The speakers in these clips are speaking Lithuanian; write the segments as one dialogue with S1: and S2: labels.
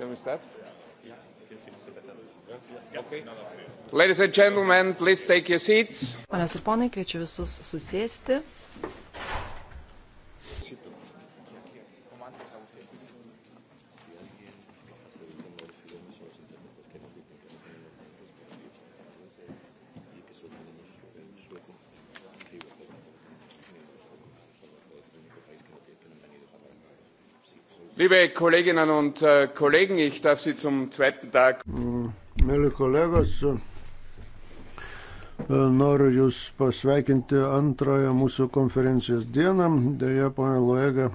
S1: Shall we start? Okay. Ladies and gentlemen, please take your seats. Panas ir ponai, kviečiu visus susėsti. Liebe Kolleginnen und äh, Kollegen, ich darf Sie zum zweiten Tag.
S2: Mėly mm, kolegos, äh, noriu Jūs pasveikinti antrąją mūsų konferencijos dieną. Deja, ponė Loega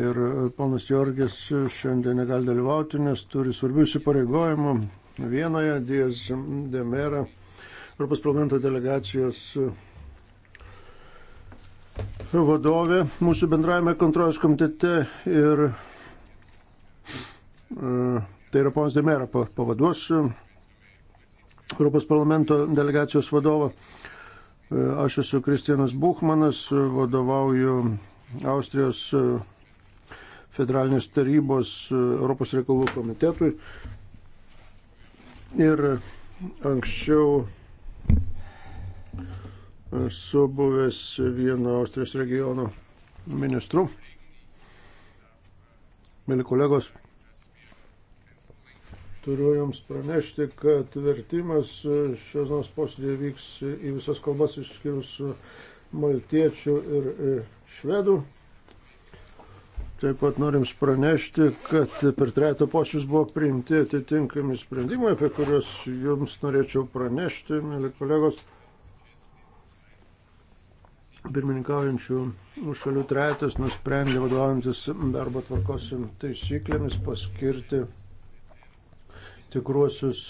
S2: ir e, ponas Jorgis šiandien negali dalyvauti, nes turi svarbių įsipareigojimų. Vienoje Dijas Demera, Europos parlamento delegacijos e, vadovė mūsų bendrajame kontrolės komitete ir E, tai yra ponas Demera pavaduos e, Europos parlamento delegacijos vadovą. E, aš esu Kristianas Buchmanas, vadovauju Austrijos federalinės tarybos Europos reikalų komitetui. Ir anksčiau esu buvęs vieno Austrijos regiono ministru. Mėly kolegos, Turiu Jums pranešti, kad vertimas e, šios dienos posėdėje vyks į visas kalbas išskyrus e, maltiečių ir e, švedų. Taip pat norim pranešti, kad per trejatą posėdžius buvo priimti atitinkami sprendimai, apie kuriuos Jums norėčiau pranešti, mėly kolegos pirmininkaujančių šalių trejetas nusprendė vadovaujantis darbo tvarkos taisyklėmis paskirti tikruosius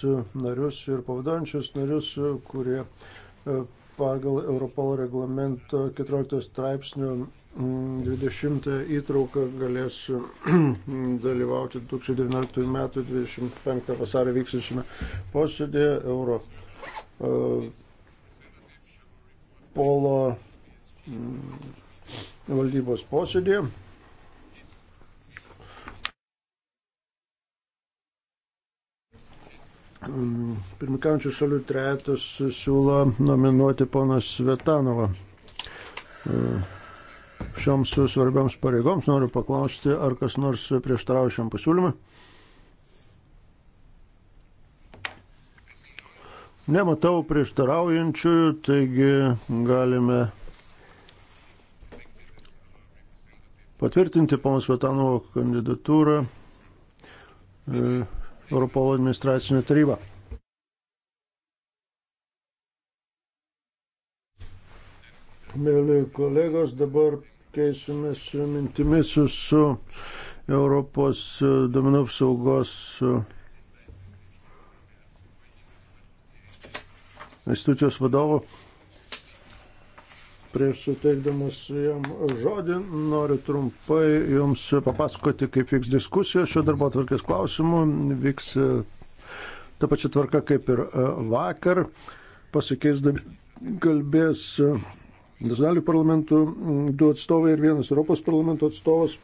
S2: narius ir pavaduojančius narius, kurie e, pagal Europolo reglamento 14 straipsnio 20 įtrauką galės dalyvauti 2019 m. 25 vasario vyksiančiame posėdėje Euro e, polo valdybos posėdėje. Mm, Pirmikaujančių šalių trejetas siūlo nominuoti poną Svetanovą. Mm, šioms svarbioms pareigoms noriu paklausti, ar kas nors prieštarauja šiam pasiūlymui. Nematau prieštaraujančiųjų, taigi galime patvirtinti pono Svetanovo kandidatūrą. E, Europolo administracinė taryba. Mėly kolegos, dabar keisimės mintimis su Europos duomenų apsaugos institucijos vadovu. Prieš suteikdamas jam žodį noriu trumpai jums papasakoti, kaip vyks diskusija šio darbo atvarkės klausimu. Vyks e, ta pačia tvarka kaip ir e, vakar. Pasikeisdami kalbės e, nacionalinių parlamentų du atstovai ir vienas Europos parlamento atstovas.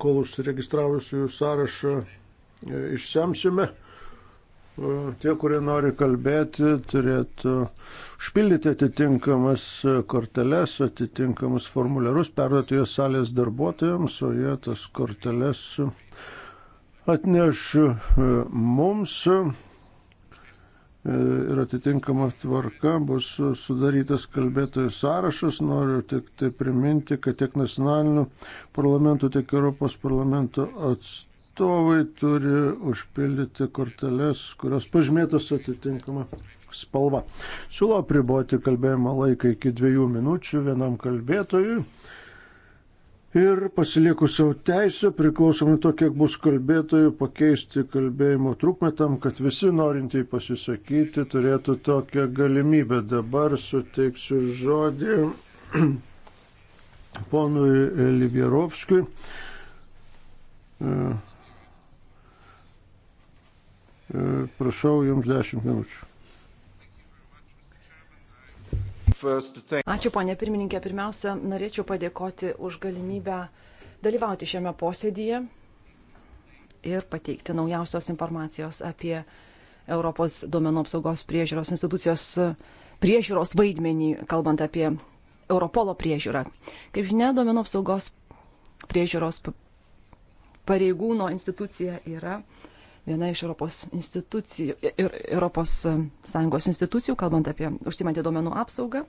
S2: Kol užsiregistravusių sąrašą išsemsime tie, kurie nori kalbėti, turėtų užpildyti atitinkamas korteles, atitinkamus formulerus, perduoti juos salės darbuotojams, o jie tas korteles atneš e, mums e, ir atitinkama tvarka bus sudarytas kalbėtojų sąrašas. Noriu tik tai priminti, kad tiek nacionalinių parlamentų, tiek Europos parlamento atstovų atstovai turi užpildyti korteles, kurios pažymėtos atitinkama spalva. Siūlo apriboti kalbėjimo laiką iki dviejų minučių vienam kalbėtojui. Ir pasilieku savo teisę, priklausomai to, kiek bus kalbėtojų, pakeisti kalbėjimo trukmę tam, kad visi norintieji pasisakyti turėtų tokią galimybę. Dabar suteiksiu žodį ponui Livierovskui, Prašau, jums 10 minučių.
S3: Ačiū, ponė pirmininkė. Pirmiausia, norėčiau padėkoti už galimybę dalyvauti šiame posėdyje ir pateikti naujausios informacijos apie Europos duomenų apsaugos priežiūros institucijos priežiūros vaidmenį, kalbant apie Europolo priežiūrą. Kaip žinia, duomenų apsaugos priežiūros pareigūno institucija yra viena iš Europos institucijų ir Europos Sąjungos institucijų, kalbant apie užsimantį duomenų apsaugą.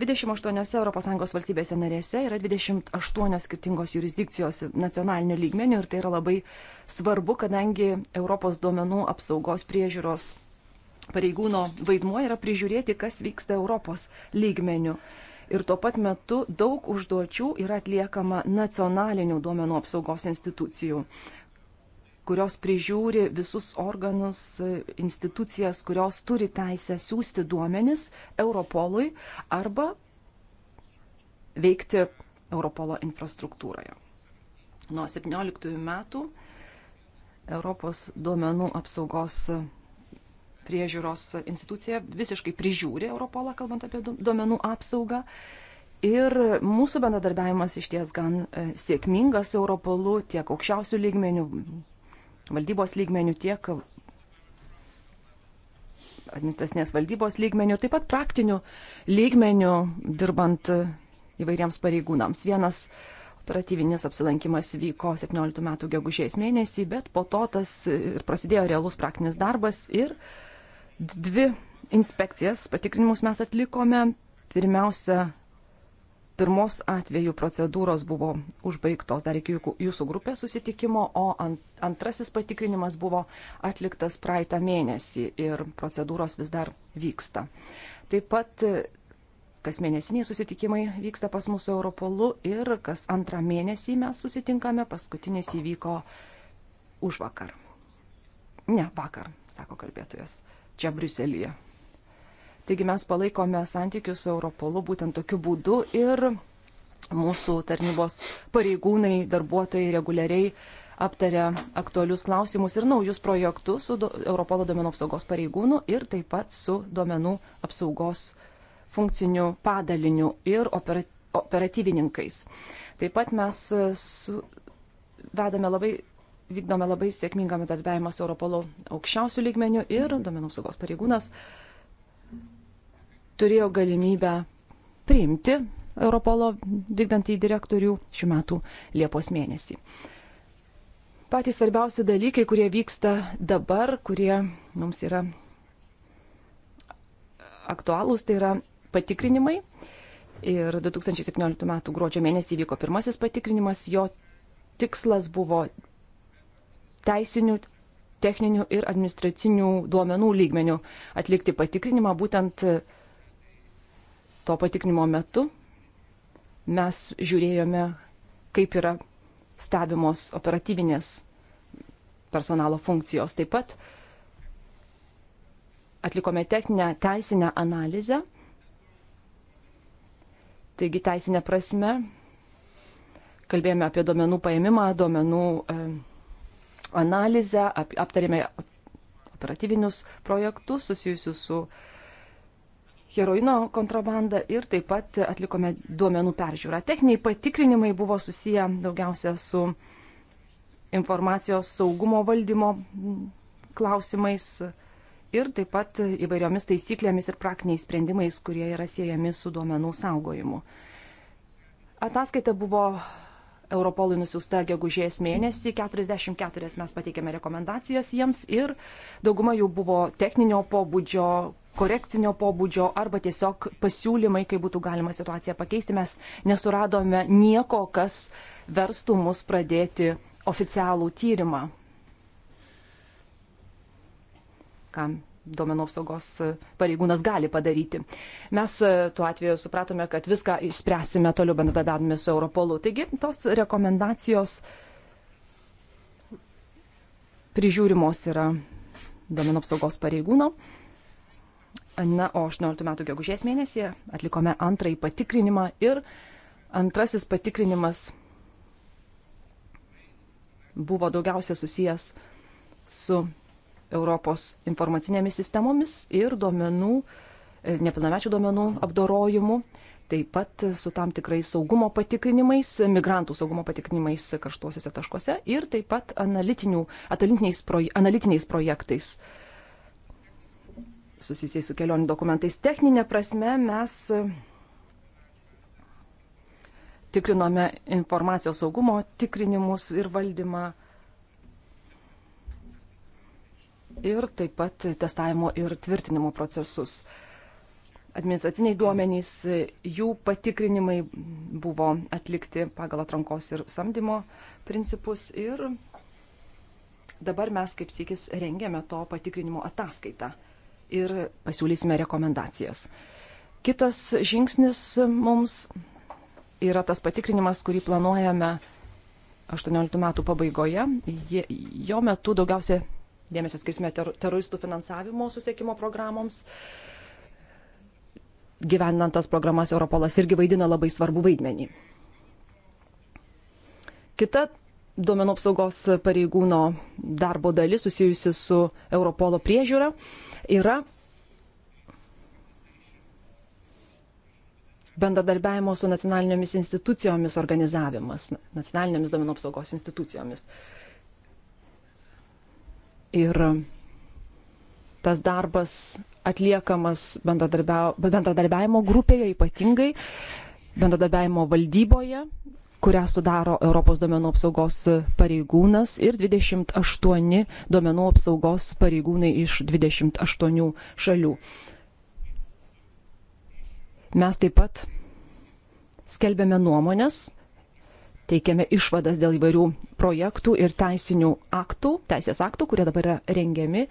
S3: 28 ES valstybėse narėse yra 28 skirtingos jurisdikcijos nacionalinių lygmenių ir tai yra labai svarbu, kadangi Europos duomenų apsaugos priežiūros pareigūno vaidmuo yra prižiūrėti, kas vyksta Europos lygmenių. Ir tuo pat metu daug užduočių yra atliekama nacionalinių duomenų apsaugos institucijų kurios prižiūri visus organus, institucijas, kurios turi teisę siūsti duomenis Europolui arba veikti Europolo infrastruktūroje. Nuo 17 metų Europos duomenų apsaugos priežiūros institucija visiškai prižiūri Europolą, kalbant apie duomenų apsaugą. Ir mūsų bendradarbiavimas iš ties gan e, sėkmingas Europolu tiek aukščiausių lygmenių valdybos lygmenių, tiek administracinės valdybos lygmenių, taip pat praktinių lygmenių dirbant įvairiems pareigūnams. Vienas operatyvinis apsilankimas vyko 17 metų gegužės mėnesį, bet po to tas ir prasidėjo realus praktinis darbas ir dvi inspekcijas, patikrinimus mes atlikome. Pirmiausia, pirmos atveju procedūros buvo užbaigtos dar iki jūsų grupės susitikimo, o ant, antrasis patikrinimas buvo atliktas praeitą mėnesį ir procedūros vis dar vyksta. Taip pat e, kas mėnesiniai susitikimai vyksta pas mūsų Europolu ir kas antrą mėnesį mes susitinkame, paskutinis įvyko už vakar. Ne, vakar, sako kalbėtojas, čia Briuselėje. Taigi mes palaikome santykius su Europolu būtent tokiu būdu ir mūsų tarnybos pareigūnai, darbuotojai reguliariai aptaria aktualius klausimus ir naujus projektus su do, Europolo duomenų apsaugos pareigūnu ir taip pat su duomenų apsaugos funkciniu padaliniu ir operatyvininkais. Taip pat mes su, vedame labai, vykdome labai sėkmingą medarbiavimą su Europolo aukščiausių lygmenių ir duomenų apsaugos pareigūnas uh, turėjo galimybę priimti Europolo vykdantį direktorių šių metų Liepos mėnesį. Patys svarbiausi dalykai, kurie vyksta dabar, kurie mums yra aktualūs, tai yra patikrinimai. Ir 2017 m. gruodžio mėnesį vyko pirmasis patikrinimas, jo tikslas buvo teisinių, techninių ir administracinių duomenų lygmenių atlikti patikrinimą, būtent to patikrinimo metu mes žiūrėjome, kaip yra stebimos operatyvinės personalo funkcijos. Taip pat atlikome techninę teisinę analizę. Taigi teisinė prasme kalbėjome apie duomenų paėmimą, duomenų e, analizę, aptarėme operatyvinius projektus susijusius su uh, heroino kontrabandą ir taip pat atlikome duomenų peržiūrą. Techniniai patikrinimai buvo susiję daugiausia su informacijos saugumo valdymo klausimais ir taip pat įvairiomis taisyklėmis ir praktiniais sprendimais, kurie yra siejami su duomenų saugojimu. Ataskaita buvo Europolui nusiųsta gegužės mėnesį, 44 mes pateikėme rekomendacijas jiems ir dauguma jų buvo techninio pobūdžio, korekcinio pobūdžio arba tiesiog pasiūlymai, kaip būtų galima situaciją pakeisti. Mes nesuradome nieko, kas verstų mus pradėti oficialų tyrimą. Kam duomenų apsaugos pareigūnas gali padaryti. Mes e, tuo atveju supratome, kad viską išspręsime toliau bendradarbiavime su Europolu. Taigi tos rekomendacijos prižiūrimos yra duomenų apsaugos pareigūno. Na, o 18 metų gegužės mėnesį atlikome antrąjį patikrinimą ir antrasis patikrinimas buvo daugiausia susijęs su Europos informacinėmis sistemomis ir duomenų, e, nepilnamečių duomenų apdorojimu, taip pat su tam tikrais saugumo patikrinimais, migrantų saugumo patikrinimais karštuosiuose taškuose ir taip pat analitiniais, proj analitiniais projektais susijusiais su kelionių dokumentais. Techninė prasme mes e, tikrinome informacijos saugumo tikrinimus ir valdymą. Ir taip pat testavimo ir tvirtinimo procesus. Administraciniai duomenys, jų patikrinimai buvo atlikti pagal atrankos ir samdymo principus. Ir dabar mes kaip sėkis rengėme to patikrinimo ataskaitą ir pasiūlysime rekomendacijas. Kitas žingsnis mums yra tas patikrinimas, kurį planuojame 18 metų pabaigoje. Jo metu daugiausia dėmesio skirsime ter teroristų finansavimo susiekimo programoms. Gyvenant tas programas, Europolas irgi vaidina labai svarbu vaidmenį. Kita duomenų apsaugos pareigūno darbo dalis susijusi su Europolo priežiūra yra bendradarbiavimo su nacionalinėmis institucijomis organizavimas, nacionalinėmis duomenų apsaugos institucijomis. Ir tas darbas atliekamas bendradarbiavimo grupėje, ypatingai bendradarbiavimo valdyboje, kurią sudaro Europos duomenų apsaugos pareigūnas ir 28 duomenų apsaugos pareigūnai iš 28 šalių. Mes taip pat skelbėme nuomonės, teikiame išvadas dėl įvairių projektų ir teisinių aktų, teisės aktų, kurie dabar yra rengiami.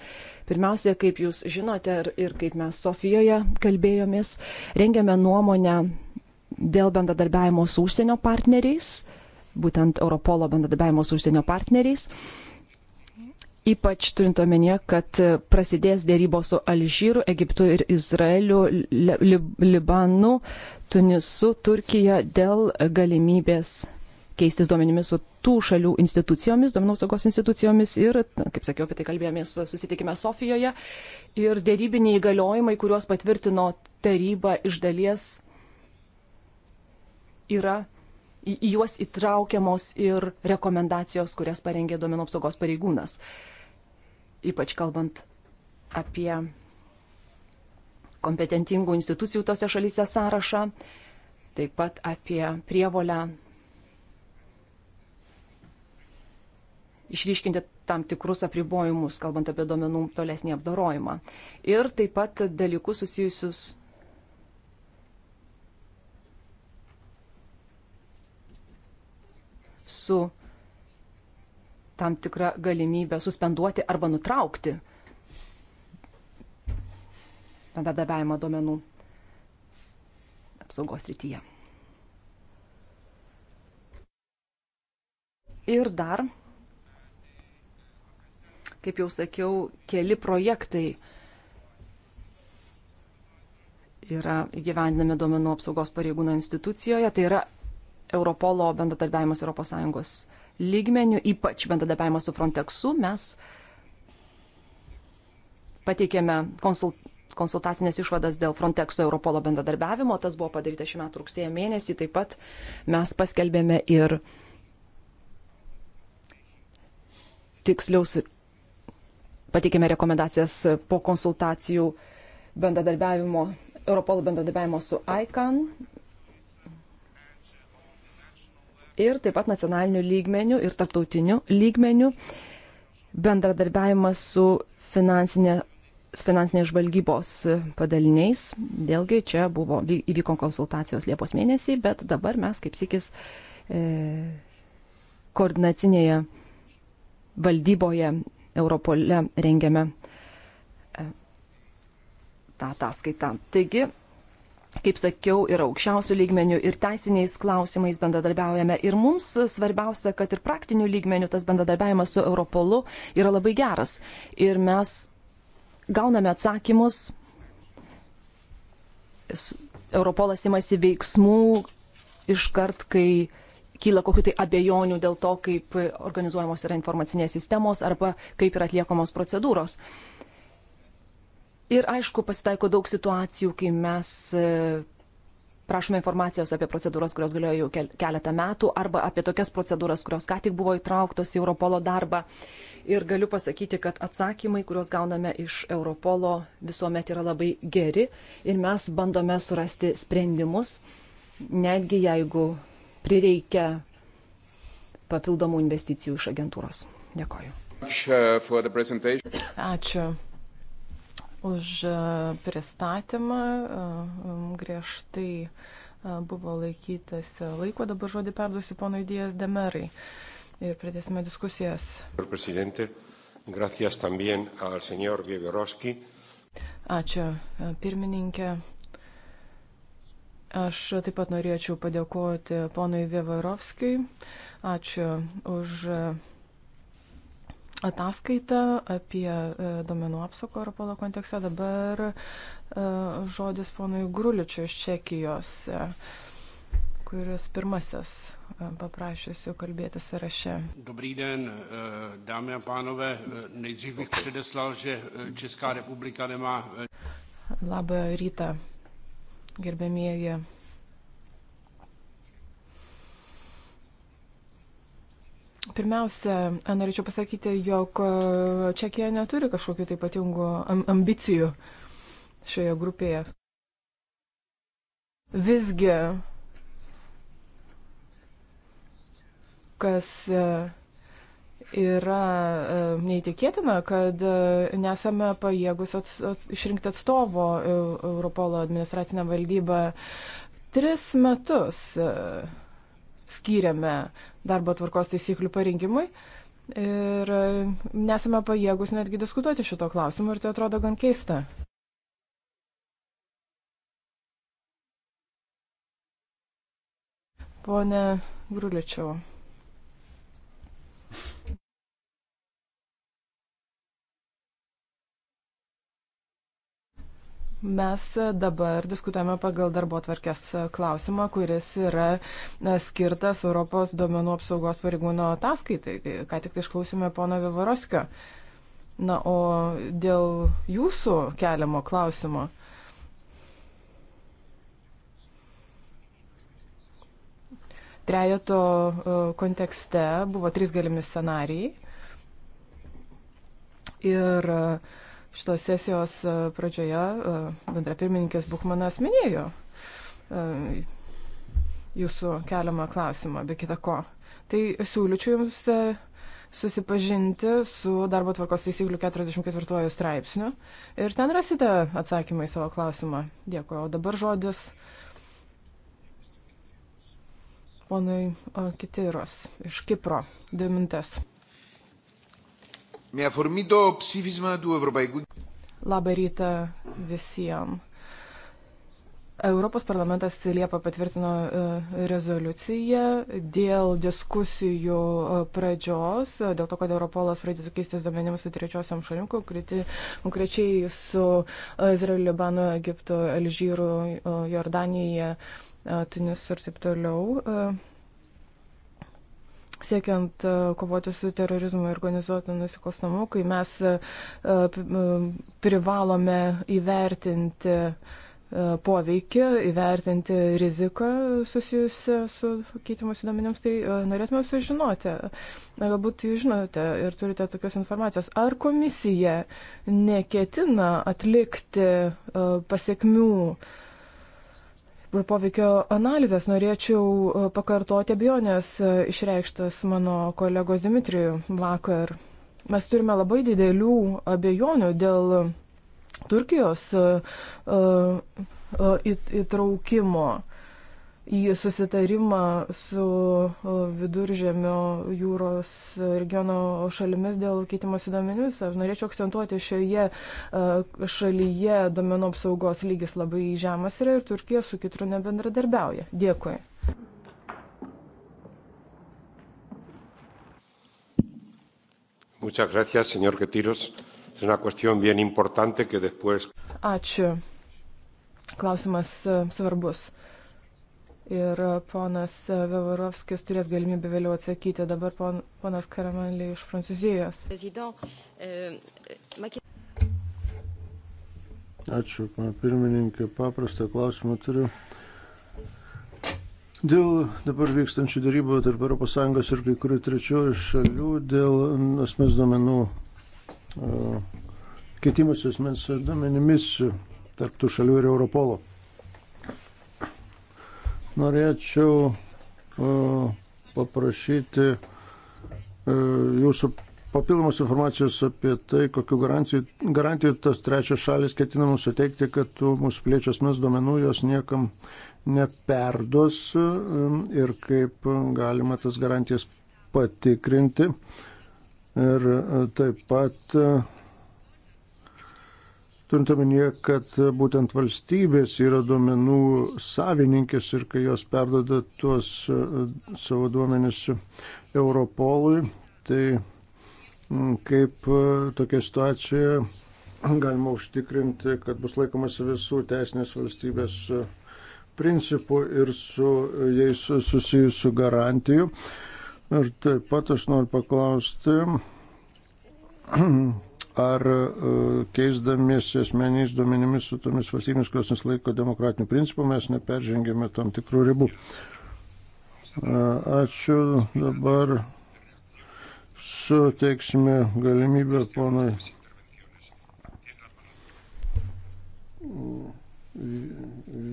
S3: Pirmiausia, kaip jūs žinote ir, ir kaip mes Sofijoje kalbėjomės, rengiame nuomonę dėl bendradarbiavimo su užsienio partneriais, būtent Europolo bendradarbiavimo su užsienio partneriais. Ypač turint omenyje, kad prasidės dėrybos su Alžyru, Egiptu ir Izraeliu, li Libanu, Tunisu, Turkija dėl galimybės keistis duomenimis su tų šalių institucijomis, duomenų saugos institucijomis ir, kaip sakiau, apie tai kalbėjomės susitikime Sofijoje. Ir dėrybiniai įgaliojimai, kuriuos patvirtino taryba iš dalies yra į, į juos įtraukiamos ir rekomendacijos, kurias parengė duomenų apsaugos pareigūnas. Ypač kalbant apie kompetentingų institucijų tose šalyse sąrašą, taip pat apie prievolę išryškinti tam tikrus apribojimus, kalbant apie duomenų tolesnį apdorojimą. Ir taip pat dalykus susijusius su tam tikra galimybė suspenduoti arba nutraukti bendradarbiavimą duomenų apsaugos rytyje. Ir dar, kaip jau sakiau, keli projektai yra įgyvendinami duomenų apsaugos pareigūno institucijoje. Tai yra Europolo bendradarbiavimas ES lygmenių, ypač bendradarbiavimas su Frontexu, mes pateikėme konsult, konsultacinės išvadas dėl Frontexo Europolo bendradarbiavimo, tas buvo padaryta šiuo metu rugsėjo mėnesį, taip pat mes paskelbėme ir tiksliaus pateikėme rekomendacijas po konsultacijų bendradarbiavimo, Europolo bendradarbiavimo su ICAN, ir taip pat nacionaliniu lygmeniu ir tarptautiniu lygmeniu bendradarbiavimas su finansinė, finansinės žvalgybos padaliniais. Vėlgi čia buvo, įvyko konsultacijos Liepos mėnesį, bet dabar mes kaip sikis e, koordinacinėje valdyboje Europole rengiame e, tą ataskaitą. Taigi, kaip sakiau, ir aukščiausių lygmenių, ir teisiniais klausimais bendradarbiaujame. Ir mums svarbiausia, kad ir praktinių lygmenių tas bendradarbiavimas su Europolu yra labai geras. Ir mes gauname atsakymus, Europolas imasi veiksmų iškart, kai kyla kokiu tai abejonių dėl to, kaip organizuojamos yra informacinės sistemos arba kaip yra atliekamos procedūros. Uh, Ir aišku, pasitaiko daug situacijų, kai mes e, prašome informacijos apie procedūras, kurios galioja jau keletą metų, arba apie tokias procedūras, kurios ką tik buvo įtrauktos į Europolo darbą. Ir galiu pasakyti, kad atsakymai, kuriuos gauname iš Europolo, visuomet yra labai geri ir mes bandome surasti sprendimus, netgi jeigu prireikia papildomų investicijų iš agentūros.
S1: Dėkoju. Uh,
S4: Ačiū už e, pristatymą. E, griežtai e, buvo laikytas laiko, dabar žodį perduosiu ponui Dijas Demerai ir pradėsime diskusijas. Ačiū, pirmininkė. Aš taip pat norėčiau padėkoti ponui Vievarovskijui. Ačiū už ataskaitą apie e, domenų apsaugą Europolo kontekste. Dabar e, žodis ponui Gruličiu iš Čekijos, e, kuris pirmasis paprašysiu kalbėti sąraše.
S1: Dobrý den, dámy a pánové. Nejdřív bych předeslal, že Česká republika nemá.
S4: Labą rytą, gerbėmieji Pirmiausia, norėčiau pasakyti, jog e, Čekija neturi kažkokių tai ypatingų ambicijų šioje grupėje. Visgi, kas e, yra e, neįtikėtina, kad nesame pajėgus ats, ats, išrinkti atstovo Europolo administracinę valdybą tris metus skyrėme darbo tvarkos taisyklių parinkimui. Ir nesame pajėgus netgi diskutuoti šito klausimu ir tai atrodo gan keista. Pone Gruličiau. Mes dabar diskutuojame pagal darbo tvarkės klausimą, kuris yra skirtas Europos duomenų apsaugos pareigūno ataskaitai. Ką tik tai išklausime pono Vivaroskio. Na, o dėl jūsų keliamo klausimo. Trejato e, kontekste buvo trys galimi scenarijai. Ir uh, šitos sesijos e, pradžioje e, bendrapirmininkės Buchmanas minėjo e, jūsų keliamą klausimą, be kita ko. Tai siūlyčiau jums susipažinti su darbo tvarkos taisyklių 44 straipsniu ir ten rasite atsakymą į savo klausimą. Dėkui. O dabar žodis ponui Kitiros iš Kipro. Dvi mintes.
S2: Με αφορμή το ψήφισμα του Ευρωπαϊκού.
S4: Labą rytą visiems. Europos parlamentas Liepa patvirtino uh, rezoliuciją dėl diskusijų uh, pradžios, uh, dėl to, kad Europolas pradėtų keistis duomenimis su trečiosiam šalim, konkrečiai su Izraeliu, Libanu, Egiptu, Alžyru, Jordanija, Tunisu ir taip toliau siekiant e, kovoti su terorizmu ir organizuotu nusikalstamu, kai mes e, privalome įvertinti e, poveikį, įvertinti riziką susijusią su keitimus duomenims, tai norėtume sužinoti. Galbūt jūs žinote ir turite tokios informacijos. Ar komisija neketina atlikti pasiekmių uh, poveikio analizės norėčiau e, pakartoti abejonės e, išreikštas mano kolegos Dimitrijų vakar. Mes turime labai didelių abejonių dėl Turkijos e, įtraukimo. Uh, uh, it, į susitarimą su viduržėmio jūros regiono šalimis dėl keitimosi duomenimis. Aš norėčiau akcentuoti, šioje šalyje duomenų apsaugos lygis labai žemas yra ir Turkija su kitru nebendradarbiauja. Dėkui.
S1: Muchas gracias, señor Getiros. Es una cuestión bien importante que después.
S4: Ačiū. Klausimas svarbus ir ponas Vevarovskis turės galimybę vėliau atsakyti. Dabar pon, ponas Karamelė iš Prancūzijos.
S2: Ačiū, pana pirmininkė. Paprastą klausimą turiu. Dėl dabar vykstančių darybų tarp ES ir kai kurių trečiųjų šalių dėl asmens duomenų e, keitimas asmens duomenimis tarptų šalių ir Europolo. Norėčiau e, paprašyti e, jūsų papildomos informacijos apie tai, kokiu garantijų, garantijų tas trečios šalis ketina mums suteikti, kad tų mūsų plėčios mes duomenų jos niekam neperduos e, ir kaip galima tas garantijas patikrinti. Ir taip pat turint omenyje, kad būtent valstybės yra duomenų savininkės ir kai jos perdoda tuos e, savo duomenis Europolui, tai kaip e, tokia situacija galima užtikrinti, kad bus laikomasi visų teisinės valstybės e, principų ir su jais susijusių garantijų. Ir taip pat aš noriu paklausti, ar e, keisdamiesi asmeniais duomenimis su tomis valstybėmis, kurios nesilaiko demokratinių principų, mes neperžengėme tam tikrų ribų. E, ačiū dabar. Suteiksime galimybę ponui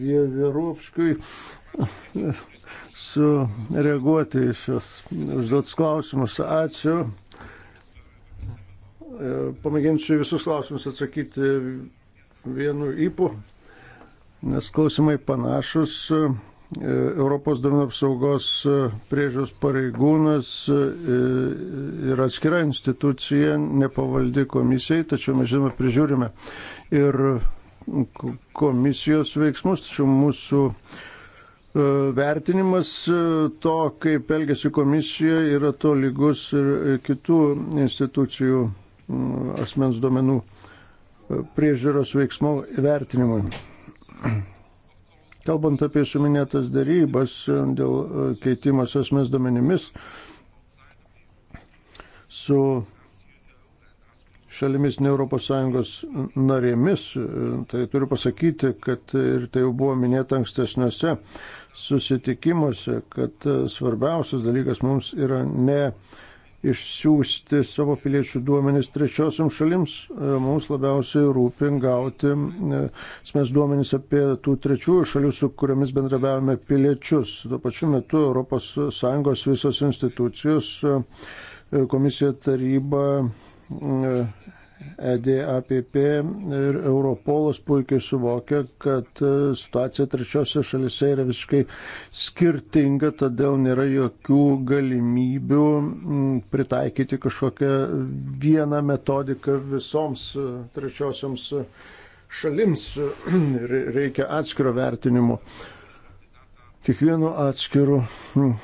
S2: Vieverovskui sureaguoti šios užduotus klausimus. Ačiū. E, pamėginsiu visus klausimus atsakyti vienu įpu, nes klausimai panašus. E, Europos duomenų apsaugos e, priežiūros pareigūnas yra atskira institucija, nepavaldi komisijai, tačiau mes žinoma prižiūrime ir komisijos veiksmus, tačiau mūsų vertinimas to, kaip elgesi komisija, yra to lygus ir kitų institucijų asmens duomenų e, priežiūros veiksmų vertinimui. Kalbant apie suminėtas darybas e, dėl e, keitimas asmens duomenimis su šalimis ne ES narėmis, tai turiu pasakyti, kad ir tai jau buvo minėta ankstesniuose susitikimuose, kad svarbiausias dalykas mums yra ne išsiųsti savo piliečių duomenys trečiosiam šalims. E, mums labiausiai rūpi gauti asmens e, duomenys apie tų trečiųjų šalių, su kuriamis bendrabiavame piliečius. Tuo pačiu metu ES visos institucijos, e, komisija, taryba EDAPP ir Europolas puikiai suvokia, kad e, situacija trečiose šalise yra visiškai skirtinga, todėl nėra jokių galimybių pritaikyti kažkokią vieną metodiką visoms e, trečiosioms e, šalims. Reikia atskiro vertinimo kiekvienu atskiru nu,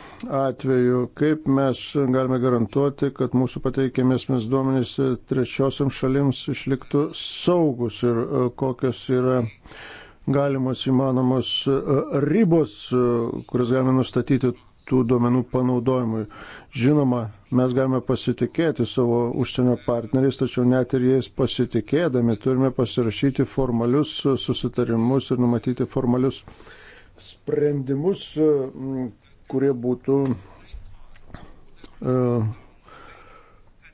S2: atveju, kaip mes galime garantuoti, kad mūsų pateikėmės duomenys trečiosiam šalims išliktų saugus ir e, kokios yra galimos įmanomos e, ribos, e, kurias galime nustatyti tų duomenų panaudojimui. Žinoma, mes galime pasitikėti savo užsienio partneriais, tačiau net ir jais pasitikėdami turime pasirašyti formalius susitarimus ir numatyti formalius sprendimus, e, kurie būtų e,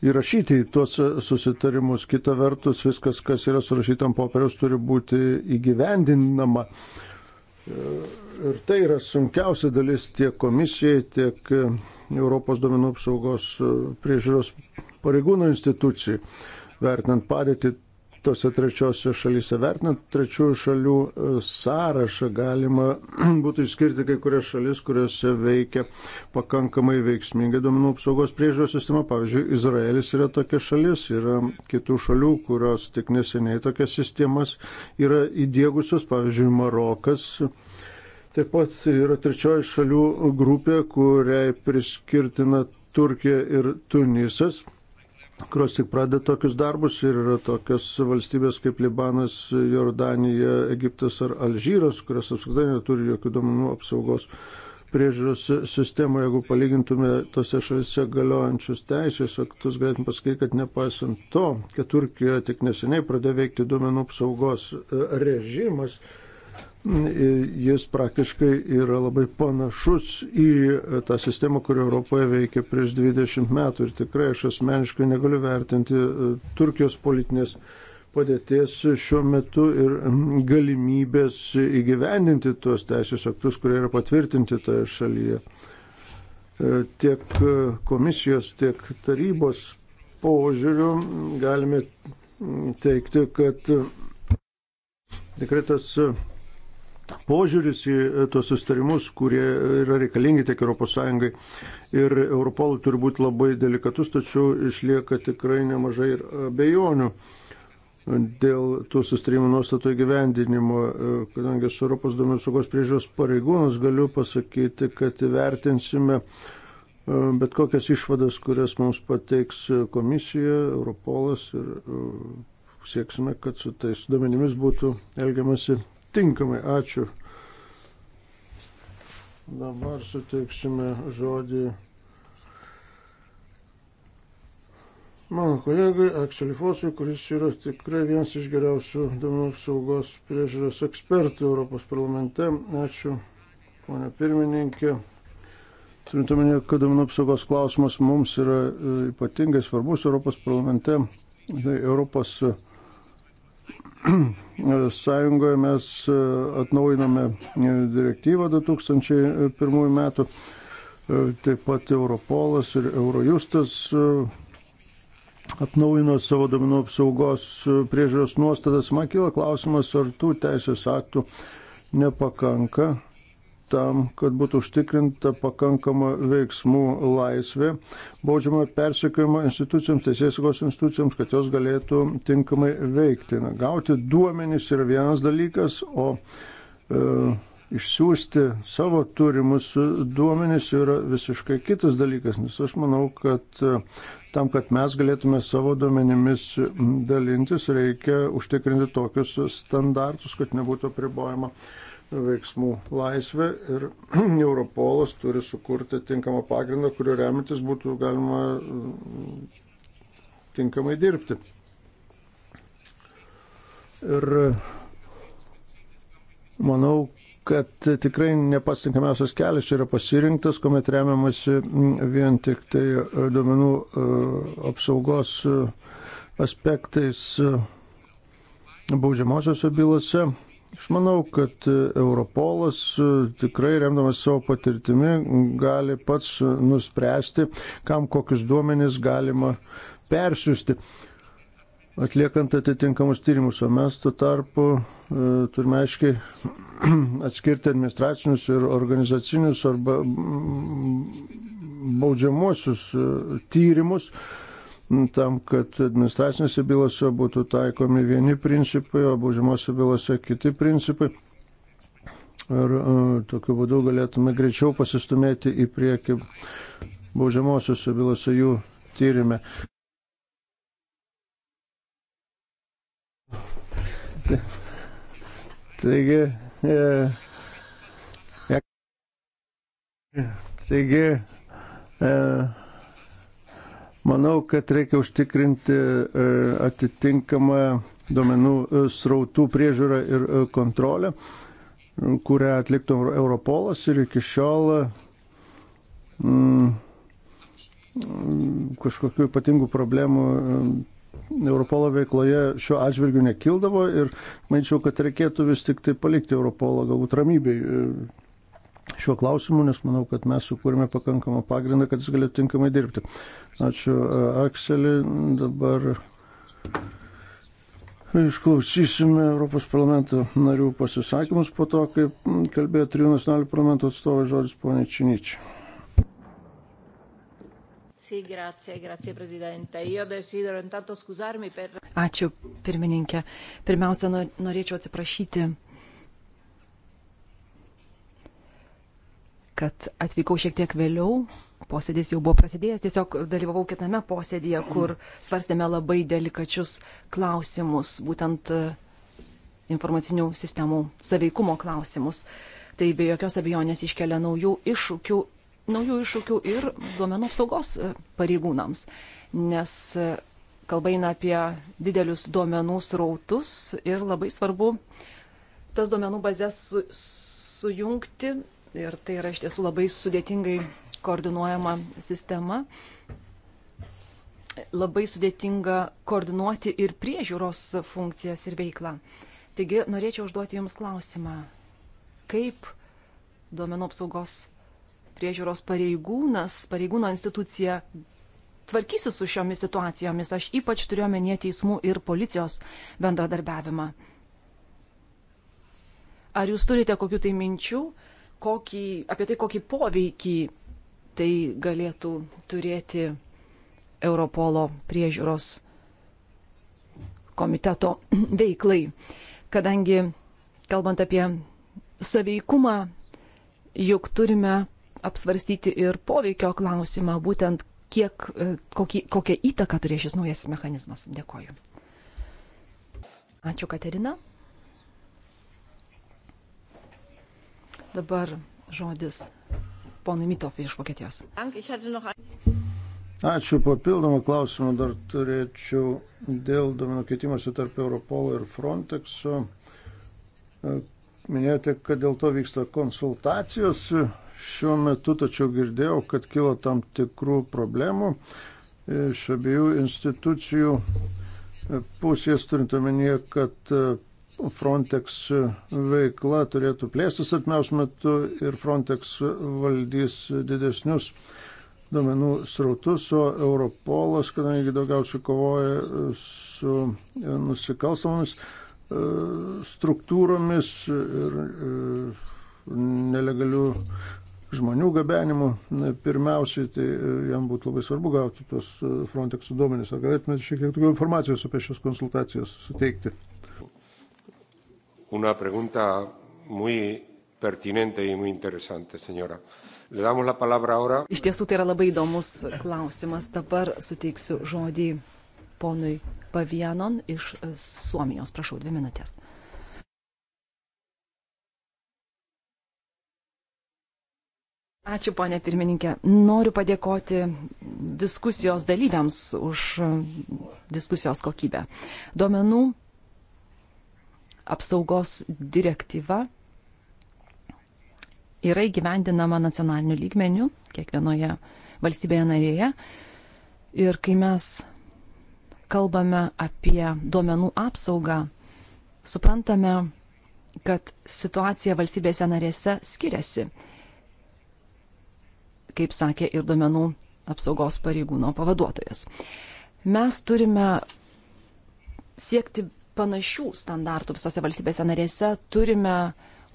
S2: įrašyti į tuos susitarimus. Kita vertus, viskas, kas yra surašyta ant popieriaus, turi būti įgyvendinama. E, ir tai yra sunkiausia dalis tiek komisijai, tiek Europos duomenų apsaugos priežiūros pareigūnų institucijai. Vertinant padėtį, tose trečiose šalyse. Vertinant trečiųjų šalių e, sąrašą galima būtų išskirti kai kurias šalis, kuriuose veikia pakankamai veiksmingai duomenų apsaugos priežiūros sistema. Pavyzdžiui, Izraelis yra tokia šalis, yra kitų šalių, kurios tik neseniai tokias sistemas yra įdėgusios, pavyzdžiui, Marokas. Taip pat yra trečioji šalių grupė, kuriai priskirtina Turkija ir Tunisas kurios tik pradeda tokius darbus ir yra tokios valstybės kaip Libanas, Jordanija, Egiptas ar Alžyras, kurios apskritai neturi jokių duomenų apsaugos priežiūros sistemų. Jeigu palygintume tose šalise galiojančius teisės aktus, galėtum pasakyti, kad nepaisant to, kad Turkijoje tik neseniai pradėjo veikti duomenų apsaugos e, režimas, jis praktiškai yra labai panašus į e, tą sistemą, kuri Europoje veikia prieš 20 metų. Ir tikrai aš asmeniškai negaliu vertinti e, Turkijos politinės padėties šiuo metu ir galimybės įgyvendinti tuos teisės aktus, kurie yra patvirtinti toje šalyje. E, tiek komisijos, tiek tarybos požiūrių galime teikti, kad tikrai tas požiūris į e, tos sustarimus, kurie yra reikalingi tiek ES ir Europolui turi būti labai delikatus, tačiau išlieka tikrai nemažai ir abejonių dėl tų sustarimų nuostatų įgyvendinimo. E, kadangi esu Europos duomenų saugos priežiūros pareigūnas, galiu pasakyti, kad vertinsime e, bet kokias išvadas, kurias mums pateiks komisija, Europolas ir sieksime, kad su tais duomenimis būtų elgiamasi tinkamai. Ačiū. Dabar suteiksime žodį mano kolegai Akseliu Fosui, kuris yra tikrai vienas iš geriausių duomenų apsaugos priežiūros ekspertų Europos parlamente. Ačiū, ponia pirmininkė. Turint omenyje, kad duomenų apsaugos klausimas mums yra e, ypatingai svarbus Europos parlamente, tai Europos parlamente Sąjungoje mes e, atnaujiname e, direktyvą 2001 metų, e, taip pat Europolas ir Eurojustas atnaujino savo domenų apsaugos priežiūros nuostatas. Man kyla klausimas, ar tų teisės aktų nepakanka tam, kad būtų užtikrinta pakankama veiksmų laisvė, baudžiama persekiojama institucijoms, teisėsaugos institucijoms, kad jos galėtų tinkamai veikti. Na, gauti duomenys yra vienas dalykas, o e, išsiųsti savo turimus duomenys yra visiškai kitas dalykas, nes aš manau, kad e, tam, kad mes galėtume savo duomenimis dalintis, reikia užtikrinti tokius standartus, kad nebūtų pribojama veiksmų laisvę ir Europolas turi sukurti tinkamą pagrindą, kuriuo remintis būtų galima mm, tinkamai dirbti. Ir manau, kad tikrai nepasitinkamiausias kelias čia yra pasirinktas, kuomet remiamasi mm, vien tik tai e, duomenų e, apsaugos e, aspektais baudžiamosiose bylose. Aš manau, kad Europolas e, tikrai remdamas savo patirtimi gali pats e, nuspręsti, kam kokius duomenys galima persiųsti, atliekant atitinkamus tyrimus. O mes tuo tarpu e, turime aiškiai atskirti administracinius ir organizacinius arba baudžiamuosius tyrimus tam, kad administracinėse bylose būtų taikomi vieni principai, o baudžiamosiose bylose kiti principai. Ir e, tokiu būdu galėtume greičiau pasistumėti į priekį baudžiamosiose bylose jų tyrimė. Taigi, e, e, taigi, e, Manau, kad reikia užtikrinti e, atitinkamą duomenų e, srautų priežiūrą ir e, kontrolę, kurią atliktų Europolas ir iki šiol mm, mm kažkokių ypatingų problemų mm, Europolo veikloje šiuo atžvilgiu nekildavo ir manyčiau, kad reikėtų vis tik tai palikti Europolą galbūt ramybėj šiuo klausimu, nes manau, kad mes sukūrėme pakankamą pagrindą, kad jis galėtų tinkamai dirbti. Ačiū, Akselį. Dabar išklausysime Europos parlamento narių pasisakymus po to, kaip kalbėjo trijų nacionalinių parlamento atstovai žodis ponė Činičiai.
S3: Ačiū, pirmininkė. Pirmiausia, norėčiau atsiprašyti kad atvykau šiek tiek vėliau. Posėdis jau buvo prasidėjęs, tiesiog dalyvavau kitame posėdėje, kur svarstėme labai delikačius klausimus, būtent e, informacinių sistemų saveikumo klausimus. Tai be jokios abejonės iškelia naujų iššūkių, naujų iššūkių ir duomenų apsaugos e, pareigūnams, nes e, kalba eina apie didelius duomenų srautus ir labai svarbu tas duomenų bazės su, sujungti ir tai yra iš tiesų labai sudėtingai koordinuojama sistema. Labai sudėtinga koordinuoti ir priežiūros funkcijas ir veiklą. Taigi norėčiau užduoti Jums klausimą, kaip duomenų apsaugos priežiūros pareigūnas, pareigūno institucija tvarkysi su šiomis situacijomis. Aš ypač turiu omenyje teismų ir policijos bendradarbiavimą. Ar jūs turite kokių tai minčių, kokį, apie tai, kokį poveikį tai galėtų turėti Europolo priežiūros komiteto veiklai. Kadangi, kalbant apie saveikumą, juk turime apsvarstyti ir poveikio klausimą, būtent kiek, e, kokį, kokią įtaką turės šis naujasis mechanizmas. Dėkoju. Ačiū, Katerina. Dabar žodis ponui Mitofui
S2: iš Vokietijos. Ačiū. Papildomą klausimą dar turėčiau dėl duomenų keitimosi tarp Europolo ir Frontexo. Minėjote, kad dėl to vyksta konsultacijos šiuo metu, tačiau girdėjau, kad kilo tam tikrų problemų iš abiejų institucijų pusės, turint omenyje, kad Frontex veikla turėtų plėstis atmiausiu metu ir Frontex valdys didesnius duomenų srautus, o Europolas, kadangi daugiausiai kovoja su nusikalstamomis e, struktūromis ir e, nelegalių žmonių gabenimu, pirmiausiai, tai e, jam būtų labai svarbu gauti tos Frontex duomenys. Ar galėtumėte šiek tiek daugiau informacijos apie šias konsultacijas suteikti?
S1: una pregunta muy pertinente y muy interesante, señora. Le damos la palabra ahora.
S3: Iš tiesų tai yra labai įdomus klausimas. Dabar suteiksiu žodį ponui Pavienon iš Suomijos. Prašau, dvi minutės. Ačiū, ponė pirmininkė. Noriu padėkoti diskusijos dalyviams už diskusijos kokybę. Duomenų apsaugos direktyva yra įgyvendinama nacionaliniu lygmeniu kiekvienoje valstybėje narėje. Ir kai mes kalbame apie duomenų apsaugą, suprantame, kad situacija valstybėse narėse skiriasi, kaip sakė ir duomenų apsaugos pareigūno pavaduotojas. Mes turime siekti panašių standartų visose valstybėse narėse, turime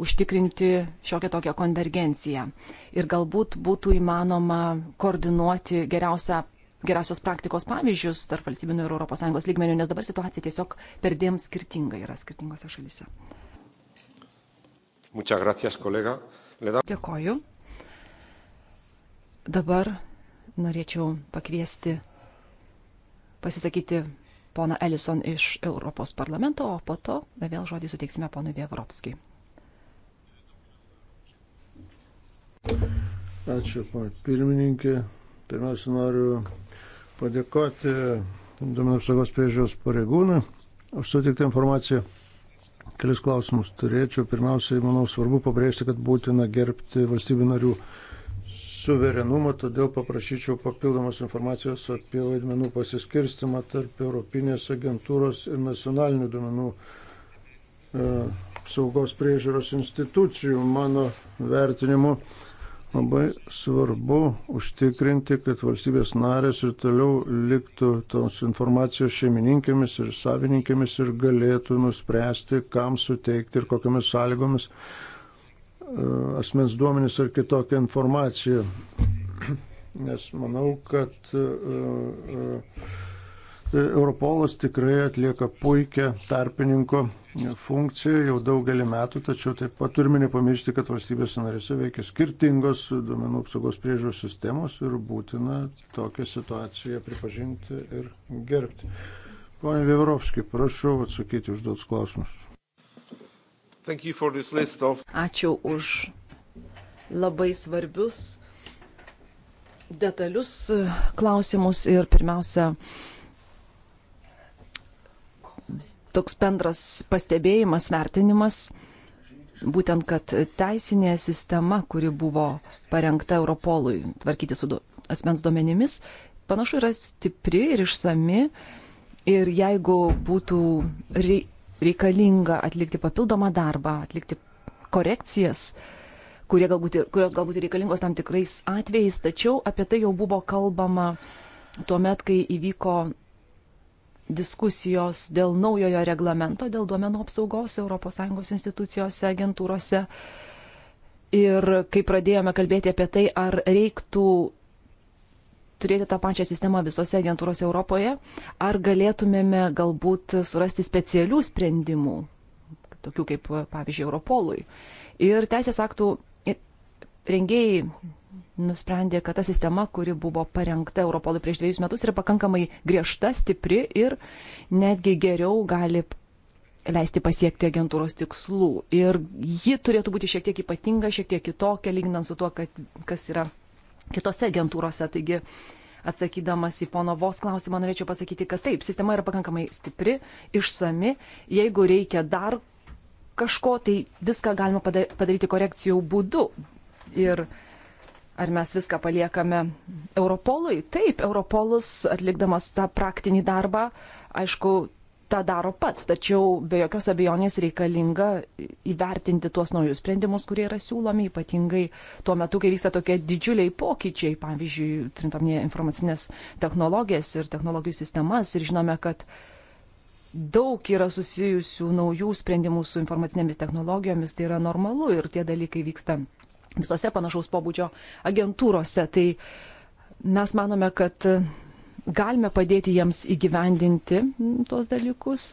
S3: užtikrinti šiokią tokią konvergenciją. Ir galbūt būtų įmanoma koordinuoti geriausią, geriausios praktikos pavyzdžius tarp valstybinių ir ES lygmenių, nes dabar situacija tiesiog perdėm skirtinga yra skirtingose šalyse.
S1: Gracias, da... Dėkoju.
S3: Dabar norėčiau pakviesti pasisakyti poną Ellison iš Europos parlamento, o po to vėl žodį suteiksime ponui Vievropskijui.
S2: Ačiū, ponai pirmininkė. Pirmiausia, noriu padėkoti Duomenų apsaugos priežiūros pareigūnui už sutiktą informaciją. Kelis klausimus turėčiau. Pirmiausiai, manau, svarbu pabrėžti, kad būtina gerbti valstybių narių suverenumą, todėl paprašyčiau papildomos informacijos apie vaidmenų pasiskirstimą tarp Europinės agentūros ir nacionalinių duomenų e, saugos priežiūros institucijų. Mano vertinimu labai svarbu užtikrinti, kad valstybės narės ir toliau liktų tos informacijos šeimininkėmis ir savininkėmis ir galėtų nuspręsti, kam suteikti ir kokiamis sąlygomis asmens duomenis ar kitokią informaciją. Nes manau, kad e, e, Europolas tikrai atlieka puikią tarpininko funkciją jau daugelį metų, tačiau taip pat turime nepamiršti, kad valstybės narėse veikia skirtingos duomenų apsaugos priežiūros sistemos ir būtina tokią situaciją pripažinti ir gerbti. Pone Vėvrovskiai, prašau atsakyti užduotus klausimus.
S1: Ačiū
S2: už labai svarbius
S3: detalius e, klausimus ir pirmiausia, toks bendras pastebėjimas, vertinimas, būtent, kad teisinė sistema, kuri buvo parengta Europolui tvarkyti su do, asmens duomenimis, panašu yra stipri ir išsami. Ir jeigu būtų rei, reikalinga atlikti papildomą darbą, atlikti korekcijas, galbūt ir, kurios galbūt ir reikalingos tam tikrais atvejais, tačiau apie tai jau buvo kalbama tuo met, kai įvyko diskusijos dėl naujojo reglamento, dėl duomenų apsaugos ES institucijose, agentūrose. Ir kai pradėjome kalbėti apie tai, ar reiktų turėti tą pačią sistemą visose agentūrose Europoje, ar galėtumėme galbūt surasti specialių sprendimų, tokių kaip, pavyzdžiui, Europolui. Ir teisės aktų rengėjai nusprendė, kad ta sistema, kuri buvo parengta Europolui prieš dviejus metus, yra pakankamai griežta, stipri ir netgi geriau gali leisti pasiekti agentūros tikslų. Ir ji turėtų būti šiek tiek ypatinga, šiek tiek kitokia, lyginant su tuo, kad, kas yra kitose agentūrose. Taigi, Atsakydamas į pono Vos klausimą, norėčiau pasakyti, kad taip, sistema yra pakankamai stipri, išsami. Jeigu reikia dar kažko, tai viską galima padaryti korekcijų būdu. Ir ar mes viską paliekame Europolui? Taip, Europolus atlikdamas tą praktinį darbą, aišku, tą daro pats, tačiau be jokios abejonės reikalinga įvertinti tuos naujus sprendimus, kurie yra siūlomi, ypatingai tuo metu, kai vyksta tokie didžiuliai pokyčiai, pavyzdžiui, turintamie informacinės technologijas ir technologijų sistemas ir žinome, kad daug yra susijusių naujų sprendimų su informacinėmis technologijomis, tai yra normalu ir tie dalykai vyksta visose panašaus pobūdžio agentūrose. Tai mes manome, kad galime padėti jiems įgyvendinti tuos dalykus.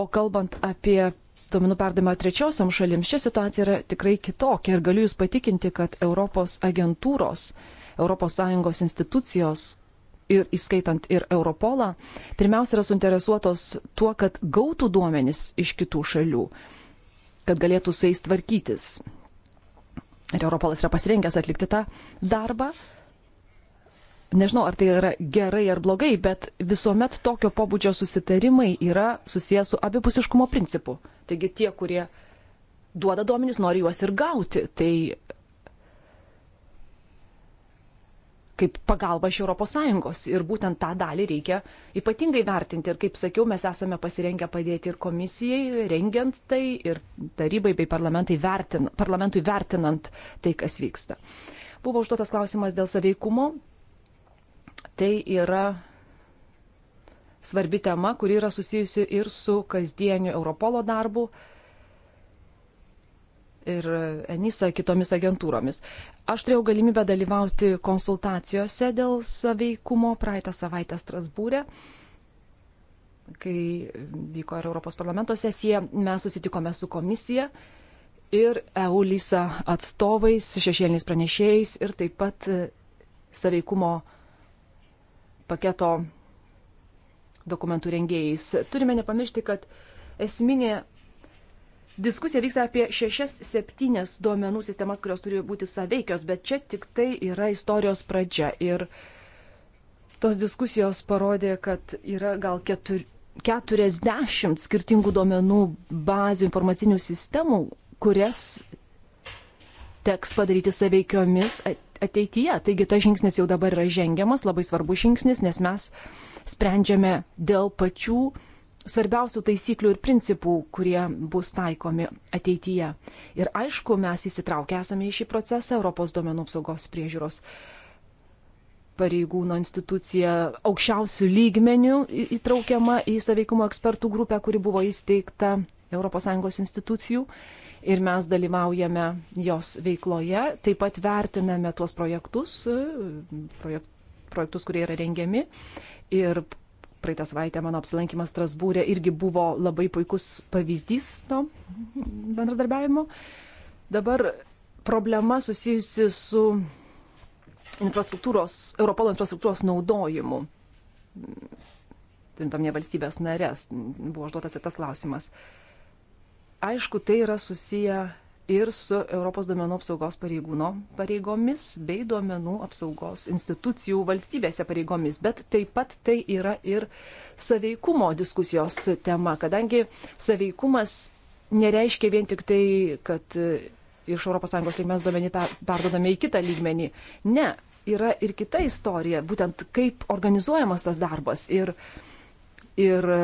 S3: O kalbant apie duomenų perdavimą trečiosiam šalims, čia situacija yra tikrai kitokia ir galiu Jūs patikinti, kad Europos agentūros, ES institucijos ir įskaitant ir Europolą, pirmiausia yra suinteresuotos tuo, kad gautų duomenis iš kitų šalių, kad galėtų su jais tvarkytis. Ir Europolas yra pasirengęs atlikti tą darbą, nežinau, ar tai yra gerai ar blogai, bet visuomet tokio pobūdžio susitarimai yra susijęs su abipusiškumo principu. Taigi tie, kurie duoda duomenys, nori juos ir gauti. Tai kaip pagalba iš ES. Ir būtent tą dalį reikia ypatingai vertinti. Ir kaip sakiau, mes esame pasirengę padėti ir komisijai, rengiant tai, ir tarybai bei vertin, parlamentui vertinant tai, kas vyksta. Buvo užduotas klausimas dėl saveikumo Tai yra svarbi tema, kuri yra susijusi ir su kasdieniu Europolo darbu ir Enisa kitomis agentūromis. Aš turėjau galimybę dalyvauti konsultacijose dėl saveikumo praeitą savaitę Strasbūrė, kai vyko ir Europos parlamento sesija, mes susitikome su komisija ir EULISA atstovais, šešėliniais pranešėjais ir taip pat saveikumo paketo dokumentų rengėjais. Turime nepamiršti, kad esminė Diskusija vyksta apie šešias, septynias duomenų sistemas, kurios turi būti saveikios, bet čia tik tai yra istorijos pradžia. Ir tos diskusijos parodė, kad yra gal ketur, 40 skirtingų duomenų bazių informacinių sistemų, kurias teks padaryti saveikiomis ateityje. Taigi tas žingsnis jau dabar yra žengiamas, labai svarbus žingsnis, nes mes sprendžiame dėl pačių svarbiausių taisyklių ir principų, kurie bus taikomi ateityje. Ir aišku, mes įsitraukę esame į šį procesą, Europos duomenų apsaugos priežiūros pareigūno institucija aukščiausių lygmenių įtraukiama į saveikumo ekspertų grupę, kuri buvo įsteigta ES institucijų ir mes dalyvaujame jos veikloje, taip pat vertiname tuos projektus, e, projek, projektus, kurie yra rengiami. Ir praeitą savaitę mano apsilankimas Strasbūrė irgi buvo labai puikus pavyzdys to bendradarbiavimo. Dabar problema susijusi su infrastruktūros, Europolo infrastruktūros naudojimu. Turintam ne valstybės narės buvo užduotas ir tas klausimas. Uh, Aišku, tai yra susiję ir su Europos duomenų apsaugos pareigūno pareigomis bei duomenų apsaugos institucijų valstybėse pareigomis, bet taip pat tai yra ir saveikumo diskusijos tema, kadangi saveikumas nereiškia vien tik tai, kad iš ES lygmens duomenį perdodame į kitą lygmenį. Ne, yra ir kita istorija, būtent kaip organizuojamas tas darbas ir, ir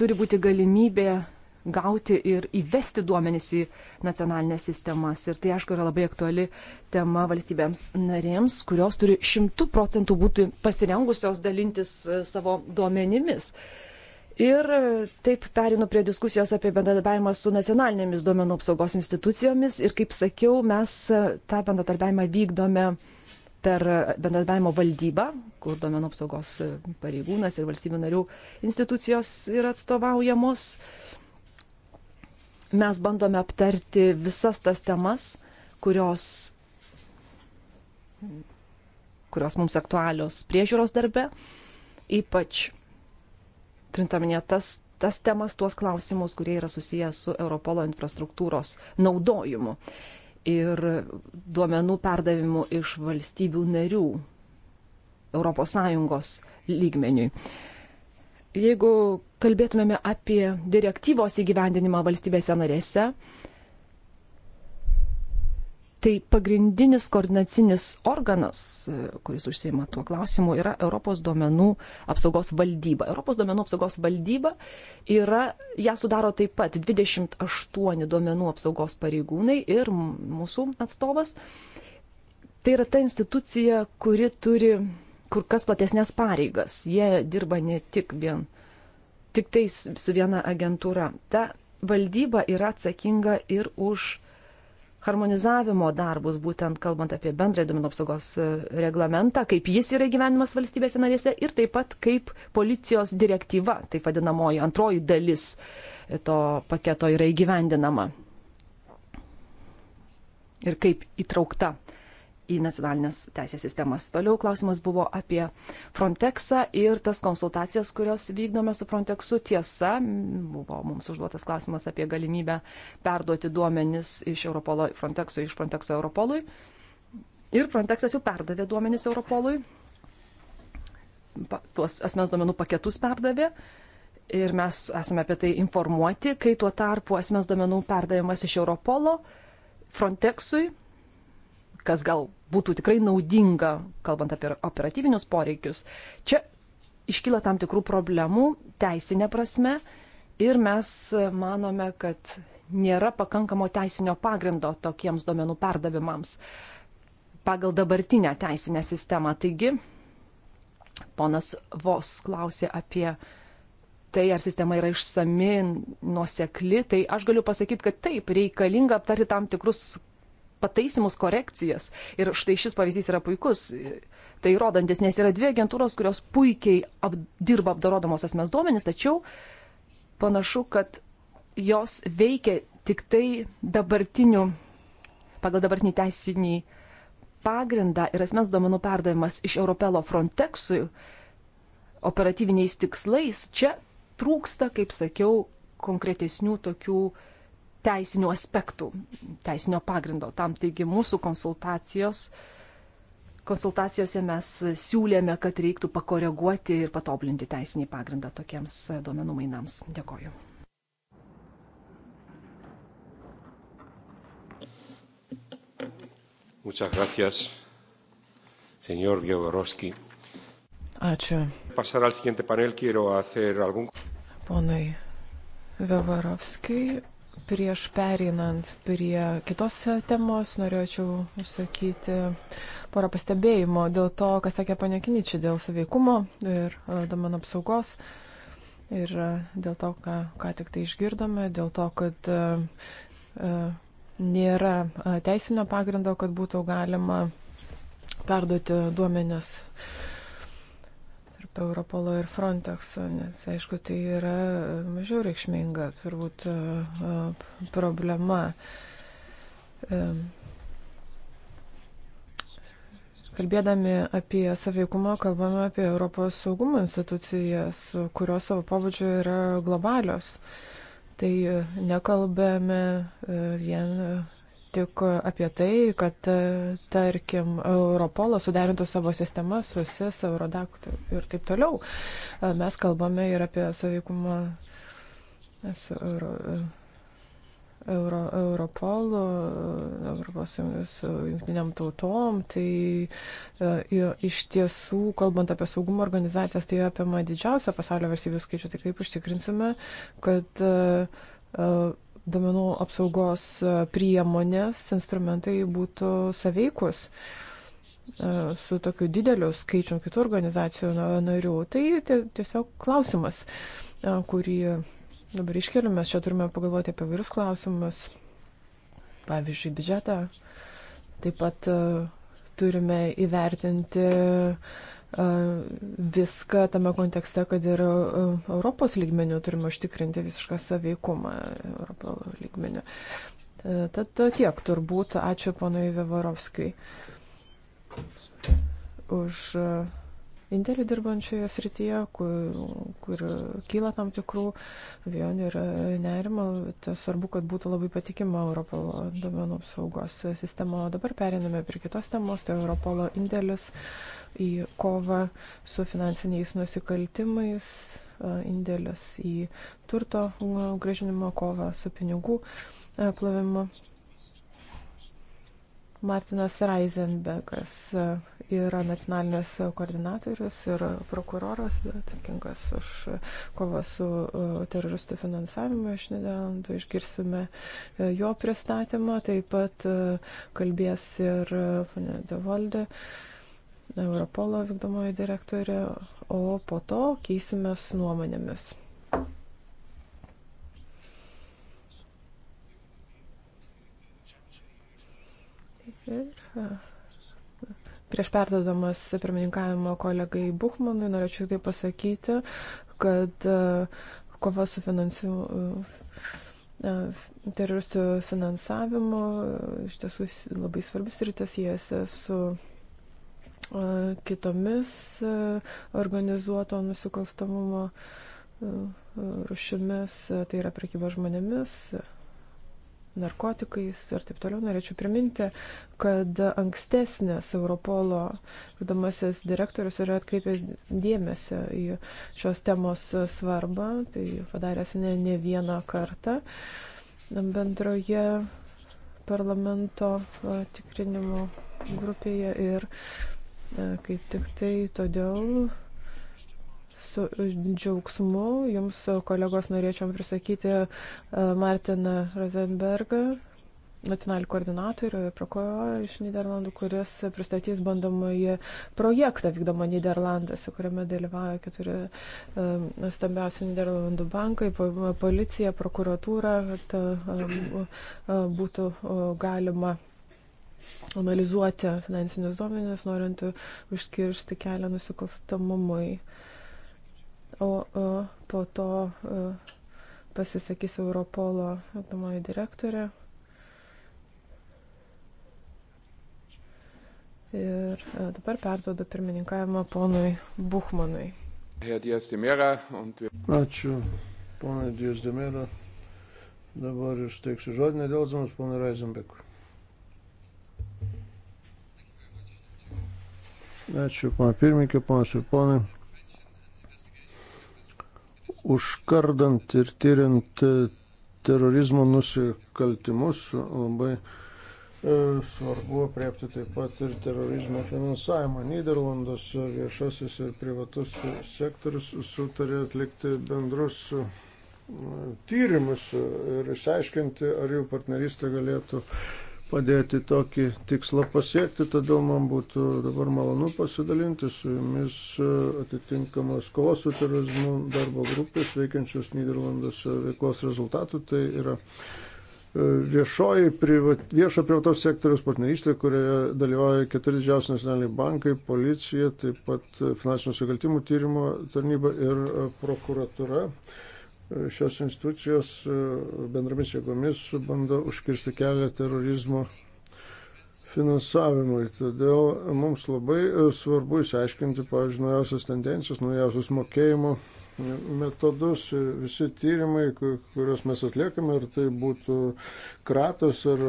S3: turi būti galimybė gauti ir įvesti duomenis į nacionalinės sistemas. Ir tai, aišku, yra labai aktuali tema valstybėms narėms, kurios turi šimtų procentų būti pasirengusios dalintis e, savo duomenimis. Ir taip perinu prie diskusijos apie bendradarbiavimą su nacionalinėmis duomenų apsaugos institucijomis. Ir kaip sakiau, mes e, tą bendradarbiavimą vykdome per bendradarbiavimo valdybą, kur duomenų apsaugos e, pareigūnas ir valstybių narių institucijos yra atstovaujamos mes bandome aptarti visas tas temas, kurios, kurios mums aktualios priežiūros darbe, ypač trintaminė tas, tas temas, tuos klausimus, kurie yra susijęs su Europolo infrastruktūros naudojimu ir duomenų perdavimu iš valstybių narių ES lygmeniui. Jeigu kalbėtumėme apie direktyvos įgyvendinimą valstybėse narėse, tai pagrindinis koordinacinis organas, kuris užsima tuo klausimu, yra Europos duomenų apsaugos valdyba. Europos duomenų apsaugos valdyba yra, ją sudaro taip pat 28 duomenų apsaugos pareigūnai ir mūsų atstovas. Tai yra ta institucija, kuri turi kur kas platesnės pareigas. Jie dirba ne tik vien, tik tai su viena agentūra. Ta valdyba yra atsakinga ir už harmonizavimo darbus, būtent kalbant apie bendrąjį duomenų apsaugos e, reglamentą, kaip jis yra gyvenimas valstybėse narėse ir taip pat kaip policijos direktyva, taip vadinamoji antroji dalis e, to paketo yra įgyvendinama ir kaip įtraukta į nacionalinės teisės sistemas. Toliau klausimas buvo apie Frontexą ir tas konsultacijas, kurios vykdome su Frontexu. Tiesa, buvo mums užduotas klausimas apie galimybę perduoti duomenis iš Europolo Frontexui, iš Frontexo Europolui. Ir Frontexas jau perdavė duomenis Europolui, pa, tuos asmens duomenų paketus perdavė. Ir mes esame apie tai informuoti, kai tuo tarpu asmens duomenų perdavimas iš Europolo Frontexui kas gal būtų tikrai naudinga, kalbant apie operatyvinius poreikius, čia iškyla tam tikrų problemų teisinė prasme ir mes manome, kad nėra pakankamo teisinio pagrindo tokiems duomenų perdavimams pagal dabartinę teisinę sistemą. Taigi, ponas Vos klausė apie tai, ar sistema yra išsami, nuosekli, tai aš galiu pasakyti, kad taip, reikalinga aptarti tam tikrus pataisimus, korekcijas. Ir štai šis pavyzdys yra puikus, tai rodantis, nes yra dvi agentūros, kurios puikiai ap, dirba apdorodamos asmens duomenys, tačiau panašu, kad jos veikia tik tai dabartiniu, pagal dabartinį teisinį pagrindą ir asmens duomenų perdavimas iš Europelo Frontexui operatyviniais tikslais, čia trūksta, kaip sakiau, konkretesnių tokių uh, teisinių aspektų, teisinio pagrindo. Tam taigi mūsų konsultacijos, konsultacijose mes siūlėme, kad reiktų pakoreguoti ir patoblinti teisinį pagrindą tokiems duomenų mainams. Dėkoju.
S1: Muchas gracias, señor Giogorovski. Ačiū. Pasar al siguiente panel, quiero hacer algún.
S4: Ponai Vevarovskiai, Prieš pereinant prie kitos temos, norėčiau užsakyti porą pastebėjimų dėl to, kas sakė ponia Kiničiai, dėl saveikumo ir e, domenų apsaugos. Ir e, dėl to, ką, ką tik tai išgirdome, dėl to, kad e, nėra teisinio pagrindo, kad būtų galima perduoti duomenis Europolo ir Frontexo, nes aišku, tai yra e, mažiau reikšminga turbūt e, e, problema. Kalbėdami apie saveikumą, kalbame apie Europos saugumo institucijas, kurios savo pavadžio yra globalios. Tai nekalbame vien tik apie tai, kad, e, tarkim, Europolas suderintų savo sistemą su SIS, Eurodaktu ir taip toliau. E, mes kalbame ir apie saveikumą su Euro, Euro, Europolu, Europos jungtiniam tautom. Tai e, iš tiesų, kalbant apie saugumo organizacijas, tai apima didžiausią pasaulio valstybių skaičių. Tai kaip užtikrinsime, kad domenų apsaugos priemonės, instrumentai būtų saveikus e, su tokiu dideliu skaičiu kitų organizacijų narių. Tai tiesiog klausimas, e, kurį dabar iškeliu. Mes čia turime pagalvoti apie vairius klausimus, pavyzdžiui, biudžetą. Taip pat e, turime įvertinti viską tame kontekste, kad ir Europos lygmenių turime užtikrinti visišką saveikumą Europos lygmenių. Tad tiek turbūt. Ačiū ponui Vevarovskijui už indėlį dirbančioje srityje, kur, kur kyla tam tikrų vėjonių ir nerimo. Tai svarbu, kad būtų labai patikima Europolo domenų apsaugos sistema. O dabar periname prie kitos temos, tai Europolo indėlis į kovą su finansiniais nusikaltimais, e, indėlis į turto gražinimo kovą su pinigų e, plovimu. Martinas Reisenbekas e, yra nacionalinės koordinatorius ir prokuroras atsakingas už kovą su teroristų finansavimu iš Niderlandų. Išgirsime jo pristatymą, taip pat kalbės ir ponė Devolde. De Europolo vykdomoji direktorė, o po to keisimės nuomonėmis. Ir prieš perdodamas pirmininkavimo kolegai Buchmanui norėčiau tai pasakyti, kad e, kova su finansiu, e, teroristų finansavimu e, iš tiesų labai svarbus rytas jėsi su kitomis organizuoto nusikalstamumo rušimis, tai yra prekyba žmonėmis, narkotikais ir taip toliau. Norėčiau priminti, kad ankstesnės Europolo vadamasis direktorius yra atkreipęs dėmesį į šios temos svarbą, tai padaręs ne, ne vieną kartą bendroje parlamento tikrinimo grupėje ir uh, E, kaip tik tai todėl su džiaugsmu jums e, kolegos norėčiau prisakyti e, Martiną Rosenbergą, nacionalinį koordinatorių ir prokurorą iš Niderlandų, kuris pristatys bandomąjį projektą vykdomą Niderlanduose, kuriame dalyvauja keturi um, stambiausi Niderlandų bankai, policija, prokuratūra, kad um, būtų galima analizuoti finansinius duomenis, norint užkirsti kelią nusikalstamumui. O, o po to o, e, pasisakys Europolo vykdomoji direktorė. Ir e, dabar perduodu pirmininkavimą ponui Buchmanui.
S2: Ačiū, ponai Dievs Demera. Dabar išteiksiu žodinę dėlzamas ponui Raizenbekui. Ačiū, pana pirmininkė, panas ir ponai. Užkardant ir tyrint terorizmo nusikaltimus labai e, svarbu apriepti taip pat ir terorizmo finansavimą. Niderlandos viešasis ir privatus sektorius sutarė atlikti bendrus e, tyrimus ir išsiaiškinti, ar jų partnerystė galėtų padėti tokį tikslą pasiekti, todėl man būtų dabar malonu pasidalinti su jumis e, atitinkamos kovos su terorizmu darbo grupės veikiančios Niderlanduose veiklos rezultatų. Tai yra e, viešoji, privat, viešo privataus sektoriaus partnerystė, kurioje dalyvauja keturi didžiausi nacionaliniai bankai, policija, taip pat e, finansinio sugaltimų tyrimo tarnyba ir prokuratura šios institucijos e, bendromis jėgomis bando užkirsti kelią terorizmo finansavimui. Todėl mums labai e, svarbu įsiaiškinti, pavyzdžiui, naujausias tendencijas, naujausius mokėjimo metodus, e, visi tyrimai, kuriuos mes atliekame, ar tai būtų kratos ar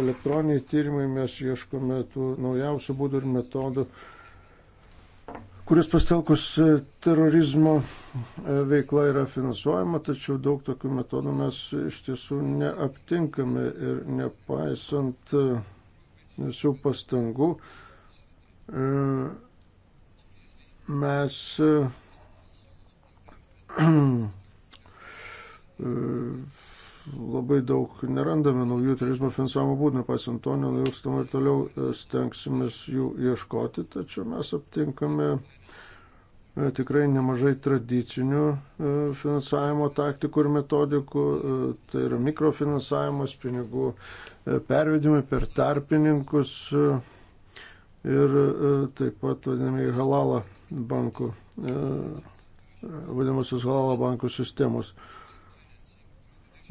S2: elektroniniai tyrimai, mes ieškome tų naujausių būdų ir metodų kuris pastelkus e, terorizmo e, veikla yra finansuojama, tačiau daug tokių metodų mes iš tiesų neaptinkame ir nepaisant e, visų pastangų mes labai daug nerandame naujų turizmo finansavimo būdų, nepaisant to, nenuilstamai ir toliau e, stengsimės jų ieškoti, tačiau mes aptinkame e, tikrai nemažai tradicinių e, finansavimo taktikų ir metodikų, tai yra mikrofinansavimas, pinigų pervedimai per tarpininkus ir taip pat vadinami halala bankų, vadinamosios halala bankų sistemos.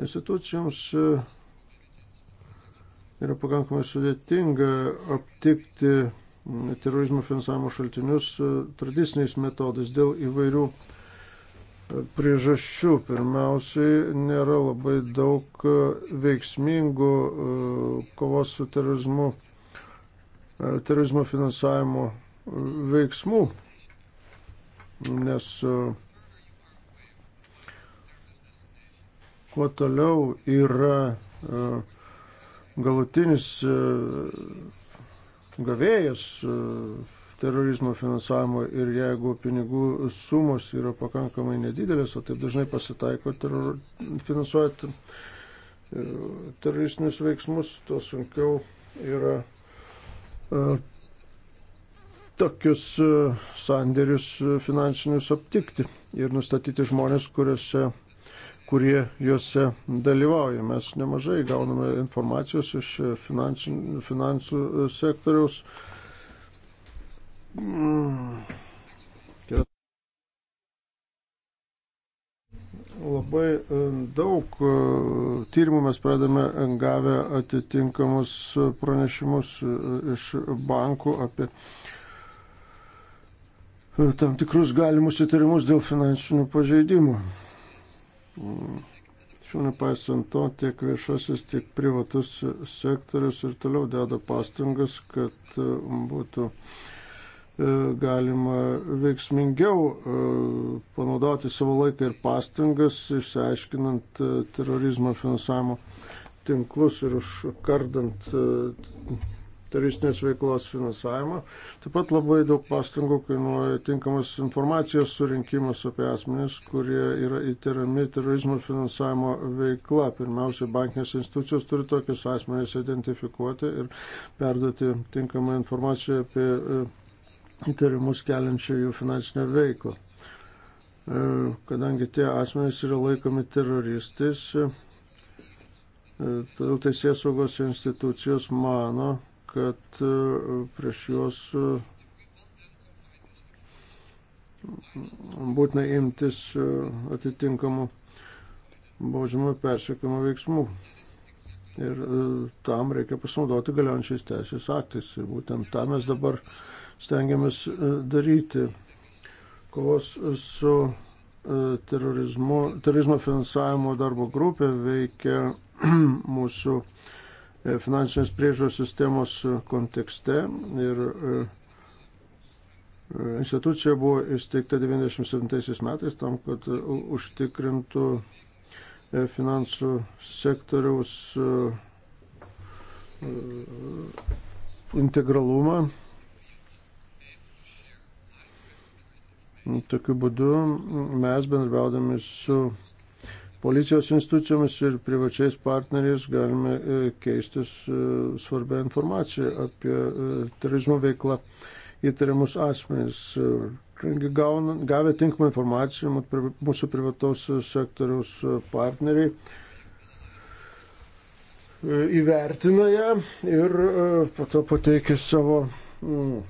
S2: Institucijoms e, yra pakankamai sudėtinga aptikti terorizmo finansavimo šaltinius e, tradiciniais metodais dėl įvairių e, priežasčių. Pirmiausiai, nėra labai daug veiksmingų kovos su terorizmu, terorizmo finansavimo veiksmų, nes kuo toliau yra e, galutinis e, gavėjas e, terorizmo finansavimo ir jeigu pinigų sumos yra pakankamai nedidelės, o taip dažnai pasitaiko teror... finansuojant teroristinius veiksmus, to sunkiau yra tokius sandėrius finansinius aptikti ir nustatyti žmonės, kuriuose kurie juose dalyvauja. Mes nemažai gauname informacijos iš finansų, finansų e, sektoriaus. Mm. Labai e, daug e, tyrimų mes pradame gavę atitinkamus pranešimus iš bankų apie tam tikrus galimus įtarimus dėl finansinių pažeidimų. Tačiau nepaisant to, tiek viešasis, tiek privatus sektorius ir toliau deda pastangas, kad e, būtų e, galima veiksmingiau e, panaudoti savo laiką ir pastangas, išsiaiškinant terorizmo finansavimo tinklus ir užkardant teroristinės veiklos finansavimą. Taip pat labai daug pastangų kainuoja tinkamas informacijos surinkimas apie asmenys, kurie yra įtariami terorizmo finansavimo veikla. Pirmiausia, bankinės institucijos turi tokius asmenys identifikuoti ir perduoti tinkamą informaciją apie e, įtarimus keliančių jų finansinę veiklą. E, kadangi tie asmenys yra laikomi teroristais, e, Todėl teisės saugos institucijos mano, kad e, prieš juos e, būtina imtis e, atitinkamų baudžiamų persiekimo veiksmų. Ir tam reikia pasinaudoti galiojančiais teisės aktais. Ir būtent tą mes dabar stengiamės daryti. Kovos su terorizmo finansavimo darbo grupė veikia mūsų uh, E, finansinės priežiūros sistemos kontekste ir e, e, institucija buvo įsteigta 97 metais tam, kad užtikrintų finansų sektoriaus integralumą. Tokiu būdu mes bendraudami su policijos institucijomis ir privačiais partneriais galime e, keistis e, svarbią informaciją apie e, terorizmo veiklą įtariamus asmenys. Kadangi gavę tinkamą informaciją mūsų privataus sektoriaus partneriai įvertina ją ir po to pateikia savo mm,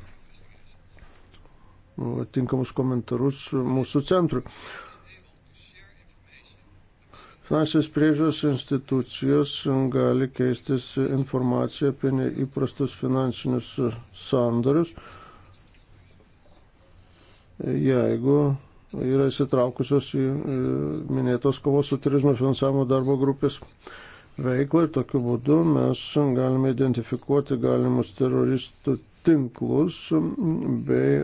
S2: tinkamus komentarus mūsų centrui. Finansinės priežiūros institucijos gali keistis informaciją apie neįprastus finansinius sandorius, jeigu yra įsitraukusios į minėtos kovos su turizmo finansavimo darbo grupės veiklą ir tokiu būdu mes galime identifikuoti galimus teroristų tinklus bei e,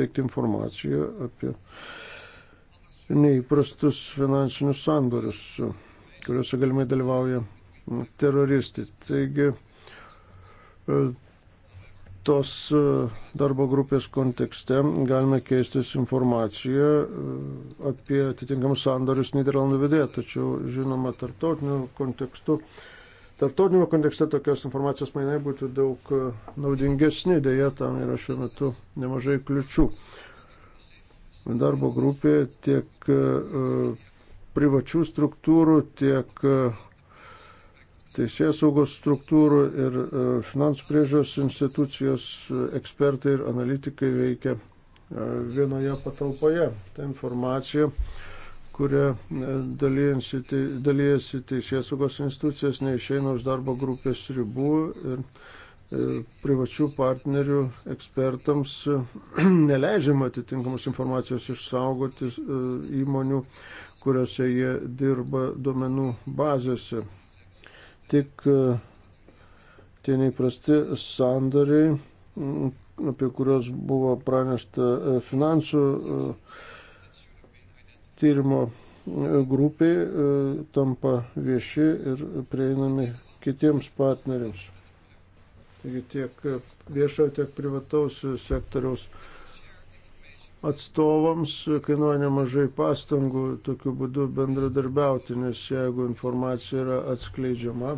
S2: teikti informaciją apie neįprastus finansinius sandorius, kuriuose galimai dalyvauja teroristai. Taigi e, tos e, darbo grupės kontekste galime keistis informaciją e, apie atitinkamus sandorius Niderlandų vidėje, tačiau žinoma, tarptautiniu kontekstu. Tarptautinio kontekste tokios informacijos mainai būtų daug naudingesni, dėja tam yra šiuo metu nemažai kliučių. Uh, darbo grupė tiek e, privačių struktūrų, tiek e, teisės saugos struktūrų ir e, finansų priežios institucijos ekspertai ir analitikai veikia vienoje patalpoje. Ta informacija, kurią dalyjasi teisės saugos institucijas, neišeina už darbo grupės ribų ir E, privačių partnerių ekspertams e, neleidžiama atitinkamos informacijos išsaugoti e, įmonių, kuriuose jie dirba duomenų bazėse. Tik tie neįprasti sandoriai, apie kuriuos buvo pranešta finansų tyrimo grupiai, tampa vieši ir prieinami kitiems partneriams. Taigi tiek viešojo, tiek privataus sektoriaus atstovams kainuoja nemažai pastangų tokiu būdu bendradarbiauti, nes jeigu informacija yra atskleidžiama,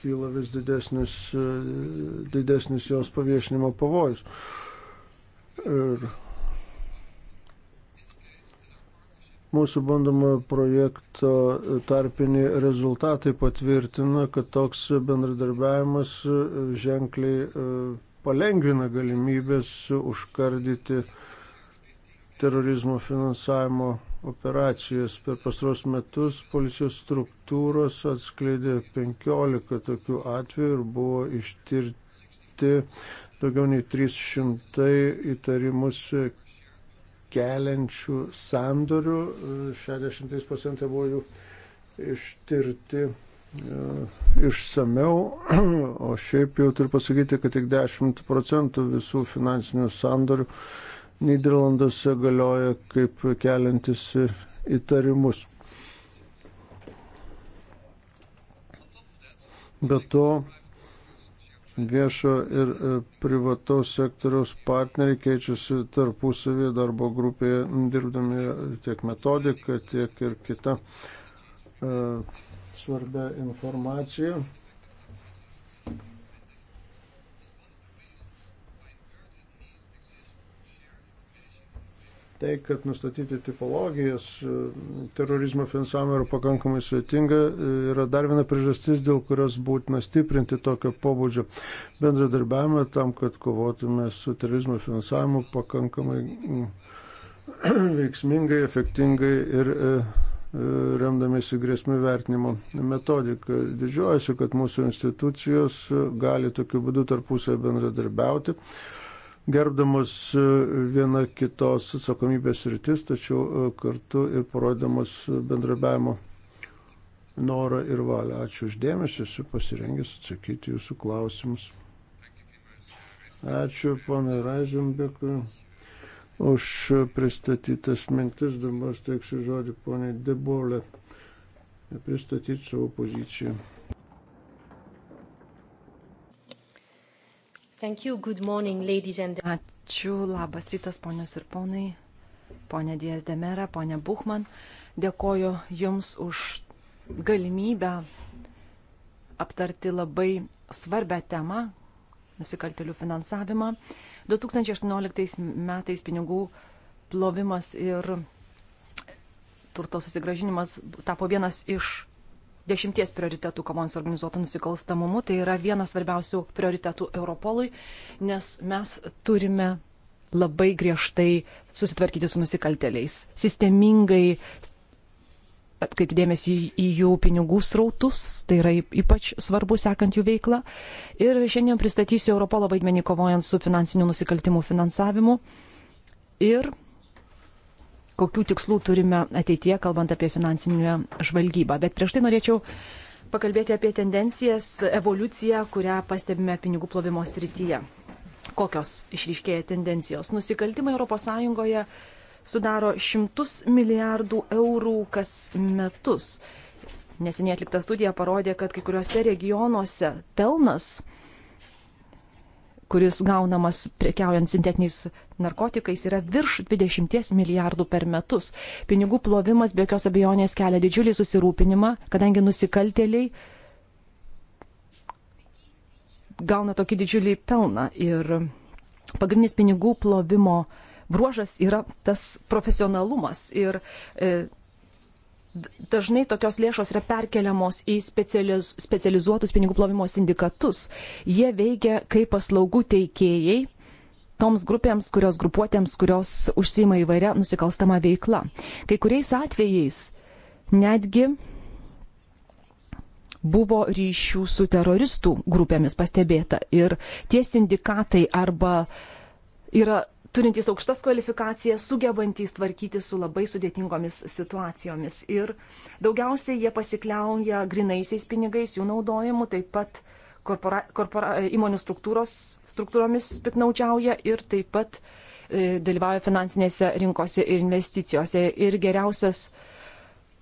S2: kyla vis didesnis, didesnis jos paviešinimo pavojus. Ir Mūsų bandomo projekto tarpiniai rezultatai patvirtina, kad toks bendradarbiavimas e, ženkliai e, palengvina galimybės užkardyti terorizmo finansavimo operacijas. Per pasaros metus policijos struktūros atskleidė 15 tokių atvejų ir buvo ištirti daugiau nei 300 įtarimus keliančių sandorių, 60 procentai buvo jų ištirti e, išsameu, o šiaip jau turiu pasakyti, kad tik 10 procentų visų finansinių sandorių Niderlanduose galioja kaip keliantis įtarimus. Be to, viešo ir e, privataus sektoriaus partneriai keičiasi tarpusavį darbo grupėje dirbdami tiek metodiką, tiek ir kitą e, svarbę informaciją. tai, kad nustatyti tipologijas e, terorizmo finansavimo yra pakankamai sveitinga, e, yra dar viena priežastis, dėl kurios būtina stiprinti tokio pobūdžio bendradarbiavimą tam, kad kovotume su terorizmo finansavimu pakankamai mm, veiksmingai, efektingai ir e, remdamėsi grėsmių vertinimo metodiką. Didžiuojasi, kad mūsų institucijos gali tokiu būdu tarpusai bendradarbiauti gerbdamus e, viena kitos atsakomybės rytis, tačiau e, kartu ir parodamas bendrabiavimo norą ir valią. Ačiū uždėmesi, esu pasirengęs atsakyti jūsų klausimus. Ačiū ponai Raizimbekui už pristatytas mintis. Dabar steiksiu žodį poniai Debolė pristatyti savo poziciją.
S3: Thank you. Good morning, ladies and... Ačiū, labas rytas, ponios ir ponai, ponė Dijas Demera, ponė Buchman. Dėkoju Jums už galimybę aptarti labai svarbę temą - nusikaltelių finansavimą. 2018 metais pinigų plovimas ir turto susigražinimas tapo vienas iš dešimties prioritetų kovojant su organizuotu nusikalstamumu. Tai yra vienas svarbiausių prioritetų Europolui, nes mes turime labai griežtai susitvarkyti su nusikalteliais, sistemingai atkreipti dėmesį į jų pinigų srautus, tai yra ypač svarbu sekant jų veiklą. Ir šiandien pristatysiu Europolo vaidmenį kovojant su finansiniu nusikaltimu finansavimu ir kokių tikslų turime ateitie, kalbant apie finansinę žvalgybą. Bet prieš tai norėčiau pakalbėti apie tendencijas, evoliuciją, kurią pastebime pinigų plovimo srityje. Kokios išryškėja tendencijos? Nusikaltimai ES sudaro šimtus milijardų eurų kas metus. Neseniai atlikta studija parodė, kad kai kuriuose regionuose pelnas kuris gaunamas prekiaujant sintetiniais narkotikais, yra virš 20 milijardų per metus. Pinigų plovimas be jokios abejonės kelia didžiulį susirūpinimą, kadangi nusikaltėliai gauna tokį didžiulį pelną. Ir pagrindinis pinigų plovimo bruožas yra tas profesionalumas. Ir e, dažnai tokios lėšos yra perkeliamos į specializ, specializuotus pinigų plovimo sindikatus. Jie veikia kaip paslaugų teikėjai toms grupėms, kurios grupuotėms, kurios užsima įvairia nusikalstama veikla. Kai kuriais atvejais netgi buvo ryšių su teroristų grupėmis pastebėta ir tie sindikatai arba yra turintys aukštas kvalifikacijas, sugebantys tvarkyti su labai sudėtingomis situacijomis. Ir daugiausiai jie pasikliauja grinaisiais pinigais, jų naudojimu, taip pat korpora, korpora, įmonių struktūromis piknaudžiauja ir taip pat e, dalyvauja finansinėse rinkose ir investicijose. Ir geriausias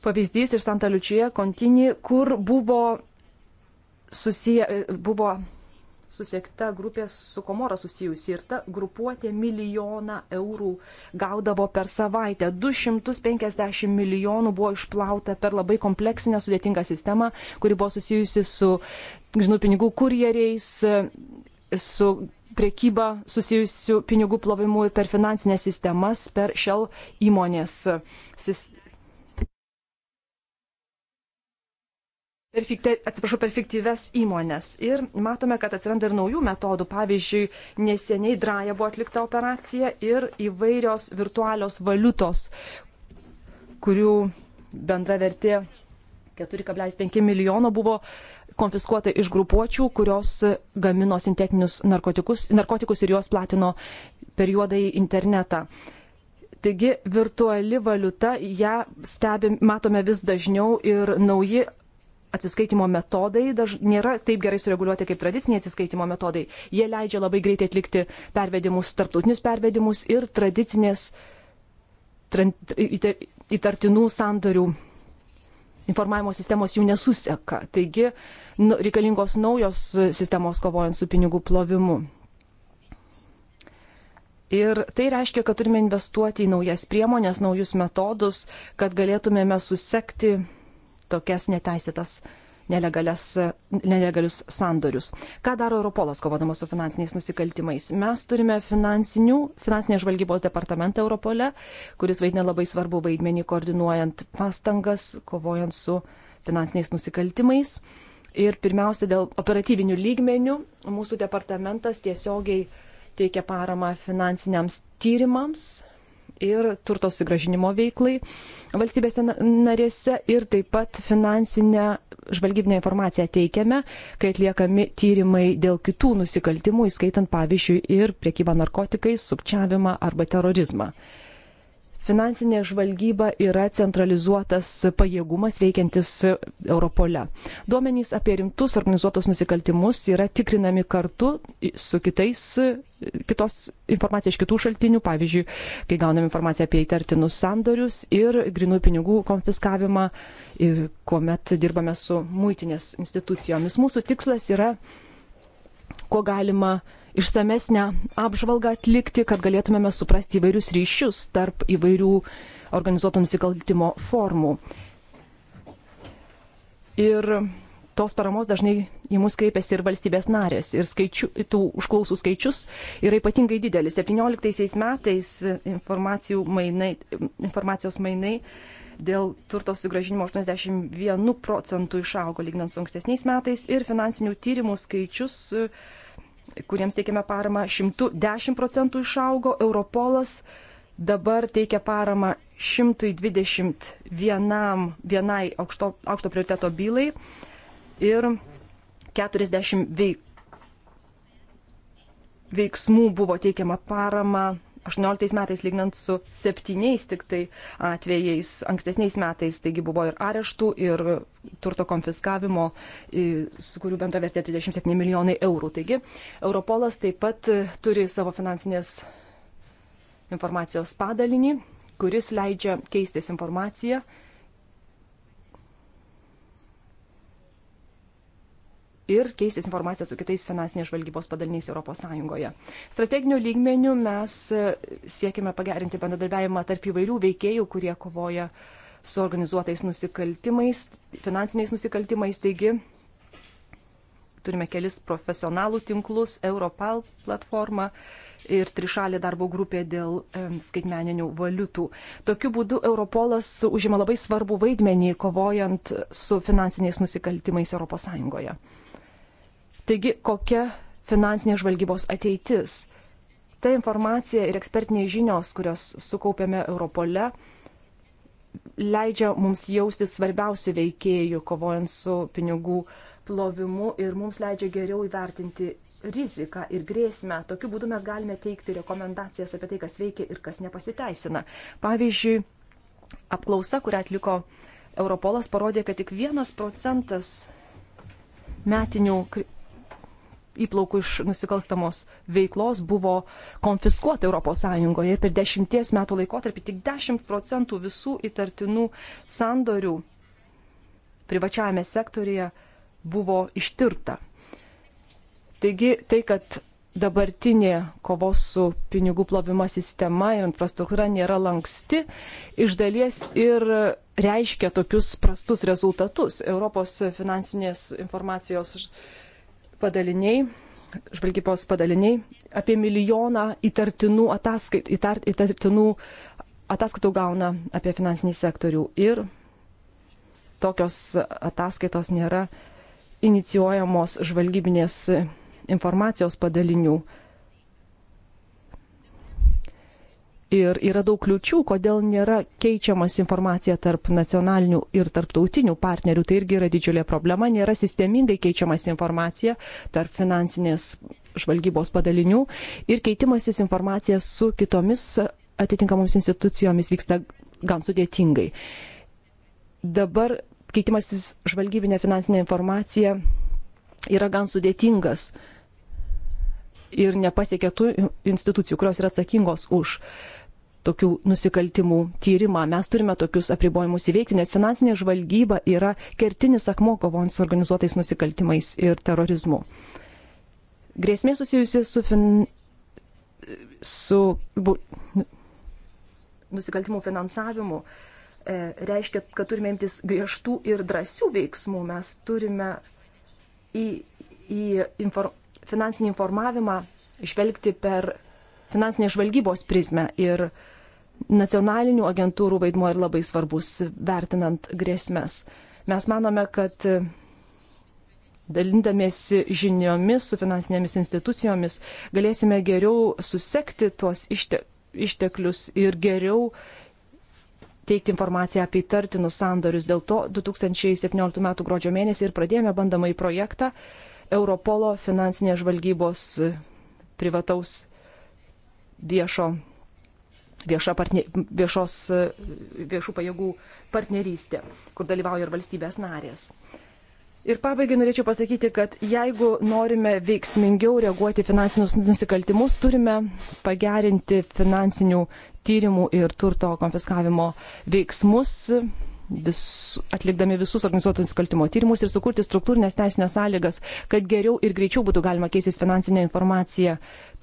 S3: pavyzdys iš Santa Liučioje, Kontini, kur buvo susiję, e, buvo susiekta grupė su Komora susijusi ir ta grupuotė milijoną eurų gaudavo per savaitę. 250 milijonų buvo išplauta per labai kompleksinę sudėtingą sistemą, kuri buvo susijusi su, žinau, pinigų kurjeriais, su priekyba susijusių pinigų plovimu ir per finansinės sistemas, per šel įmonės Perfekte, atsiprašau, perfektyves įmonės. Ir matome, kad atsiranda ir naujų metodų. Pavyzdžiui, neseniai Draja buvo atlikta operacija ir įvairios virtualios valiutos, kurių bendra vertė 4,5 milijono buvo konfiskuota iš grupuočių, kurios gamino sintetinius narkotikus, narkotikus ir juos platino per juodąjį internetą. Taigi virtuali valiuta, ją stebim, matome vis dažniau ir nauji atsiskaitimo metodai daž... nėra taip gerai sureguliuoti kaip tradiciniai atsiskaitimo metodai. Jie leidžia labai greitai atlikti pervedimus, tarptautinius pervedimus ir tradicinės trant... įtartinų sandorių informavimo sistemos jų nesuseka. Taigi nu, reikalingos naujos sistemos kovojant su pinigų plovimu. Ir tai reiškia, kad turime investuoti į naujas priemonės, naujus metodus, kad galėtumėme susekti tokias neteisėtas nelegalius sandorius. Ką daro Europolas kovodamas su finansiniais nusikaltimais? Mes turime finansinės žvalgybos departamentą Europole, kuris vaidina labai svarbu vaidmenį koordinuojant pastangas, kovojant su finansiniais nusikaltimais. Ir pirmiausia, dėl operatyvinių lygmenių mūsų departamentas tiesiogiai teikia paramą finansiniams tyrimams, ir turto sugražinimo veiklai valstybėse narėse ir taip pat finansinę žvalgybinę informaciją teikiame, kai atliekami tyrimai dėl kitų nusikaltimų, įskaitant pavyzdžiui ir priekybą narkotikais, sukčiavimą arba terorizmą. Finansinė žvalgyba yra centralizuotas pajėgumas veikiantis Europole. Duomenys apie rimtus organizuotus nusikaltimus yra tikrinami kartu su kitais, kitos informacija iš kitų šaltinių, pavyzdžiui, kai gauname informaciją apie įtartinus sandorius ir grinų pinigų konfiskavimą, kuomet dirbame su muitinės institucijomis. Mūsų tikslas yra, ko galima išsamesnę apžvalgą atlikti, kad galėtumėme suprasti įvairius ryšius tarp įvairių organizuoto nusikaltimo formų. Ir tos paramos dažnai į mus kreipiasi ir valstybės narės. Ir skaičių, tų užklausų skaičius yra ypatingai didelis. 17 metais mainai, informacijos mainai dėl turto sugražinimo 81 procentų išaugo lyginant su ankstesniais metais ir finansinių tyrimų skaičius kuriems teikiame paramą, 110 procentų išaugo, Europolas dabar teikia paramą 121 vienai aukšto, aukšto prioriteto bylai ir 40 veik, veiksmų buvo teikiama parama 18 metais lygnant su septyniais tik tai atvejais ankstesniais metais, taigi buvo ir areštų, ir turto konfiskavimo, su kurių bendra vertė 37 milijonai eurų. Taigi Europolas taip pat turi savo finansinės informacijos padalinį, kuris leidžia keistis informaciją ir keistis informaciją su kitais finansinės žvalgybos padaliniais ES. Strateginių lygmenių mes e, siekime pagerinti bendradarbiavimą tarp įvairių veikėjų, kurie kovoja su organizuotais nusikaltimais, finansiniais nusikaltimais. Taigi turime kelis profesionalų tinklus, Europal platformą ir trišalė darbo grupė dėl e, skaitmeninių valiutų. Tokiu būdu Europolas užima labai svarbų vaidmenį kovojant su finansiniais nusikaltimais ES. Taigi, kokia finansinės žvalgybos ateitis? Ta informacija ir ekspertinės žinios, kurios sukaupėme Europole, leidžia mums jausti svarbiausių veikėjų, kovojant su pinigų plovimu ir mums leidžia geriau įvertinti riziką ir grėsmę. Tokiu būdu mes galime teikti rekomendacijas apie tai, kas veikia ir kas nepasiteisina. Pavyzdžiui, apklausa, kurią atliko Europolas, parodė, kad tik vienas procentas metinių įplaukų iš nusikalstamos veiklos buvo konfiskuota ES ir per dešimties metų laikotarpį tik 10 procentų visų įtartinų sandorių privačiajame sektorija buvo ištirta. Taigi tai, kad dabartinė kovos su pinigų plovimo sistema ir infrastruktūra nėra lanksti, iš dalies ir reiškia tokius prastus rezultatus. Europos finansinės informacijos padaliniai, žvalgybos padaliniai, apie milijoną įtartinų ataskaitų, įtart, įtartinų ataskaitų gauna apie finansinį sektorių ir tokios ataskaitos nėra inicijuojamos žvalgybinės informacijos padalinių. Ir yra daug kliučių, kodėl nėra keičiamas informacija tarp nacionalinių ir tarptautinių partnerių. Tai irgi yra didžiulė problema. Nėra sistemingai keičiamas informacija tarp finansinės žvalgybos padalinių ir keitimasis informacija su kitomis atitinkamoms institucijomis vyksta gan sudėtingai. Dabar keitimasis žvalgybinė finansinė informacija yra gan sudėtingas ir nepasiekia tų institucijų, kurios yra atsakingos už uh, tokių nusikaltimų tyrimą. Mes turime tokius apribojimus įveikti, nes finansinė žvalgyba yra kertinis akmo kovojant su organizuotais nusikaltimais ir terorizmu. Grėsmė susijusi su, fin... su bu... nusikaltimų finansavimu e, reiškia, kad turime imtis griežtų ir drąsių veiksmų. Mes turime į, į infor... finansinį informavimą žvelgti per finansinės žvalgybos prizmę ir e, nacionalinių agentūrų vaidmuo ir labai svarbus vertinant grėsmės. Mes manome, kad e, dalindamiesi žiniomis su finansinėmis institucijomis galėsime geriau susekti tuos ište, išteklius ir geriau teikti informaciją apie įtartinus sandorius. Dėl to 2017 m. gruodžio mėnesį ir pradėjome bandamąjį projektą Europolo finansinės žvalgybos privataus viešo vieša partne, viešos, viešų pajėgų partnerystė, kur dalyvauja ir valstybės narės. Ir pabaigai norėčiau pasakyti, kad jeigu norime veiksmingiau reaguoti finansinius nusikaltimus, turime pagerinti finansinių tyrimų ir turto konfiskavimo veiksmus vis, atlikdami visus organizuotų nusikaltimo tyrimus ir sukurti struktūrinės teisinės sąlygas, kad geriau ir greičiau būtų galima keistis finansinę informaciją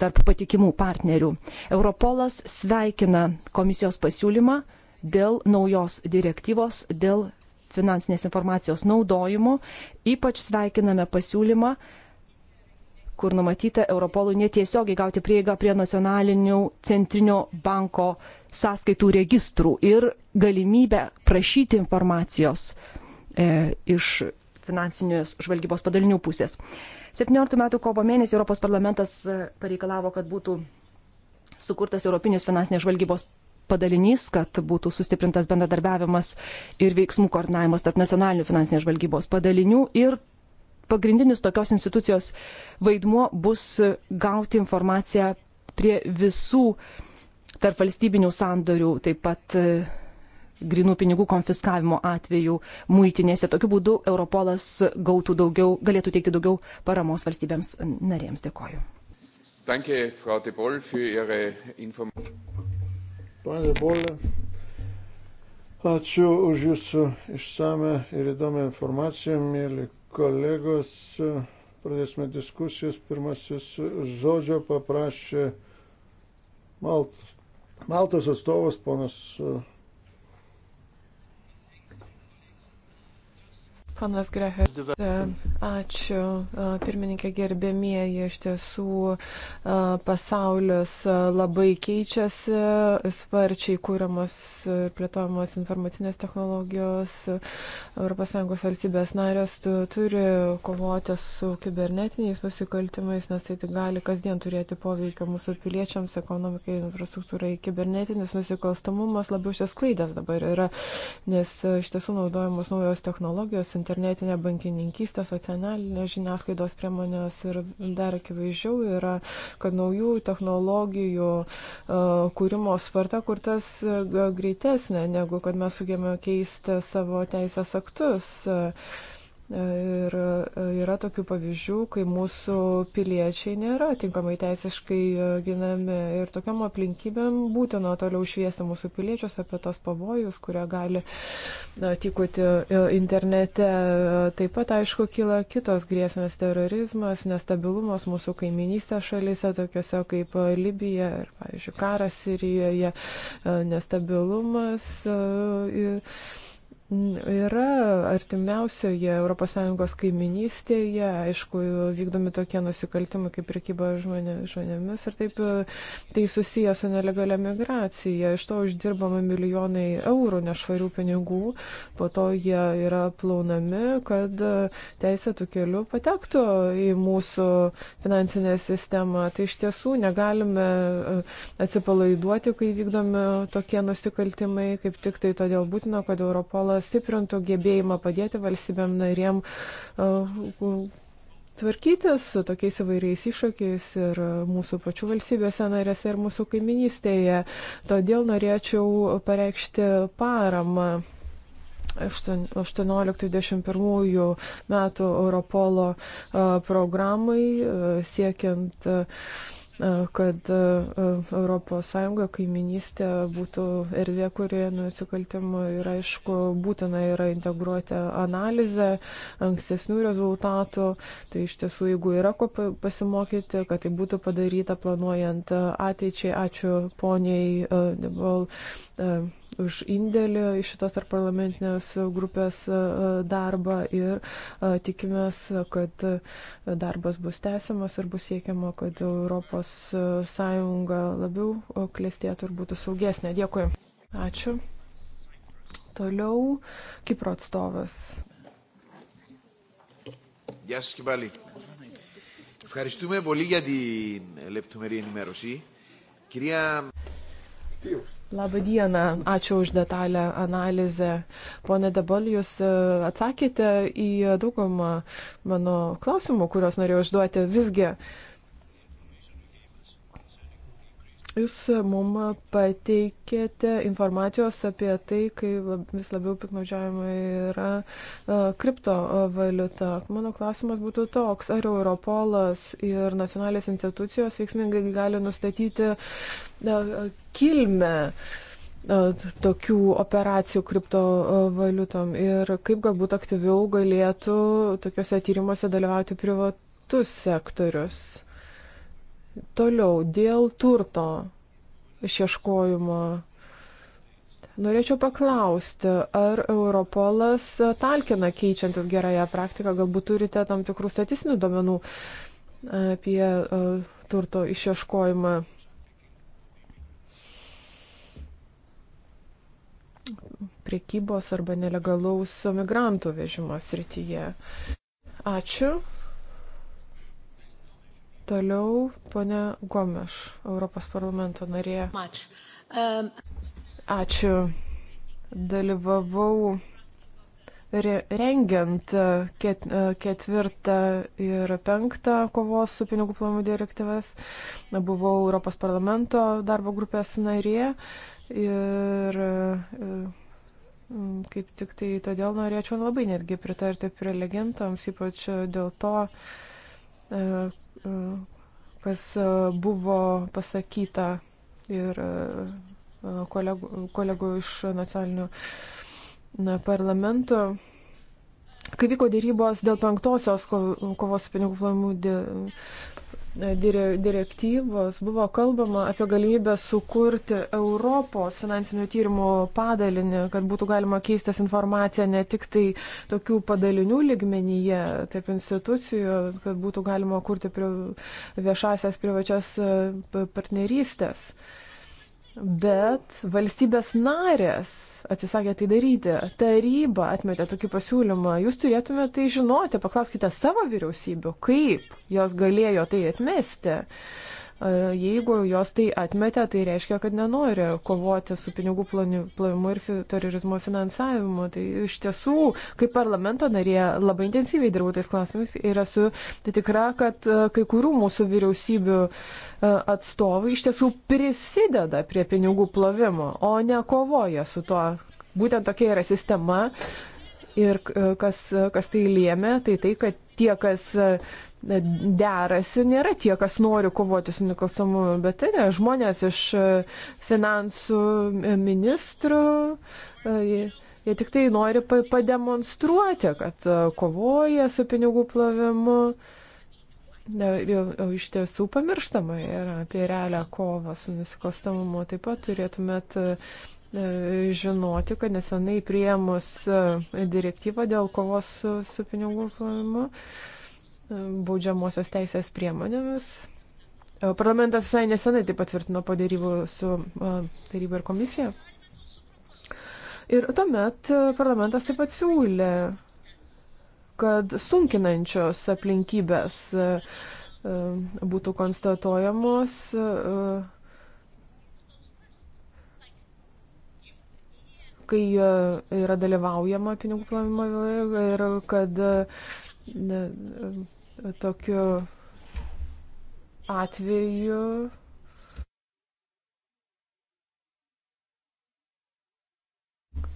S3: tarp patikimų partnerių. Europolas sveikina komisijos pasiūlymą dėl naujos direktyvos, dėl finansinės informacijos naudojimo. Ypač sveikiname pasiūlymą kur numatyta Europolui netiesiogiai gauti prieigą prie nacionalinių centrinio banko sąskaitų registrų ir galimybę prašyti informacijos e, iš finansinės žvalgybos padalinių pusės. 17 metų kovo mėnesį Europos parlamentas e, pareikalavo, kad būtų sukurtas Europinės finansinės žvalgybos padalinys, kad būtų sustiprintas bendradarbiavimas ir veiksmų koordinavimas tarp nacionalinių finansinės žvalgybos padalinių ir pagrindinis tokios institucijos vaidmuo bus gauti informaciją prie visų tarp valstybinių sandorių, taip pat e, grinų pinigų konfiskavimo atveju muitinėse. Tokiu būdu Europolas gautų daugiau, galėtų teikti daugiau paramos valstybėms narėms. Dėkoju.
S1: Danke, Frau de Boll, für Ihre Information.
S2: Ačiū už Jūsų išsame ir įdomią informaciją, mėly Kolegos, pradėsime diskusijas. Pirmasis žodžio paprašė Maltos, Maltos atstovas ponas
S4: Panas Grehas, ačiū. Pirmininkė gerbėmieji, iš tiesų pasaulis labai keičiasi, sparčiai kūriamos ir plėtojamos informacinės technologijos. ES valstybės narės turi kovoti su kibernetiniais nusikaltimais, nes tai gali kasdien turėti poveikio mūsų piliečiams, ekonomikai, infrastruktūrai. Kibernetinis nusikalstamumas labiau išsisklaidęs dabar yra, nes iš tiesų naudojamos naujos technologijos internetinė bankininkystė, socialinės žiniasklaidos priemonės ir dar akivaizdžiau yra, kad naujų technologijų e, kūrimo sparta kur tas e, greitesnė, negu kad mes sugebėjome keisti savo teisės aktus. Uh, Ir e, yra tokių pavyzdžių, kai mūsų piliečiai nėra tinkamai teisiškai e, ginami ir tokiam aplinkybėm būtina toliau šviesti mūsų piliečius apie tos pavojus, kurie gali tikoti e, internete. Taip pat, aišku, kyla kitos grėsmės - terorizmas, nestabilumas mūsų kaiminystė šalyse, tokiuose kaip Libija ir, pavyzdžiui, karas Sirijoje, nestabilumas. Ir, yra artimiausioje ES kaiminystėje, aišku, vykdomi tokie nusikaltimai kaip prekyba žmonė, žmonėmis ir taip tai susiję su nelegalia migracija. Iš to uždirbama milijonai eurų nešvarių pinigų, po to jie yra plaunami, kad teisėtų kelių patektų į mūsų finansinę sistemą. Tai iš tiesų negalime e, atsipalaiduoti, kai vykdomi tokie nusikaltimai, kaip tik tai todėl būtina, kad Europolas stiprintų gebėjimą padėti valstybėm narėm tvarkytis su tokiais įvairiais iššūkiais ir mūsų pačių valstybėse narėse ir mūsų kaiminystėje. Todėl norėčiau pareikšti paramą 18-21 metų Europolo programai siekiant E, kad ES e, kaiminystė būtų erdvė, kurioje nusikaltimų ir aišku būtina yra integruoti analizę ankstesnių rezultatų. Tai iš tiesų, jeigu yra ko pasimokyti, kad tai būtų padaryta planuojant ateičiai. Ačiū poniai e, Debol už indėlį iš šitos ar parlamentinės grupės e, darbą ir e, tikimės, kad e, darbas bus tęsiamas ir bus siekiama, kad ES labiau klestėtų ir būtų saugesnė. Dėkui. Ačiū. Toliau Kipro atstovas.
S1: Γεια σας και πάλι. Ευχαριστούμε πολύ για την
S2: λεπτομερή ενημέρωση. Κυρία... Τίος.
S4: Labą dieną, ačiū už detalę analizę. Pone Debol, jūs e, atsakėte į daugumą mano klausimų, kuriuos norėjau užduoti. Visgi, uh, Jūs e, mum pateikėte informacijos apie tai, kai vis labiau piknaudžiavimai yra e, kriptovaliuta. Mano klausimas būtų toks, ar Europolas ir nacionalės institucijos veiksmingai gali nustatyti e, kilmę tokių operacijų kriptovaliutom ir kaip galbūt aktyviau galėtų tokiuose tyrimuose dalyvauti privatus sektorius. Toliau, dėl turto išieškojimo. Norėčiau paklausti, ar Europolas talkina keičiantis gerąją praktiką, galbūt turite tam tikrų statistinių domenų e, apie e, turto išieškojimą. priekybos arba nelegalaus migrantų vežimo srityje. Ačiū. Toliau ponia Gomeš, Europos parlamento narė. Um, Ačiū. Dalyvavau rengiant uh, ket, uh, ketvirtą ir penktą kovos su pinigų plovimu direktyvas. Buvau Europos parlamento darbo grupės narė ir uh, kaip tik tai todėl norėčiau labai netgi pritarti prelegentams, ypač dėl to, E, e, kas e, buvo pasakyta ir kolegų, kolegų iš nacionalinių parlamentų. Kai vyko dėrybos dėl penktosios kovos su pinigų plovimu direktyvos buvo kalbama apie galimybę sukurti Europos finansinių tyrimų padalinį, kad būtų galima keistas informacija ne tik tai tokių padalinių ligmenyje tarp institucijų, kad būtų galima kurti viešasias privačias e, partnerystės. Uh, bet valstybės narės atsisakė tai daryti. Taryba atmetė tokį pasiūlymą. Jūs turėtumėte tai žinoti, paklauskite savo vyriausybių, kaip jos galėjo tai atmesti. E, jeigu jos tai atmetė, tai reiškia, kad nenori kovoti su pinigų plovimu ir terorizmo finansavimu. Tai iš tiesų, kaip parlamento narė, labai intensyviai dirbau tais klausimais ir esu tai tikra, kad e, kai kurių mūsų vyriausybių e, atstovai iš tiesų prisideda prie pinigų plovimo, o ne kovoja su tuo. Būtent tokia yra sistema. Ir kas, kas tai lėmė, tai tai, kad tie, kas derasi, nėra tie, kas nori kovoti su nukalstamumu, bet tai yra žmonės iš e, finansų e, ministrų. E, jie, jie tik tai nori pademonstruoti, kad kovoja su pinigų plovimu. O iš tiesų pamirštama yra apie realią kovą su nusikalstamumu. Taip pat turėtumėt žinoti, kad nesenai prieimus direktyvą dėl kovos su, su pinigų plovimu. Uh, baudžiamosios teisės priemonėmis. E, parlamentas visai nesenai tai patvirtino po dėrybų su e, taryba ir komisija. Ir tuomet e, parlamentas taip pat siūlė, kad sunkinančios aplinkybės būtų konstatuojamos kai yra dalyvaujama pinigų plovimo byloje ir kad Tokiu atveju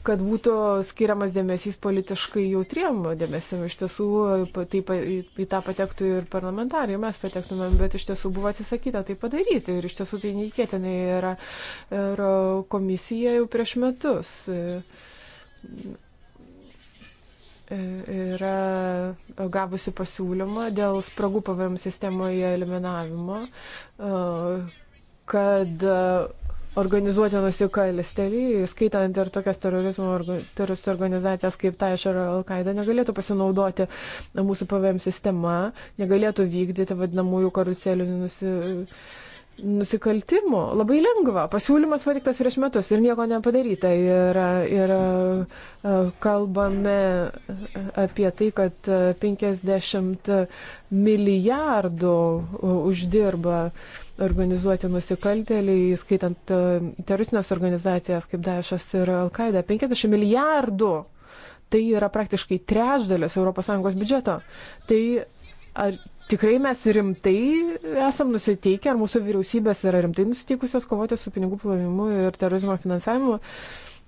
S4: kad būtų skiriamas dėmesys politiškai jautriem dėmesiam. Iš tiesų, taip, į tą patektų ir parlamentarai, mes patektumėm, bet iš tiesų buvo atsisakyta tai padaryti. Ir iš tiesų tai neįkėtinai yra ir komisija jau prieš metus yra gavusi pasiūlymą dėl spragų PVM sistemoje eliminavimo, e, kad organizuoti nusikalsteliai, skaitant ir tokias terorizmo teroristų organizacijas kaip Taiš ir Al-Qaeda, negalėtų pasinaudoti mūsų PVM sistema, negalėtų vykdyti vadinamųjų karuselinių nusikalstelų nusikaltimų. Labai lengva. Pasiūlymas patiktas prieš metus ir nieko nepadaryta. Ir, ir e, kalbame apie tai, kad 50 milijardų uždirba organizuoti nusikaltėliai, skaitant e, teroristinės organizacijas kaip Daešas ir Al-Qaeda. 50 milijardų. Tai yra praktiškai trečdalis ES biudžeto. Tai ar tikrai mes rimtai esam nusiteikę, ar mūsų vyriausybės yra rimtai nusiteikusios kovoti su pinigų plovimu ir terorizmo finansavimu.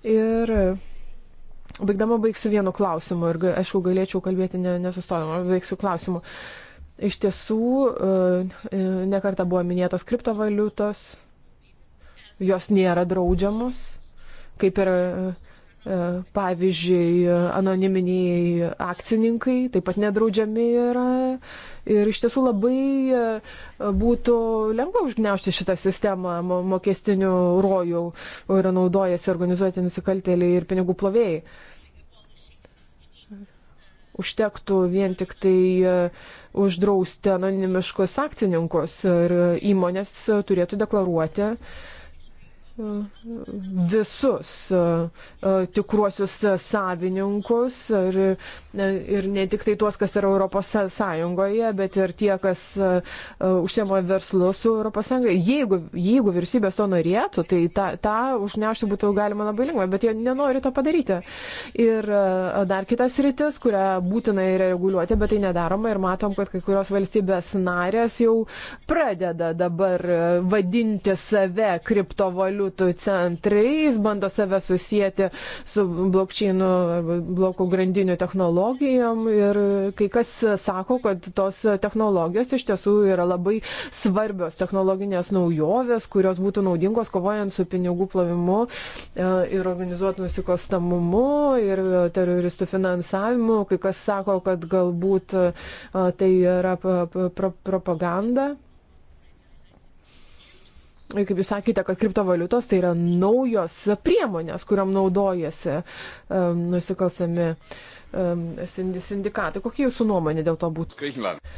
S4: Ir e, baigdama baigsiu vienu klausimu ir, aišku, galėčiau kalbėti ne, nesustojama, baigsiu klausimu. Iš tiesų, e, nekarta buvo minėtos kriptovaliutos, jos nėra draudžiamos, kaip ir e, pavyzdžiui anoniminiai akcininkai, taip pat nedraudžiami yra Ir iš tiesų labai e, būtų lengva užgneušti šitą sistemą mokestinių rojų, yra naudojasi organizuoti nusikaltėliai ir pinigų plovėjai. Užtektų vien tik tai e, uždrausti anonimiškus akcininkus ir įmonės turėtų deklaruoti uh, visus e, e, tikruosius savininkus ir, e, ir ne tik tai tuos, kas yra Europos Sąjungoje, bet ir tie, kas užsiemo verslu su Europos Sąjungoje. Jeigu, jeigu vyriausybės to norėtų, tai tą, tą užnešti būtų galima labai lengva, bet jie nenori to padaryti. Ir dar kitas rytis, kurią būtina yra reguliuoti, bet tai nedaroma ir matom, kad kai kurios valstybės narės jau pradeda dabar vadinti save kriptovaliutų valiutų centrais bando save susijęti su blokčinų arba blokų grandinių technologijom ir kai kas sako, kad tos technologijos iš tiesų yra labai svarbios technologinės naujovės, kurios būtų naudingos kovojant su pinigų plovimu e, ir organizuotų nusikostamumu ir teroristų finansavimu. Kai kas sako, kad galbūt e, tai yra propaganda kaip jūs sakėte, kad kriptovaliutos tai yra naujos priemonės, kuriam naudojasi um, nusikalstami um, sindikatai. Kokia jūsų nuomonė dėl to būtų? Griechenland.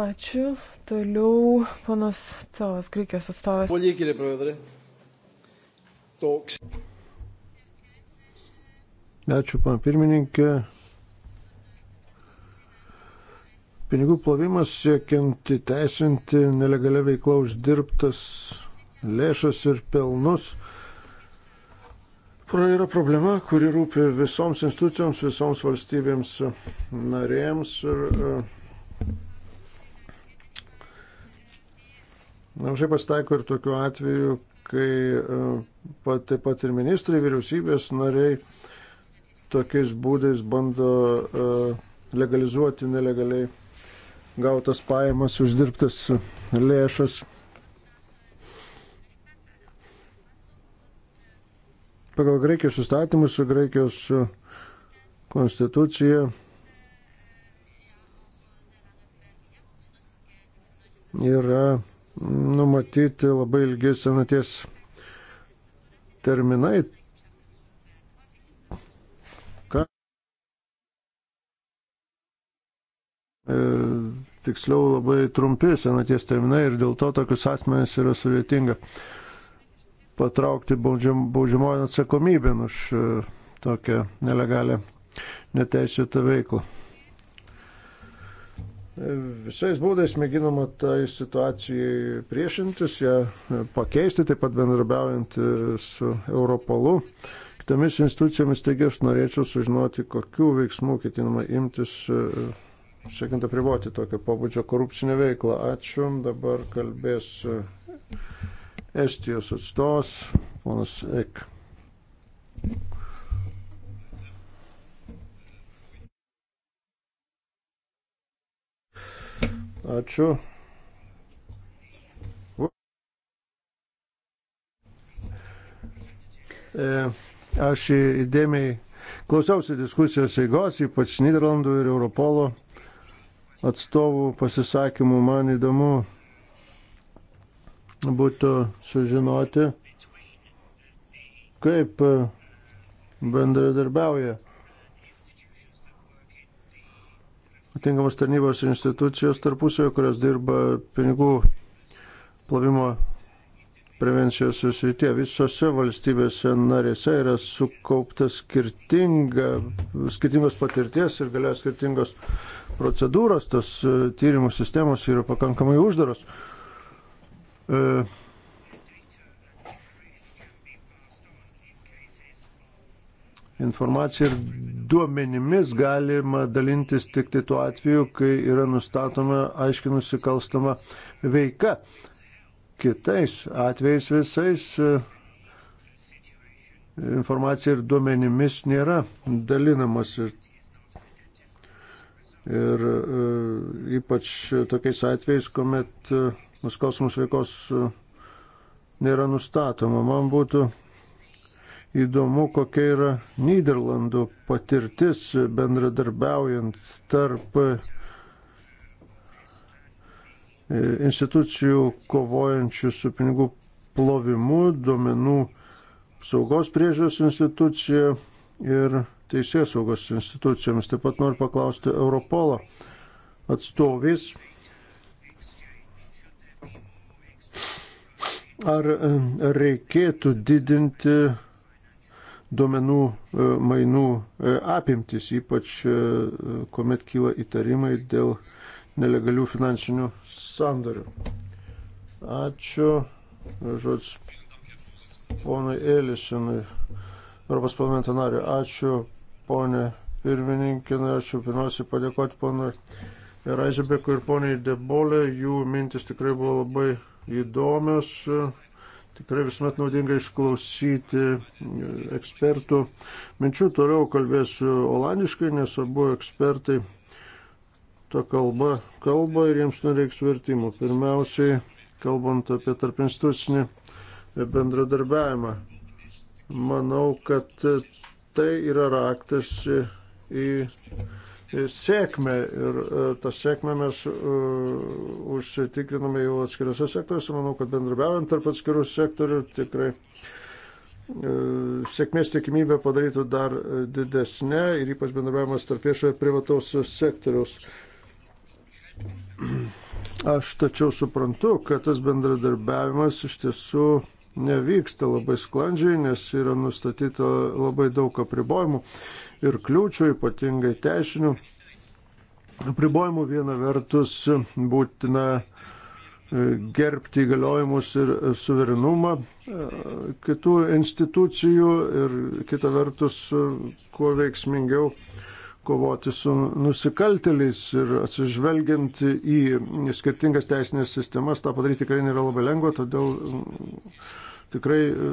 S4: Ačiū. Toliau panas Cavas, Greikijos atstovas.
S2: Polykirė, pravedarė. Toks. Ačiū, pan pirmininkė. Pinigų plovimas siekiant įteisinti nelegalia veikla uždirbtas lėšas ir pelnus yra problema, kuri rūpi visoms institucijoms, visoms valstybėms narėms. Ir, e, Namažai pasitaiko ir tokių atvejų, kai e, pat, taip pat ir ministrai, vyriausybės nariai tokiais būdais bando e, legalizuoti nelegaliai gautas pajamas, uždirbtas lėšas. Pagal Graikijos įstatymus, Graikijos konstituciją yra numatyti labai ilgi senaties terminai, tiksliau labai trumpi senaties terminai ir dėl to tokius asmenys yra sudėtinga patraukti baudžiam, baudžiamojo atsakomybę už e, tokią nelegalią neteisėtą veiklą. E, visais būdais mėginama tai situacijai priešintis, ją e, pakeisti, taip pat bendrabiaujant su Europolu. Kitomis institucijomis, taigi aš norėčiau sužinoti, kokių veiksmų ketinama imtis siekiant apriboti tokio pobūdžio korupcinę veiklą. Ačiū. Dabar kalbės e, Estijos atstovas, ponas Ek. Ačiū. E, aš įdėmiai klausiausi diskusijos eigos, ypač Niderlandų ir Europolo atstovų pasisakymų man įdomu būtų sužinoti, kaip bendradarbiauja atitinkamos tarnybos ir institucijos tarpusioje, kurios dirba pinigų plovimo prevencijos srityje. Visose valstybėse narėse yra sukaupta skirtinga, skirtingos patirties ir galia skirtingos procedūros, tos e, tyrimų sistemos yra pakankamai uždaros. E, informacija ir duomenimis galima dalintis tik tai tuo atveju, kai yra nustatoma aiškiai nusikalstama veika. Kitais atvejais visais e, informacija ir duomenimis nėra dalinamas. Ir Ir e, ypač tokiais atvejais, kuomet nuskausmus e, veikos e, nėra nustatoma. Man būtų įdomu, kokia yra Niderlandų patirtis bendradarbiaujant tarp institucijų kovojančių su pinigų plovimu, duomenų saugos priežiūros institucija ir teisės saugos institucijomis. Taip pat noriu paklausti Europolo atstovys, ar e, reikėtų didinti duomenų e, mainų e, apimtis, ypač kuomet kyla įtarimai dėl nelegalių finansinių sandorių. Ačiū. Žodis ponui Elisinui, Europos parlamento nariu. Ačiū, ponė pirmininkė. Norėčiau pirmiausiai padėkoti ponui Raizebekui ir poniai Debolė. Jų mintis tikrai buvo labai įdomios. Tikrai visuomet naudinga išklausyti e, ekspertų minčių. Toliau kalbėsiu olandiškai, nes abu ekspertai tą kalbą kalba ir jiems nereiks vertimų. Pirmiausiai, kalbant apie tarp institucinį bendradarbiavimą, manau, kad tai yra raktas į sėkmę ir e, tą sėkmę mes e, užsitikriname jau atskiriuose sektoriuose. Manau, kad bendrabiaujant tarp atskirų sektorių tikrai e, sėkmės tikimybė padarytų dar didesnė ir ypač bendrabiavimas tarp viešojo privataus sektoriaus. Aš tačiau suprantu, kad tas bendradarbiavimas iš tiesų nevyksta labai sklandžiai, nes yra nustatyta labai daug apribojimų ir kliūčių, ypatingai teisinių. Apribojimų viena vertus būtina e, gerbti įgaliojimus ir suverenumą e, kitų institucijų ir kita vertus, e, kuo veiksmingiau kovoti su nusikalteliais ir atsižvelgiant į skirtingas teisinės sistemas, tą padaryti tikrai nėra labai lengva, todėl Tikrai e,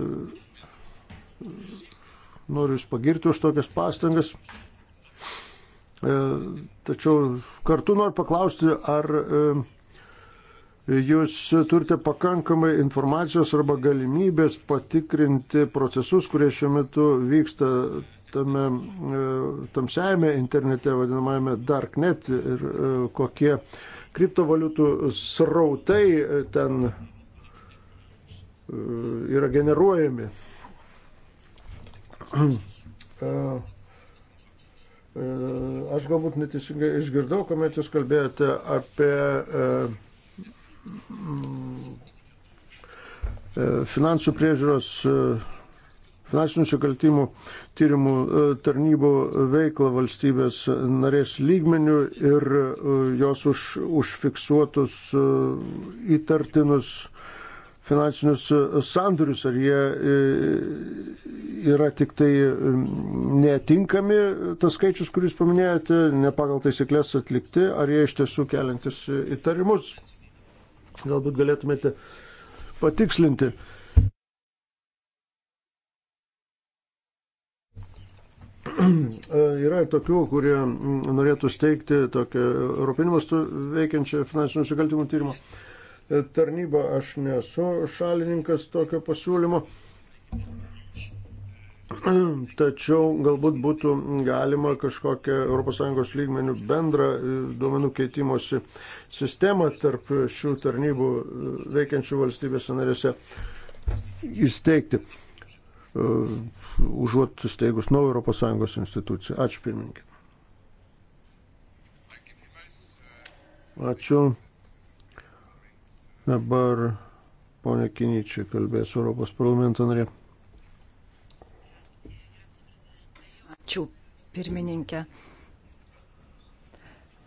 S2: noriu Jūs pagirti už tokias pastangas. E, tačiau kartu noriu paklausti, ar e, Jūs turite pakankamai informacijos arba galimybės patikrinti procesus, kurie šiuo metu vyksta tame tamsiajame internete, vadinamajame darknet ir kokie kriptovaliutų srautai ten E, yra generuojami. E, e, aš galbūt neteisingai išgirdau, kuomet jūs kalbėjote apie finansų priežiūros, finansinių nusikaltimų tyrimų tarnybų veiklą valstybės narės lygmenių ir jos už, užfiksuotus įtartinus finansinius e, sandorius, ar jie e, yra tik tai netinkami, tas skaičius, kuris paminėjote, ne pagal taisyklės atlikti, ar jie iš tiesų keliantis įtarimus. Galbūt galėtumėte patikslinti. E, yra ir tokių, kurie norėtų steigti tokią Europinį mastų veikiančią finansinių nusikaltimų tyrimą tarnybą. Aš nesu šalininkas tokio pasiūlymo. Tačiau galbūt būtų galima kažkokią ES lygmenių bendrą e, duomenų keitimosi sistemą tarp šių tarnybų e, veikiančių valstybės narėse įsteigti, e, užuot steigus naują ES instituciją. Ačiū pirmininkė. Ačiū. Dabar ponė Kiničiai kalbės Europos parlamento narė.
S3: Ačiū, pirmininkė.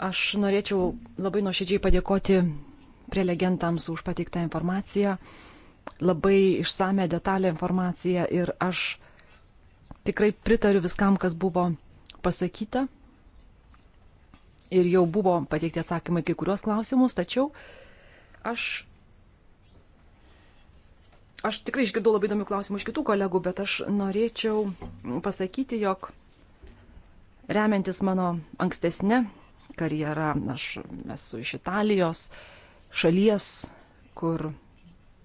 S3: Aš norėčiau labai nuoširdžiai padėkoti prelegentams už pateiktą informaciją. Labai išsame detalę informaciją ir aš tikrai pritariu viskam, kas buvo pasakyta. Ir jau buvo pateikti atsakymai kai kuriuos klausimus, tačiau uh, Aš, aš tikrai išgirdau labai įdomių klausimų iš kitų kolegų, bet aš norėčiau pasakyti, jog remiantis mano ankstesnė karjera, aš esu iš Italijos, šalies, kur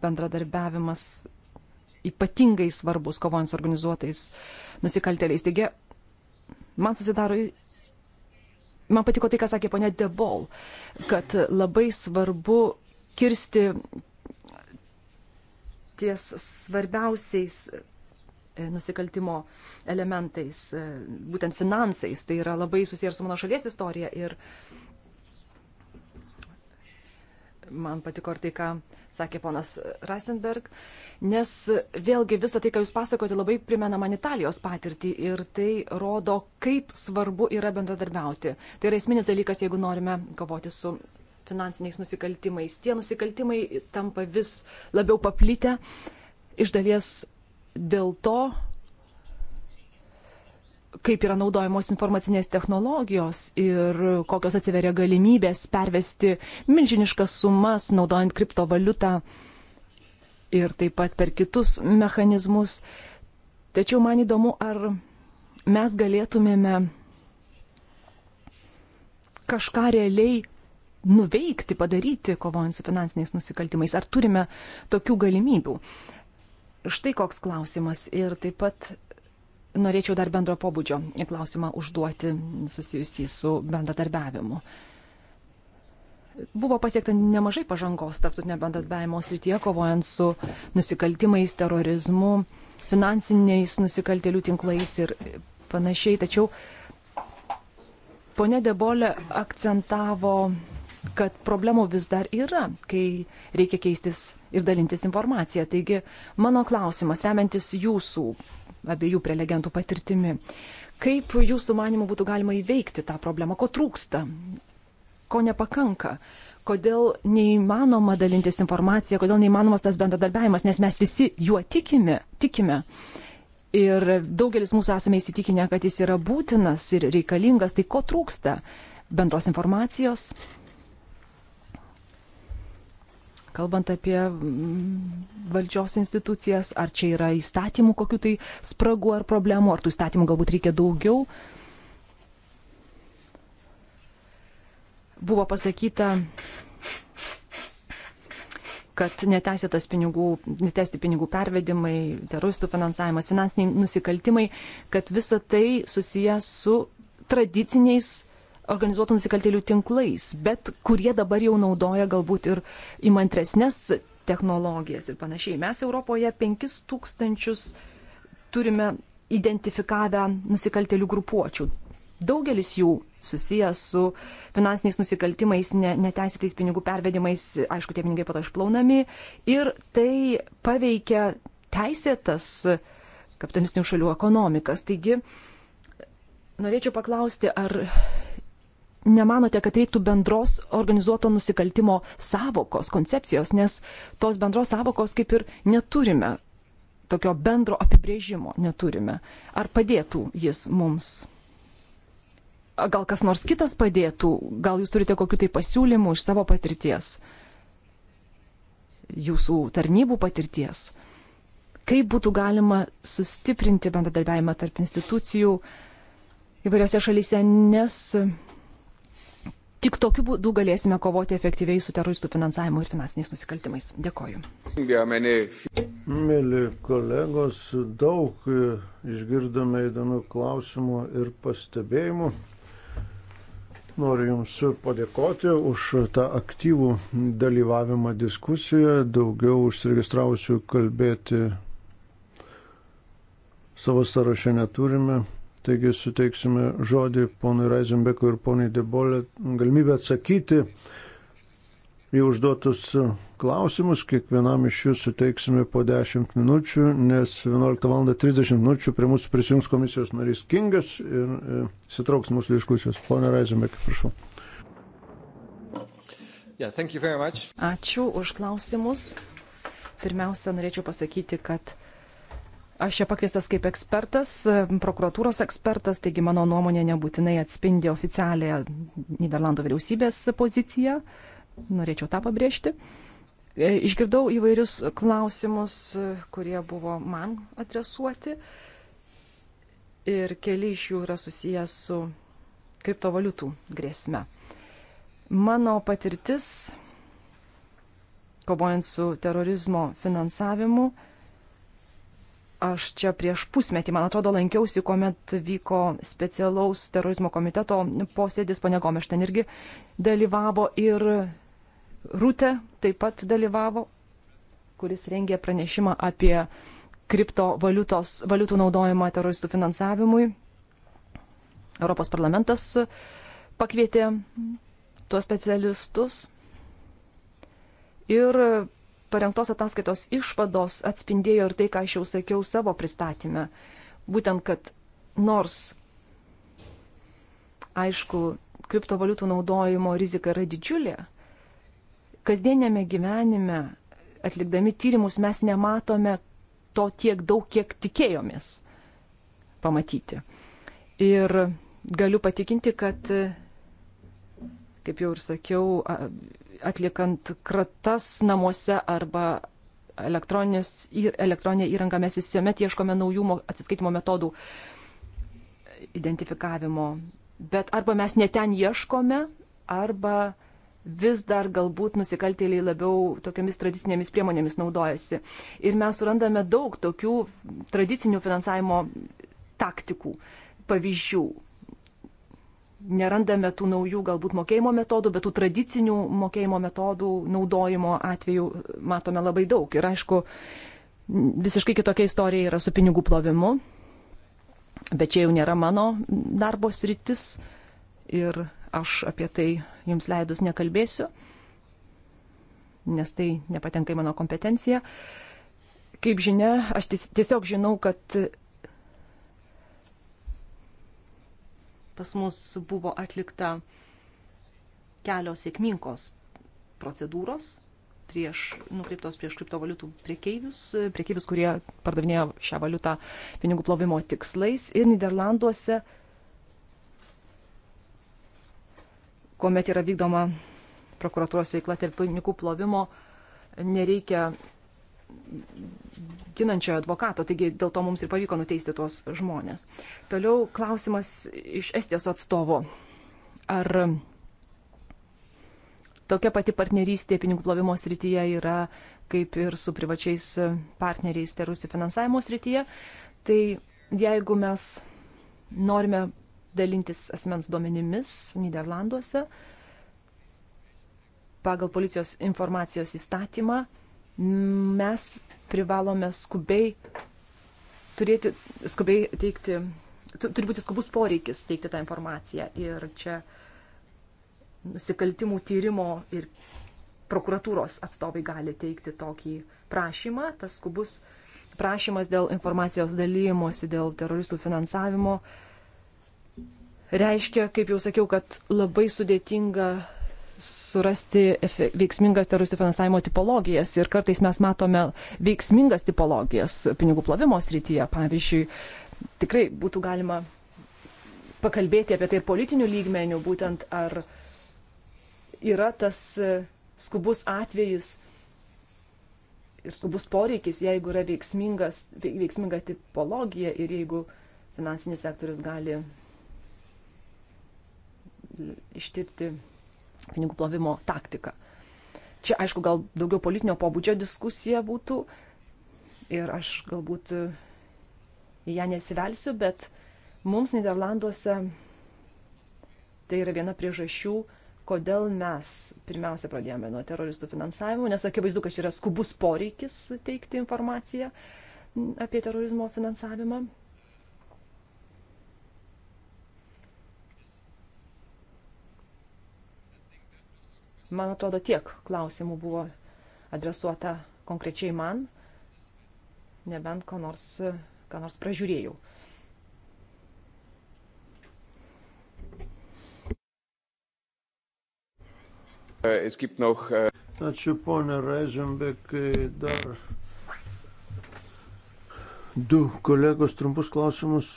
S3: bendradarbiavimas ypatingai svarbus kovojant su organizuotais nusikalteliais. Taigi, man susidaro, man patiko tai, ką sakė ponė Debol, kad labai svarbu kirsti ties svarbiausiais e, nusikaltimo elementais, e, būtent finansais. Tai yra labai susijęs su mano šalies istorija ir man patiko ir tai, ką sakė ponas Reisenberg, nes vėlgi visą tai, ką jūs pasakote, labai primena man Italijos patirtį ir tai rodo, kaip svarbu yra bendradarbiauti. Tai yra esminis dalykas, jeigu norime kovoti su finansiniais nusikaltimais. Tie nusikaltimai tampa vis labiau paplitę. Iš dalies dėl to, kaip yra naudojamos informacinės technologijos ir kokios atsiveria galimybės pervesti milžiniškas sumas naudojant kriptovaliutą ir taip pat per kitus mechanizmus. Tačiau man įdomu, ar mes galėtumėme kažką realiai nuveikti, padaryti, kovojant su finansiniais nusikaltimais? Ar turime tokių galimybių? Štai koks klausimas. Ir taip pat norėčiau dar bendro pobūdžio klausimą užduoti susijusį su bendradarbiavimu. Buvo pasiekta nemažai pažangos tarptautinio bendradarbiavimo srityje, kovojant su nusikaltimais, terorizmu, finansiniais nusikaltelių tinklais ir panašiai. Tačiau ponė Debolė akcentavo kad problemų vis dar yra, kai reikia keistis ir dalintis informaciją. Taigi, mano klausimas, remiantis jūsų abiejų prelegentų patirtimi, kaip jūsų manimų būtų galima įveikti tą problemą, ko trūksta, ko nepakanka, kodėl neįmanoma dalintis informaciją, kodėl neįmanomas tas bendradarbiavimas, nes mes visi juo tikime. tikime. Ir daugelis mūsų esame įsitikinę, kad jis yra būtinas ir reikalingas, tai ko trūksta bendros informacijos, kalbant apie mm, valdžios institucijas, ar čia yra įstatymų kokiu tai spragų ar problemų, ar tų įstatymų galbūt reikia daugiau. Buvo pasakyta, kad neteisėtas pinigų, neteisti pinigų pervedimai, teroristų finansavimas, finansiniai nusikaltimai, kad visa tai susijęs su tradiciniais organizuotų nusikaltėlių tinklais, bet kurie dabar jau naudoja galbūt ir įmantresnės technologijas ir panašiai. Mes Europoje 5000 turime identifikavę nusikaltėlių grupuočių. Daugelis jų susijęs su finansiniais nusikaltimais, ne, neteisėtais pinigų pervedimais, aišku, tie pinigai po to išplaunami ir tai paveikia teisėtas kapitalistinių šalių ekonomikas. Taigi, norėčiau paklausti, ar nemanote, kad reiktų bendros organizuoto nusikaltimo savokos, koncepcijos, nes tos bendros savokos kaip ir neturime, tokio bendro apibrėžimo neturime. Ar padėtų jis mums? Gal kas nors kitas padėtų, gal jūs turite kokiu tai pasiūlymu iš savo patirties, jūsų tarnybų patirties. Kaip būtų galima sustiprinti bendradarbiavimą tarp institucijų įvairiose šalyse, nes Tik tokiu būdu galėsime kovoti efektyviai su teroristų finansavimu ir finansiniais nusikaltimais.
S1: Dėkoju.
S2: Mėly kolegos, daug e, išgirdome įdomių klausimų ir pastebėjimų. Noriu Jums padėkoti už tą aktyvų dalyvavimą diskusijoje, daugiau užsiregistravusių kalbėti savo sąraše neturime. Taigi suteiksime žodį ponui Reizenbekui ir poniai Debolė galimybę atsakyti į užduotus klausimus. Kiekvienam iš jų suteiksime po 10 minučių, nes 11 val. 30 minučių prie mūsų prisijungs komisijos narys Kingas ir e, sitrauks mūsų diskusijos. Pone Reizenbekai, prašau.
S4: Yeah,
S3: Ačiū už klausimus. Pirmiausia, norėčiau pasakyti, kad Aš čia pakviestas kaip ekspertas, prokuratūros ekspertas, taigi mano nuomonė nebūtinai atspindi oficialią Niderlandų vyriausybės poziciją. Norėčiau tą pabrėžti. E, išgirdau įvairius klausimus, kurie buvo man adresuoti. Ir keli iš jų yra susijęs su kriptovaliutų grėsme. Mano patirtis, kovojant su terorizmo finansavimu, aš čia prieš pusmetį, man atrodo, lankiausi, kuomet vyko specialaus terorizmo komiteto posėdis, ponė Gomeš ten irgi dalyvavo ir Rūte taip pat dalyvavo, kuris rengė pranešimą apie kriptovaliutų naudojimą teroristų finansavimui. Europos parlamentas pakvietė tuos specialistus ir parengtos ataskaitos išvados atspindėjo ir tai, ką aš jau sakiau savo pristatymę. Būtent, kad nors, aišku, kriptovaliutų naudojimo rizika yra didžiulė, kasdienėme gyvenime, atlikdami tyrimus, mes nematome to tiek daug, kiek tikėjomės pamatyti. Ir galiu patikinti, kad, kaip jau ir sakiau, atliekant kratas namuose arba elektroninė įranga, mes visuomet ieškome naujų atsiskaitimo metodų identifikavimo. Bet arba mes neten ieškome, arba vis dar galbūt nusikaltėliai labiau tokiamis tradicinėmis priemonėmis naudojasi. Ir mes surandame daug tokių tradicinių finansavimo taktikų, pavyzdžių nerandame tų naujų galbūt mokėjimo metodų, bet tų tradicinių mokėjimo metodų naudojimo atveju matome labai daug. Ir aišku, visiškai kitokia istorija yra su pinigų plovimu, bet čia jau nėra mano darbo sritis ir aš apie tai jums leidus nekalbėsiu, nes tai nepatenka į mano kompetenciją. Kaip žinia, aš tiesiog žinau, kad pas mus buvo atlikta kelios sėkmingos procedūros prieš, nukreiptos prieš kriptovaliutų priekeivius, priekeivius, kurie pardavinėjo šią valiutą pinigų plovimo tikslais. Ir Niderlanduose, kuomet yra vykdoma prokuratūros veikla dėl pinigų plovimo, nereikia ginančiojo advokato, taigi dėl to mums ir pavyko nuteisti tuos žmonės. Toliau klausimas iš Estijos atstovo. Ar tokia pati partnerystė pinigų plovimo srityje yra kaip ir su privačiais partneriais teroristų finansavimo srityje? Tai jeigu mes norime dalintis asmens duomenimis Niderlanduose pagal policijos informacijos įstatymą, mes privalome skubiai turėti, skubiai teikti, turi būti skubus poreikis teikti tą informaciją. Ir čia nusikaltimų tyrimo ir prokuratūros atstovai gali teikti tokį prašymą, tas skubus prašymas dėl informacijos dalymosi, dėl teroristų finansavimo reiškia, kaip jau sakiau, kad labai sudėtinga surasti veiksmingas teroristų finansavimo tipologijas ir kartais mes matome veiksmingas tipologijas pinigų plovimo srityje. Pavyzdžiui, tikrai būtų galima pakalbėti apie tai politinių lygmenių, būtent ar yra tas e, skubus atvejis ir skubus poreikis, jeigu yra veiksmingas, veiksminga tipologija ir jeigu finansinis sektorius gali ištirti pinigų plovimo taktiką. Čia, aišku, gal daugiau politinio pobūdžio diskusija būtų ir aš galbūt e, į ją nesivelsiu, bet mums Niderlanduose tai yra viena priežasčių, kodėl mes pirmiausia pradėjome nuo teroristų finansavimo, nes akivaizdu, kad čia yra skubus poreikis teikti informaciją apie terorizmo finansavimą. Man atrodo, tiek klausimų buvo adresuota konkrečiai man, nebent ką nors, ką nors pražiūrėjau.
S1: Eh, eh,
S2: Ačiū ponė Reizenbekai, dar du kolegos trumpus klausimus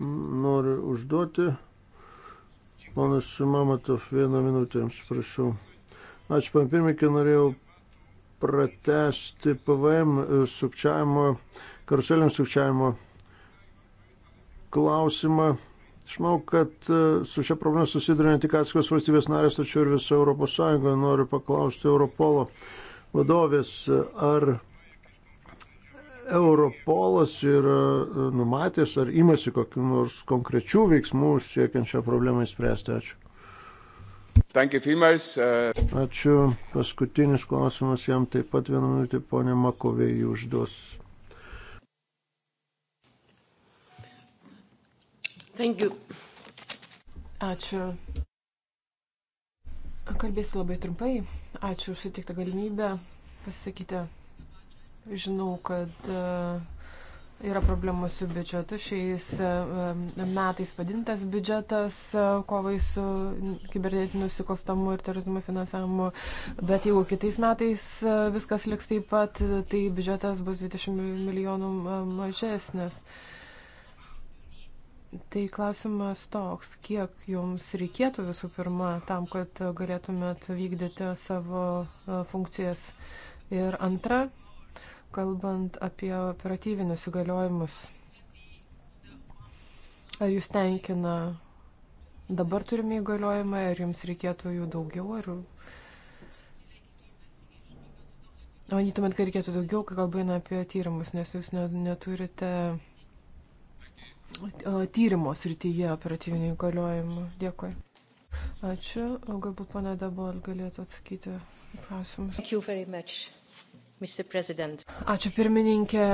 S2: mm, noriu užduoti. Ponas Šimamatov, vieną minutę jums prašau. Ačiū, pan pirmininkė, norėjau pratesti PVM sukčiavimo, karuselėm sukčiavimo klausimą. Aš manau, kad e, su šia problema susiduria ne tik atskiros valstybės narės, tačiau ir visa Europos Sąjunga. Noriu paklausti Europolo vadovės, ar Europolas yra e, numatęs ar imasi kokiu nors konkrečių veiksmų siekiančią problemą įspręsti?
S1: Ačiū. Uh,
S2: Ačiū. Paskutinis klausimas jam taip pat vieną minutę ponė Makovėjai užduos.
S4: Ačiū. Kalbėsiu labai trumpai. Ačiū už sutiktą galimybę pasisakyti Žinau, kad e, yra problemų su biudžetu. Šiais e, e, metais padintas biudžetas kovai su kibernetiniu nusikalstamu ir terorizmu finansavimu, bet jeigu kitais metais viskas liks taip pat, tai biudžetas bus 20 milijonų mažesnis. Tai klausimas toks, kiek jums reikėtų visų pirma tam, kad galėtumėt vykdyti savo funkcijas. Ir antra, Kalbant apie operatyvinius įgaliojimus, ar jūs tenkina dabar turimi įgaliojimai, ar jums reikėtų jų daugiau, ar manytumėt, kad reikėtų daugiau, kai kalba eina apie tyrimus, nes jūs neturite tyrimo srityje operatyvinių įgaliojimų. Dėkui. Ačiū. Galbūt pana Dabol galėtų atsakyti klausimus. Ačiū pirmininkė,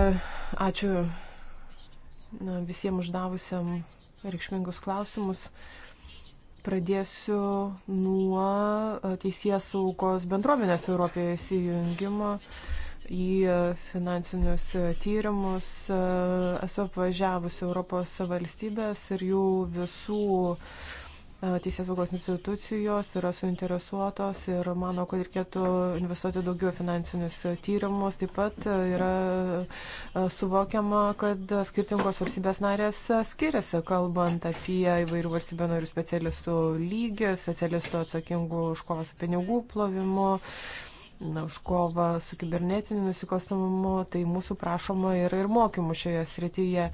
S4: ačiū na, visiems uždavusiam reikšmingus klausimus. Pradėsiu nuo e, teisės saugos bendruomenės Europoje įsijungimo į finansinius tyrimus. E, esu apvažiavusi Europos valstybės ir jų visų uh, teisėsaugos institucijos yra suinteresuotos ir mano, kad reikėtų investuoti daugiau finansinius tyrimus. Taip pat e, yra e, suvokiama, kad skirtingos valstybės narės e, skiriasi, kalbant apie įvairių valstybė narių specialistų lygį, specialistų atsakingų už kovas pinigų plovimu na, už kovą su kibernetiniu nusikalstamumu, tai mūsų prašoma yra ir mokymų šioje srityje.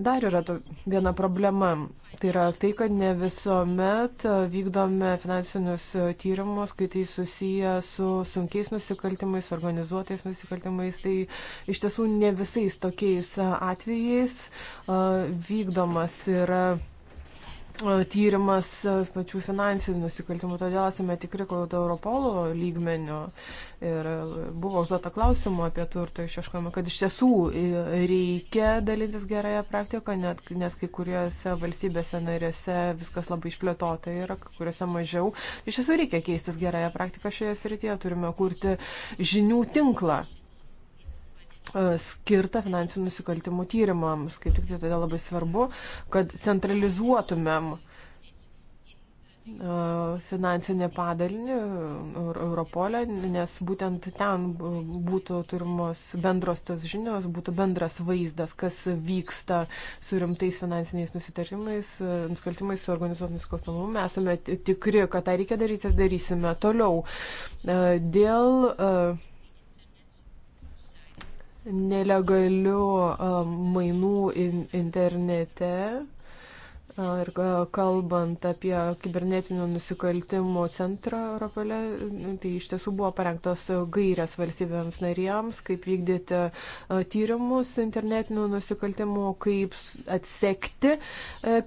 S4: Dar yra to, viena problema. Tai yra tai, kad ne visuomet e, vykdome finansinius e, tyrimus, kai tai susiję su sunkiais nusikaltimais, organizuotais nusikaltimais. Tai iš tiesų ne visais tokiais e, atvejais vykdomas yra. Ir E, tyrimas e, pačių finansinių nusikaltimų, todėl esame tikri, kad Europolo lygmenių ir e, buvo užduota klausimų apie turtą išieškojimą, kad iš tiesų reikia dalintis gerąją praktiką, net, nes kai kuriuose valstybėse narėse viskas labai išplėtota yra, kai kuriuose mažiau. Iš tiesų reikia keistis gerąją praktiką šioje srityje, turime kurti žinių tinklą E, skirta finansinių nusikaltimų tyrimams. Kaip tik tai todėl labai svarbu, kad centralizuotumėm e, finansinį padalinį Europolę, nes būtent ten būtų turimos bendros tos žinios, būtų bendras vaizdas, kas vyksta su rimtais finansiniais nusitarimais, e, nusikaltimais, su organizuotų nusikalstamumų. Mes esame tikri, kad tą reikia daryti ir darysime toliau. Dėl nelegalių mainų internete ir kalbant apie kibernetinių nusikaltimų centrą Europolė, tai iš tiesų buvo parengtos gairias valstybėms narėms, kaip vykdyti tyrimus internetinių nusikaltimų, kaip atsekti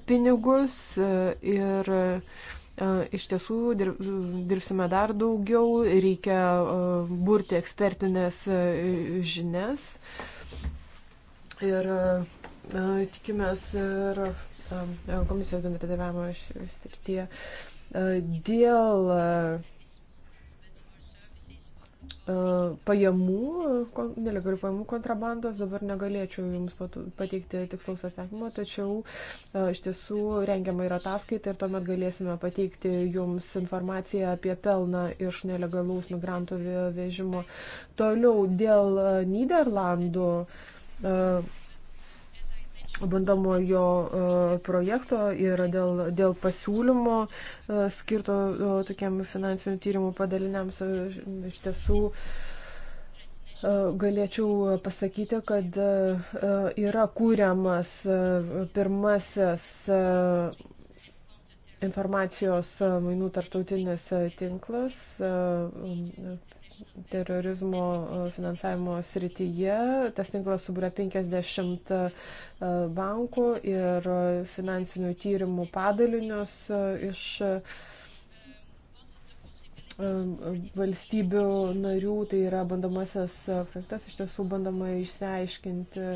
S4: pinigus ir E, iš tiesų dirbsime dar daugiau, reikia e, burti ekspertinės e, žinias ir tikimės ir komisijos bendradarbiavimo šioje srityje. Dėl E, pajamų, nelegalių pajamų kontrabandos, dabar negalėčiau Jums pateikti tikslaus atsakymo, tačiau e, iš tiesų rengiama yra ataskaita ir tuomet galėsime pateikti Jums informaciją apie pelną iš nelegalaus migrantų vežimo. Toliau dėl e, Niderlandų. Uh, bandomojo e, projekto ir dėl, dėl pasiūlymo e, skirto e, tokiam finansinių tyrimų padaliniams iš tiesų galėčiau pasakyti, kad yra kūriamas pirmasis informacijos mainų tarptautinis tinklas terorizmo e, finansavimo srityje. Tas tinklas subūrė 50 e, bankų ir finansinių tyrimų padalinius e, iš valstybių narių. Tai yra bandomasis projektas, iš tiesų bandoma išsiaiškinti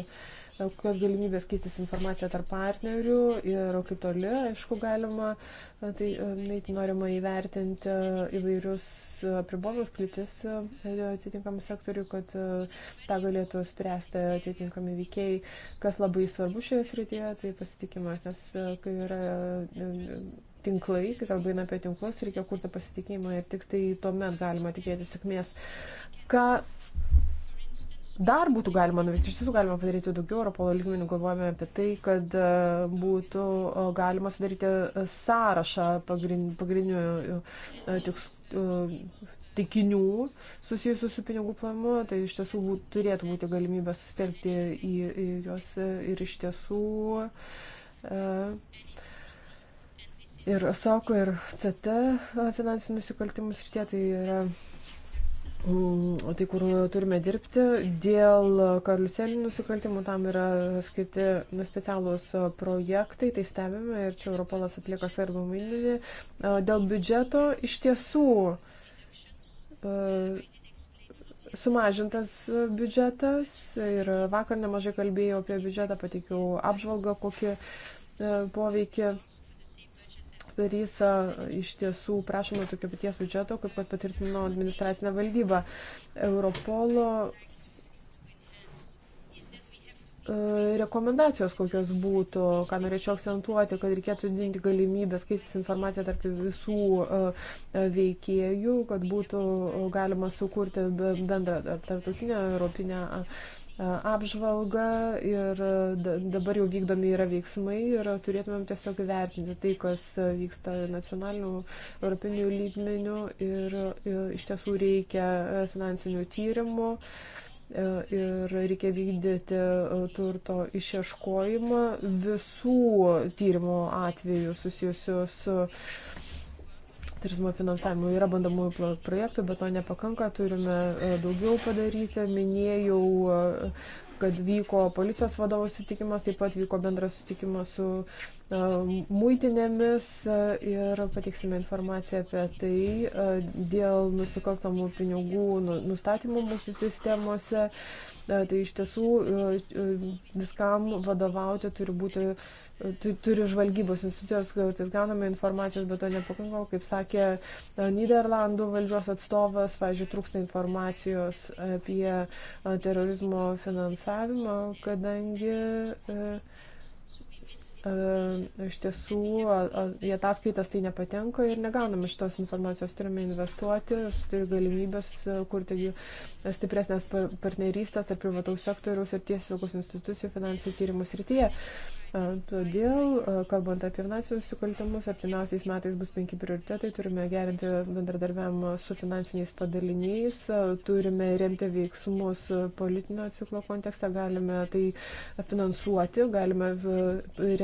S4: kokios galimybės keistis informaciją tarp partnerių ir kaip toli, aišku, galima, tai norima įvertinti įvairius apribojimus, kliūtis atitinkamų sektorių, kad tą galėtų spręsti atitinkami veikiai, kas labai svarbu šioje srityje, tai pasitikimas, nes kai yra tinklai, kai kalba eina apie tinklus, reikia kurti pasitikėjimą ir tik tai tuomet galima tikėtis sėkmės. Ką dar būtų galima nuveikti, iš tiesų galima padaryti daugiau, Europolo lygmenių galvojame apie tai, kad e, būtų e, galima sudaryti e, sąrašą pagrindinių tikinių susijusių su pinigų plavimu, tai iš tiesų būt, turėtų būti galimybė sustelkti į, į juos ir iš tiesų ir SOCO ir CT finansinių nusikaltimų srityje tai yra Mm, tai kur turime dirbti. Dėl karuselinių nusikaltimų tam yra skirti specialūs projektai, tai stebime ir čia Europolas atlieka svarbu minį. Dėl biudžeto iš tiesų sumažintas biudžetas ir vakar nemažai kalbėjau apie biudžetą, pateikiau apžvalgą, kokį poveikį Tarysa iš tiesų prašoma tokio paties biudžeto, kaip kad patvirtino administracinė valdyba. Europolo e, rekomendacijos kokios būtų, ką norėčiau akcentuoti, kad reikėtų didinti galimybę skaitis informaciją tarp visų e, veikėjų, kad būtų e, galima sukurti bendrą tarptautinę europinę E, apžvalgą ir e, dabar jau vykdomi yra veiksmai ir turėtumėm tiesiog įvertinti tai, kas e, vyksta nacionaliniu, europiniu lygmeniu ir iš tiesų reikia finansinių tyrimų ir reikia vykdyti turto išieškojimą visų tyrimo atvejų susijusių su turizmo finansavimo. Yra bandomųjų projektų, bet to nepakanka, turime e, daugiau padaryti. Minėjau, e, kad vyko policijos vadovo sutikimas, taip pat vyko bendras sutikimas su e, muitinėmis ir pateiksime informaciją apie tai dėl nusikaltamų pinigų nu-, nustatymų mūsų sistemose. Tai iš tieskų viskam vadovauti turi būti turi žvalgybos institucijos, kartais gauname informacijos, bet to nepakankam, kaip sakė e, Niderlandų valdžios atstovas, važiuoju, trūksta informacijos apie e, terorizmo finansavimą, kadangi e, iš tiesų į ataskaitas tai nepatenka ir negauname šitos informacijos, turime investuoti, turi galimybės kurti stipresnės partnerystės tarp privataus sektoriaus ir tiesiogos institucijų finansų tyrimų srityje. Uh, Todėl, kalbant apie finansinius nusikaltimus, artimiausiais metais bus penki prioritetai. Turime gerinti bendradarbiavimą su finansiniais padaliniais, turime remti veiksmus politinio ciklo kontekste, galime tai finansuoti, galime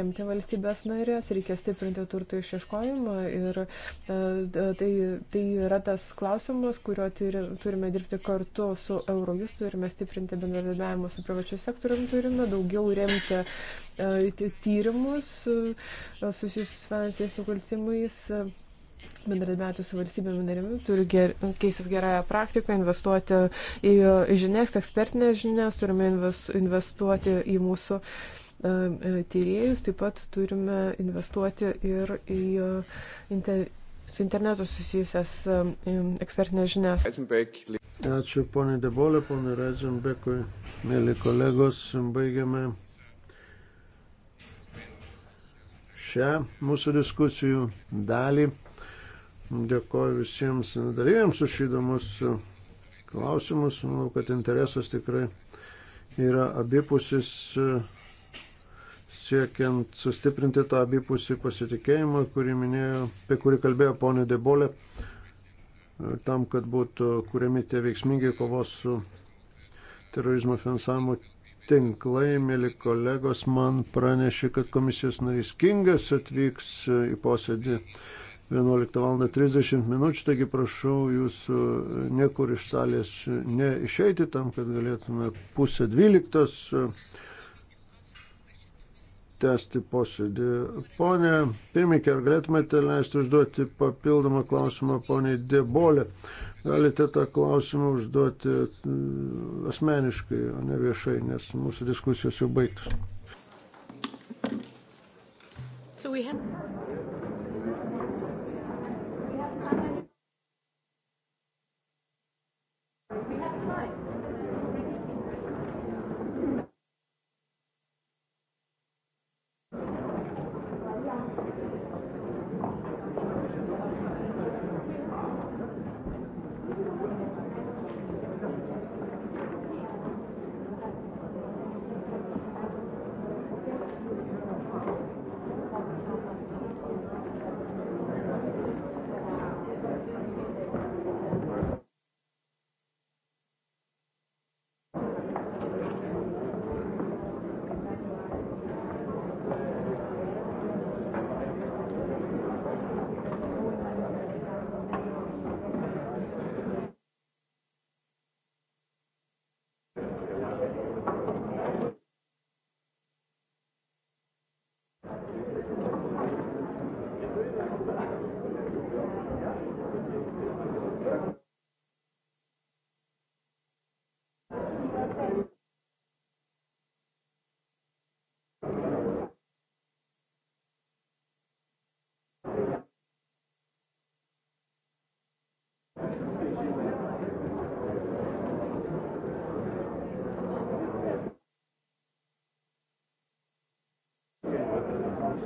S4: remti valstybės narės, reikia stiprinti turto išieškojimą. Ir tai, tai yra tas klausimas, kuriuo turime dirbti kartu su Eurojus, turime stiprinti bendradarbiavimą su privačiu sektoriumi, turime daugiau remti E, tyrimus e, susijusius su finansiniais nukaltimais e, bendradarbiauti su valstybėmi narėmis, turi ger, keistis gerąją praktiką, investuoti į, į žinias, ekspertinės žinias, turime investuoti į mūsų tyrėjus, taip pat turime investuoti ir į inter, su internetu susijusias ekspertinės žinias.
S2: Ačiū poniai Debolė, poniai Reizenbekui, mėly kolegos, baigiame šią mūsų diskusijų dalį. Dėkoju visiems dalyviams už įdomus klausimus. Manau, kad interesas tikrai yra abipusis siekiant sustiprinti tą abipusį pasitikėjimą, kurį minėjo, apie kurį kalbėjo ponė Debolė, tam, kad būtų kuriami tie veiksmingi kovos su terorizmo finansavimu tinklai, mėly kolegos, man pranešė, kad komisijos narys Kingas atvyks į posėdį 11.30 min. Taigi prašau jūsų niekur iš salės neišeiti tam, kad galėtume pusę dvyliktos tęsti posėdį. Pone pirmininkė, ar galėtumėte leisti užduoti papildomą klausimą poniai Debolė? galite tą klausimą užduoti mm, asmeniškai, o ne viešai, nes mūsų diskusijos jau baigtos.
S1: So we have...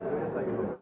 S1: Thank you.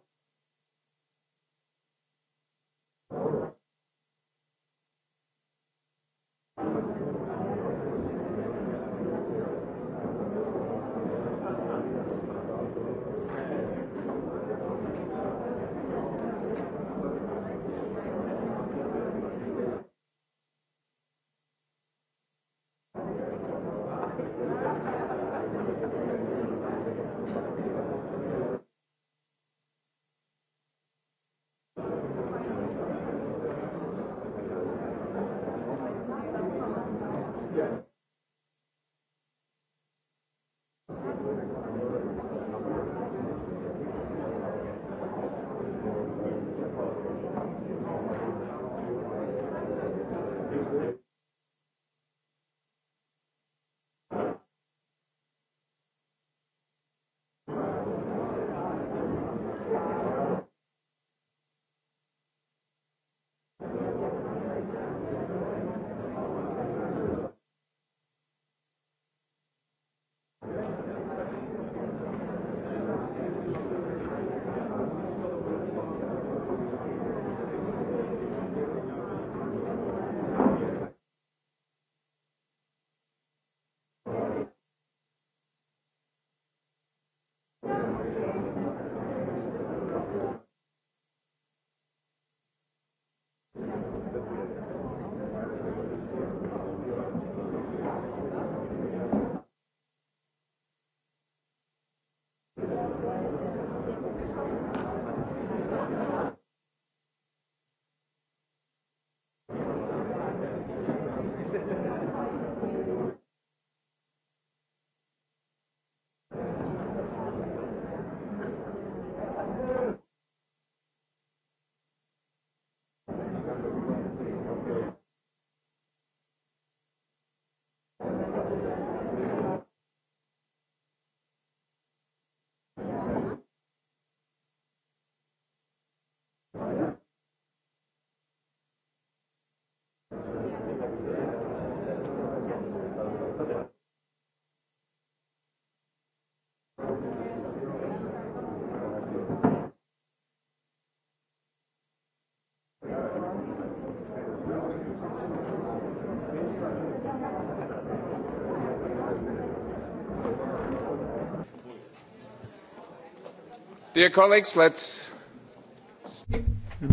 S1: Dear colleagues, let's.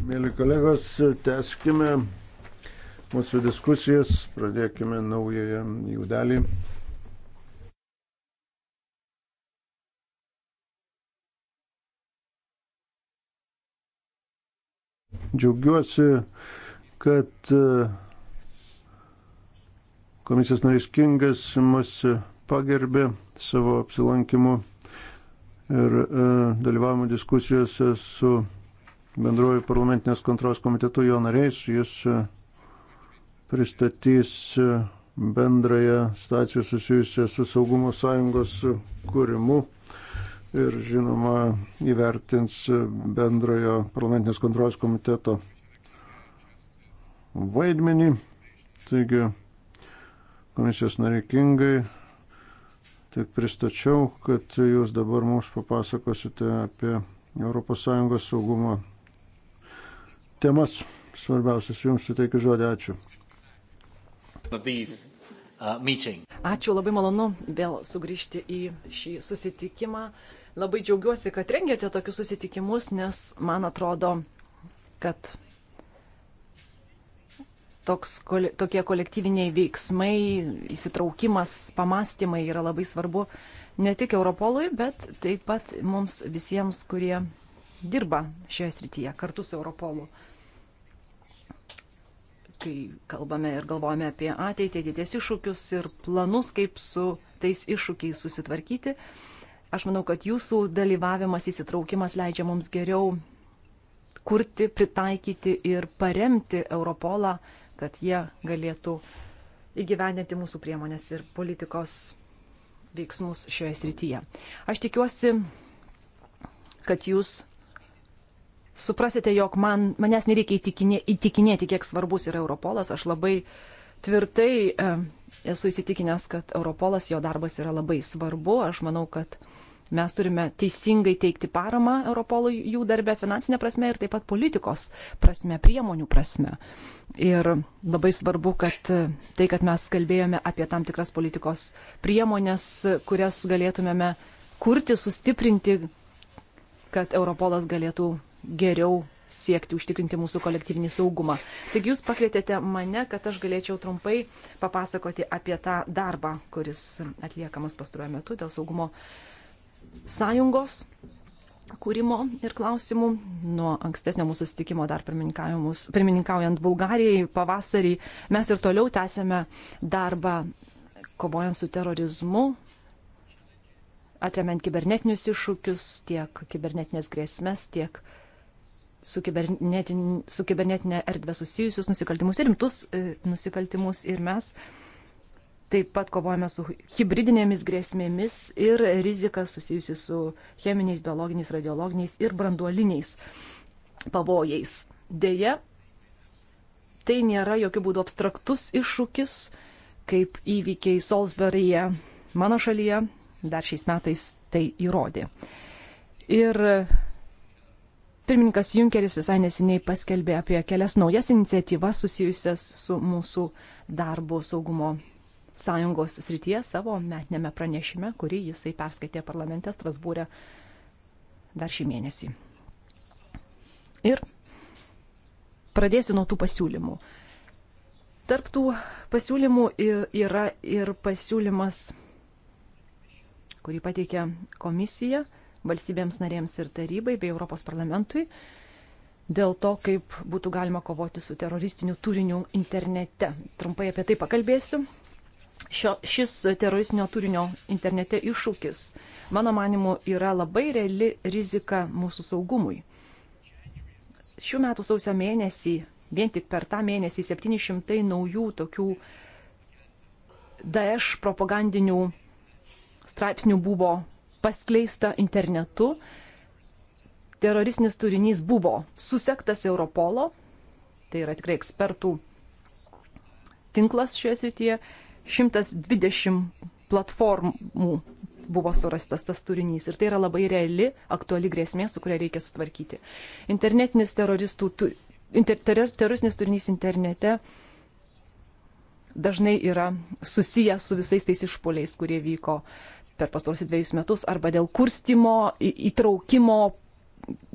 S2: Mėly kolegos, teskime mūsų diskusijas, pradėkime naująją jų dalį. Džiaugiuosi, kad e, komisijos narys Kingas mus pagerbė savo apsilankimu ir e, dalyvavome diskusijose su bendruoju parlamentinės kontrolės komitetu jo nariais. Jis e, pristatys e, bendrąją staciją susijusią su saugumo sąjungos kūrimu ir žinoma įvertins bendrojo parlamentinės kontrolės komiteto vaidmenį. Taigi komisijos narikingai tiek pristačiau, kad jūs dabar mums papasakosite apie ES saugumo temas. Svarbiausias jums suteikiu žodį. Ačiū. Uh,
S3: Ačiū, labai malonu vėl sugrįžti į šį susitikimą. Labai džiaugiuosi, kad rengiate tokius susitikimus, nes man atrodo, kad toks, tokie kolektyviniai veiksmai, įsitraukimas, pamastymai yra labai svarbu ne tik Europolui, bet taip pat mums visiems, kurie dirba šioje srityje kartu su Europolu. Kai kalbame ir galvojame apie ateitį, ateities iššūkius ir planus, kaip su tais iššūkiais susitvarkyti, aš manau, kad jūsų dalyvavimas, įsitraukimas leidžia mums geriau kurti, pritaikyti ir paremti Europolą kad jie galėtų įgyvendinti mūsų priemonės ir politikos veiksmus šioje srityje. Aš tikiuosi, kad jūs suprasite, jog man, manęs nereikia įtikinė, įtikinėti, kiek svarbus yra Europolas. Aš labai tvirtai e, esu įsitikinęs, kad Europolas, jo darbas yra labai svarbu. Aš manau, kad Mes turime teisingai teikti paramą Europolui jų darbę finansinė prasme ir taip pat politikos prasme, priemonių prasme. Ir labai svarbu, kad tai, kad mes kalbėjome apie tam tikras politikos priemonės, kurias galėtumėme kurti, sustiprinti, kad Europolas galėtų geriau siekti užtikrinti mūsų kolektyvinį saugumą. Taigi jūs pakvietėte mane, kad aš galėčiau trumpai papasakoti apie tą darbą, kuris atliekamas pastaruoju metu dėl saugumo sąjungos kūrimo ir klausimų. Nuo ankstesnio mūsų susitikimo dar pirmininkaujant Bulgarijai pavasarį mes ir toliau tęsėme darbą kovojant su terorizmu, atremiant kibernetinius iššūkius, tiek kibernetinės grėsmės, tiek su, kibernetin, su kibernetinė erdvė susijusius nusikaltimus ir rimtus e, nusikaltimus. Ir mes Taip pat kovojame su hybridinėmis grėsmėmis ir rizika susijusi su cheminiais, biologiniais, radiologiniais ir branduoliniais pavojais. Deja, tai nėra jokių būdų abstraktus iššūkis, kaip įvykiai Solsberyje, mano šalyje, dar šiais metais tai įrodė. Ir pirmininkas Junkeris visai nesiniai paskelbė apie kelias naujas iniciatyvas susijusias su mūsų darbo saugumo sąjungos srityje savo metinėme pranešime, kurį jisai perskaitė parlamente Strasbūrė dar šį mėnesį. Ir pradėsiu nuo tų pasiūlymų. Tarptų pasiūlymų yra ir pasiūlymas, kurį pateikia komisija valstybėms narėms ir tarybai bei Europos parlamentui dėl to, kaip būtų galima kovoti su teroristiniu turiniu internete. Trumpai apie tai pakalbėsiu šio, šis teroristinio turinio internete iššūkis, mano manimu, yra labai reali rizika mūsų saugumui. Šių metų sausio mėnesį, vien tik per tą mėnesį 700 naujų tokių Daesh propagandinių straipsnių buvo paskleista internetu. Teroristinis turinys buvo susektas Europolo, tai yra tikrai ekspertų tinklas šioje srityje, 120 platformų buvo surastas tas turinys. Ir tai yra labai reali, aktuali grėsmė, su kuria reikia sutvarkyti. Internetinis teroristų, tu, inter, ter, teroristinis turinys internete dažnai yra susijęs su visais tais išpoliais, kurie vyko per pastarosius dviejus metus, arba dėl kurstimo, įtraukimo,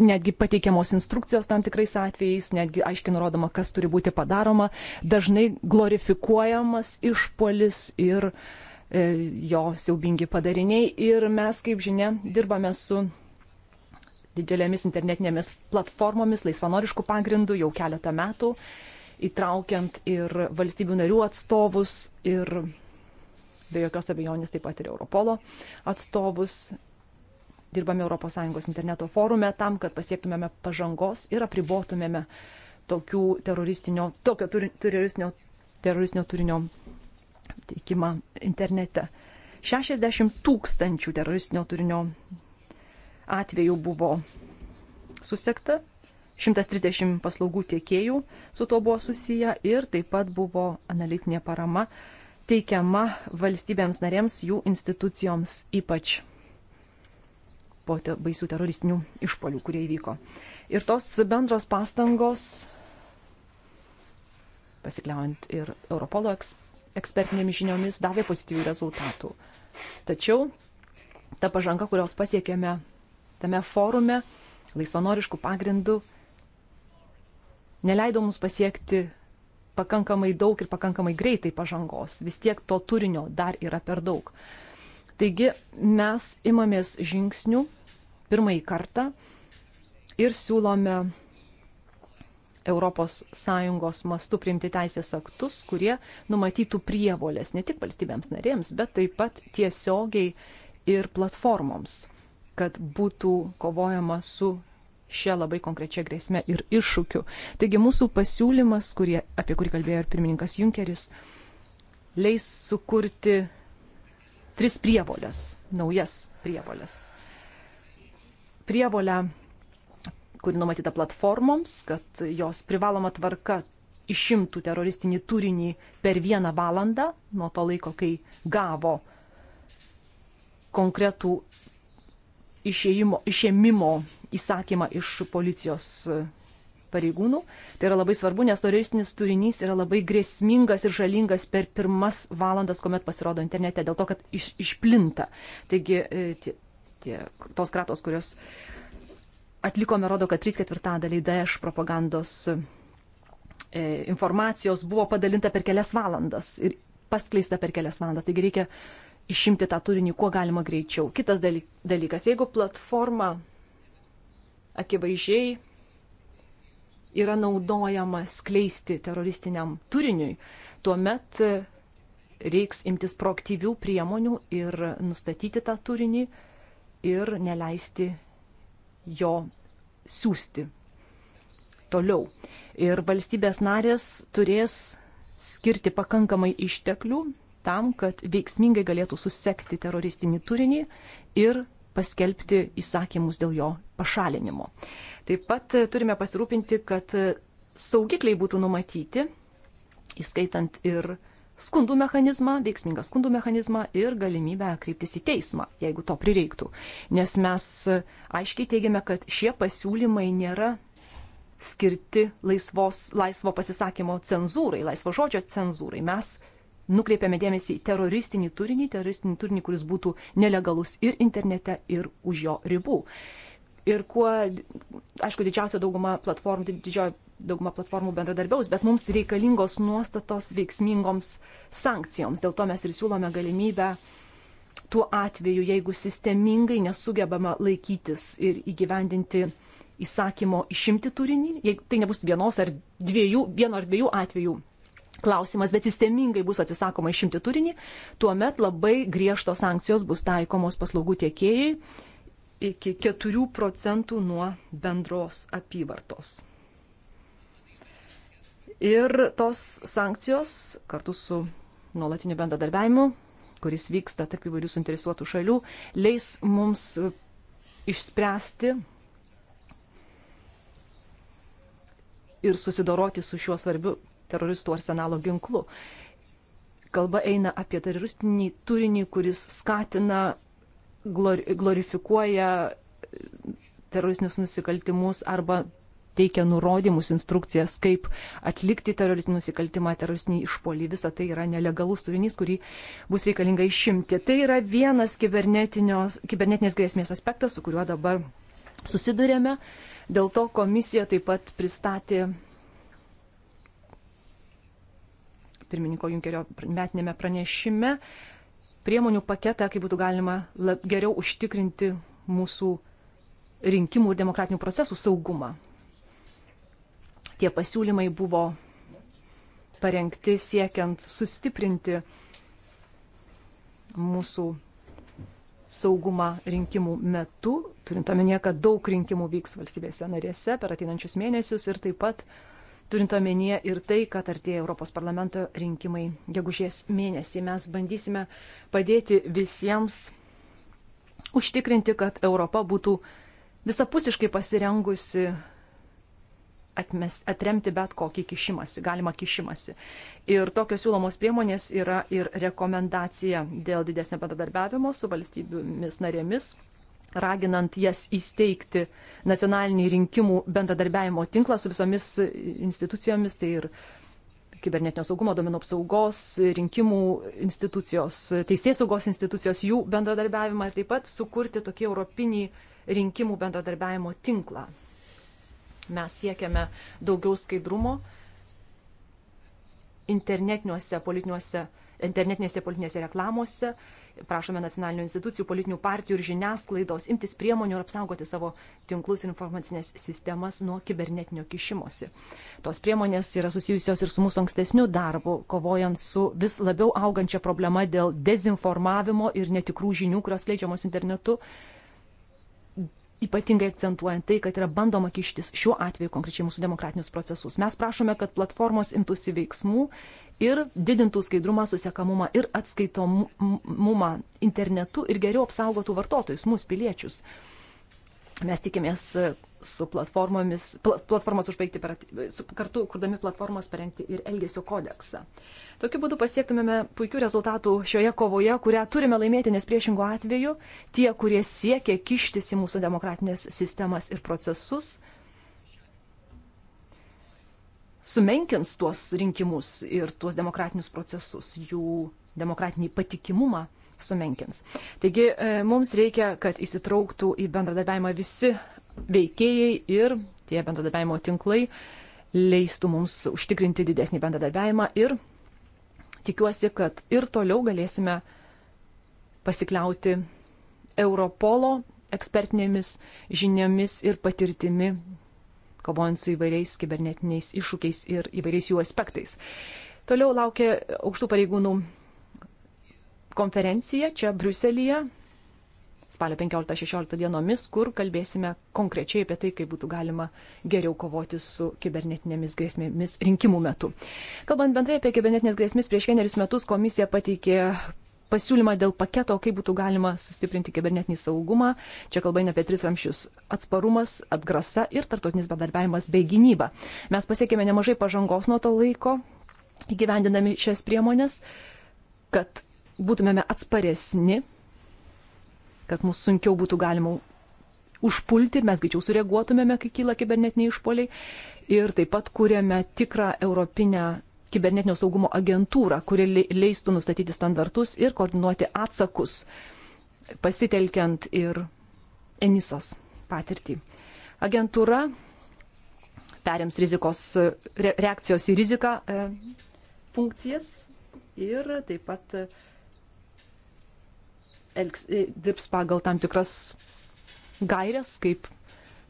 S3: netgi pateikiamos instrukcijos tam tikrais atvejais, netgi aiškiai nurodoma, kas turi būti padaroma, dažnai glorifikuojamas išpolis ir e, jo siaubingi padariniai. Ir mes, kaip žinia, dirbame su didelėmis internetinėmis platformomis, laisvanoriškų pagrindų jau keletą metų, įtraukiant ir valstybių narių atstovus ir be jokios abejonės taip pat ir Europolo atstovus dirbame ES interneto forume tam, kad pasiektumėme pažangos ir apribotumėme tokių teroristinio, tokio teroristinio, teroristinio turinio teikimą internete. 60 tūkstančių teroristinio turinio atvejų buvo susekta, 130 paslaugų tiekėjų su to buvo susiję ir taip pat buvo analitinė parama teikiama valstybėms narėms, jų institucijoms, ypač po te, baisių teroristinių išpolių, kurie įvyko. Ir tos bendros pastangos, pasikliaujant ir Europolo eks, ekspertinėmis žiniomis, davė pozityvių rezultatų. Tačiau ta pažanga, kurios pasiekėme tame forume, laisvanoriškų pagrindų, neleido mums pasiekti pakankamai daug ir pakankamai greitai pažangos. Vis tiek to turinio dar yra per daug. Uh, Taigi mes imamės žingsnių pirmąjį kartą ir siūlome ES mastu priimti teisės aktus, kurie numatytų prievolės ne tik valstybėms narėms, bet taip pat tiesiogiai ir platformoms, kad būtų kovojama su šia labai konkrečia grėsme ir iššūkiu. Taigi mūsų pasiūlymas, kurie, apie kurį kalbėjo ir pirmininkas Junkeris, leis sukurti tris prievolės, naujas prievolės. Prievolę, kuri numatyta platformoms, kad jos privaloma tvarka išimtų teroristinį turinį per vieną valandą nuo to laiko, kai gavo konkretų išėjimo, išėmimo įsakymą iš policijos pareigūnų. Tai yra labai svarbu, nes teroristinis turinys yra labai grėsmingas ir žalingas per pirmas valandas, kuomet pasirodo internete, dėl to, kad iš, išplinta. Taigi e, tie, tie, tos kratos, kurios atlikome, rodo, kad 3 ketvirtadaliai DAEŠ propagandos e, informacijos buvo padalinta per kelias valandas ir paskleista per kelias valandas. Taigi reikia išimti tą turinį kuo galima greičiau. Kitas dalykas, jeigu platforma akivaizdžiai yra naudojama skleisti teroristiniam turiniui, tuomet e, reiks imtis proaktyvių priemonių ir nustatyti tą turinį ir neleisti jo siūsti toliau. Ir valstybės narės turės skirti pakankamai išteklių tam, kad veiksmingai galėtų susekti teroristinį turinį ir paskelbti įsakymus dėl jo pašalinimo. Taip pat e, turime pasirūpinti, kad e, saugikliai būtų numatyti, įskaitant ir skundų mechanizmą, veiksmingą skundų mechanizmą ir galimybę kreiptis į teismą, jeigu to prireiktų. Nes mes e, aiškiai teigiame, kad šie pasiūlymai nėra skirti laisvos, laisvo pasisakymo cenzūrai, laisvo žodžio cenzūrai. Mes nukreipiame dėmesį į teroristinį turinį, teroristinį turinį, kuris būtų nelegalus ir internete, ir už jo ribų. Ir kuo, aišku, didžiausia dauguma platformų, tai didžioji dauguma platformų bendradarbiaus, bet mums reikalingos nuostatos veiksmingoms sankcijoms. Dėl to mes ir siūlome galimybę tuo atveju, jeigu sistemingai nesugebama laikytis ir įgyvendinti įsakymo išimti turinį, jeigu tai nebus vienos ar dviejų, vieno ar dviejų atvejų klausimas, bet sistemingai bus atsisakoma išimti turinį, tuomet labai griežtos sankcijos bus taikomos paslaugų tiekėjai iki 4 procentų nuo bendros apyvartos. Ir tos sankcijos kartu su nuolatiniu bendradarbiavimu, kuris vyksta tarp įvairių suinteresuotų šalių, leis mums išspręsti ir susidoroti su šiuo svarbiu teroristų arsenalo ginklu. Kalba eina apie teroristinį turinį, kuris skatina, glorifikuoja teroristinius nusikaltimus arba teikia nurodymus, instrukcijas, kaip atlikti teroristinį nusikaltimą, teroristinį išpolį. Visa tai yra nelegalus turinys, kurį bus reikalinga išimti. Tai yra vienas kibernetinės grėsmės aspektas, su kuriuo dabar susidurėme. Dėl to komisija taip pat pristatė pirmininko Junkerio metinėme pranešime priemonių paketą, kaip būtų galima lab, geriau užtikrinti mūsų rinkimų ir demokratinių procesų saugumą. Tie pasiūlymai buvo parengti siekiant sustiprinti mūsų saugumą rinkimų metu, turint omenyje, kad daug rinkimų vyks valstybėse narėse per ateinančius mėnesius ir taip pat uh, turint omenyje ir tai, kad artėja Europos parlamento rinkimai gegužės mėnesį. Mes bandysime padėti visiems užtikrinti, kad Europa būtų visapusiškai pasirengusi atmes, atremti bet kokį kišimąsi, galima kišimąsi. Ir tokios siūlomos priemonės yra ir rekomendacija dėl didesnio bendradarbiavimo su valstybėmis narėmis raginant jas įsteigti nacionalinį rinkimų bendradarbiavimo tinklą su visomis institucijomis, tai ir kibernetinio saugumo, domino apsaugos, rinkimų institucijos, teisės saugos institucijos, jų bendradarbiavimą ir taip pat sukurti tokį europinį rinkimų bendradarbiavimo tinklą. Mes siekiame daugiau skaidrumo internetiniuose politiniuose internetinėse politinėse reklamose Prašome nacionalinių institucijų, politinių partijų ir žiniasklaidos imtis priemonių ir apsaugoti savo tinklus ir informacinės sistemas nuo kibernetinio kišimosi. Tos priemonės yra susijusios ir su mūsų ankstesniu darbu, kovojant su vis labiau augančia problema dėl dezinformavimo ir netikrų žinių, kurios leidžiamos internetu ypatingai akcentuojant tai, kad yra bandoma kištis šiuo atveju konkrečiai mūsų demokratinius procesus. Mes prašome, kad platformos imtųsi veiksmų ir didintų skaidrumą, susiekamumą ir atskaitomumą internetu ir geriau apsaugotų vartotojus, mūsų piliečius. Uh, Mes tikimės e, su platformomis, platformas užbaigti per, e, su, kartu, kurdami platformas parengti ir Elgesio kodeksą. Tokiu būdu pasiektumėme puikių rezultatų šioje kovoje, kurią turime laimėti, nes priešingų atveju tie, kurie siekia kištis į mūsų demokratinės sistemas ir procesus, sumenkins tuos rinkimus ir tuos demokratinius procesus, jų demokratinį patikimumą sumenkins. Taigi e, mums reikia, kad įsitrauktų į bendradarbiavimą visi veikėjai ir tie bendradarbiavimo tinklai leistų mums užtikrinti didesnį bendradarbiavimą ir tikiuosi, kad ir toliau galėsime pasikliauti Europolo ekspertinėmis žiniomis ir patirtimi, kovojant su įvairiais kibernetiniais iššūkiais ir įvairiais jų aspektais. Toliau laukia aukštų pareigūnų konferenciją čia Briuselyje spalio 15-16 dienomis, kur kalbėsime konkrečiai apie tai, kaip būtų galima geriau kovoti su kibernetinėmis grėsmėmis rinkimų metu. Kalbant bendrai apie kibernetinės grėsmės, prieš vienerius metus komisija pateikė pasiūlymą dėl paketo, kaip būtų galima sustiprinti kibernetinį saugumą. Čia kalba eina apie tris ramšius - atsparumas, atgrasa ir tartotinis bedarbiavimas bei gynyba. Mes pasiekėme nemažai pažangos nuo to laiko, įgyvendinami šias priemonės, kad būtumėme atsparesni, kad mus sunkiau būtų galima užpulti, mes greičiau sureaguotumėme, kai kyla kibernetiniai išpoliai. Ir taip pat kūrėme tikrą europinę kibernetinio saugumo agentūrą, kuri leistų nustatyti standartus ir koordinuoti atsakus, pasitelkiant ir Enisos patirtį. Agentūra perims rizikos, reakcijos į riziką e, funkcijas ir taip pat elgs, e, dirbs pagal tam tikras gairias, kaip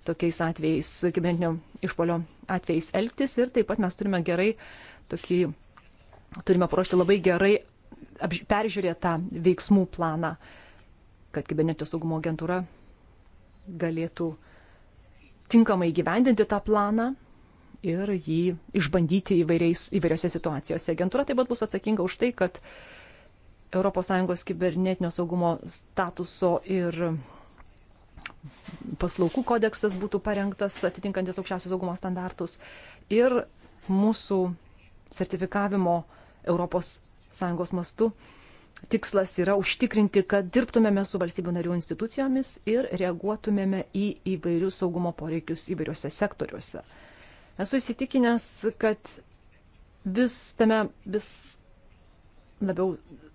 S3: tokiais atvejais, kibernetinio išpolio atvejais elgtis. Ir taip pat mes turime gerai tokį, turime paruošti labai gerai peržiūrėtą veiksmų planą, kad kibernetinio saugumo agentūra galėtų tinkamai gyvendinti tą planą ir jį išbandyti įvairiais, įvairiose situacijose. Agentūra taip pat bus atsakinga už tai, kad uh, ES kibernetinio saugumo statuso ir paslaugų kodeksas būtų parengtas atitinkantis aukščiausius saugumo standartus ir mūsų sertifikavimo ES mastu tikslas yra užtikrinti, kad dirbtumėme su valstybių narių institucijomis ir reaguotumėme į įvairius saugumo poreikius įvairiuose sektoriuose. Esu įsitikinęs, kad vis tame, vis labiau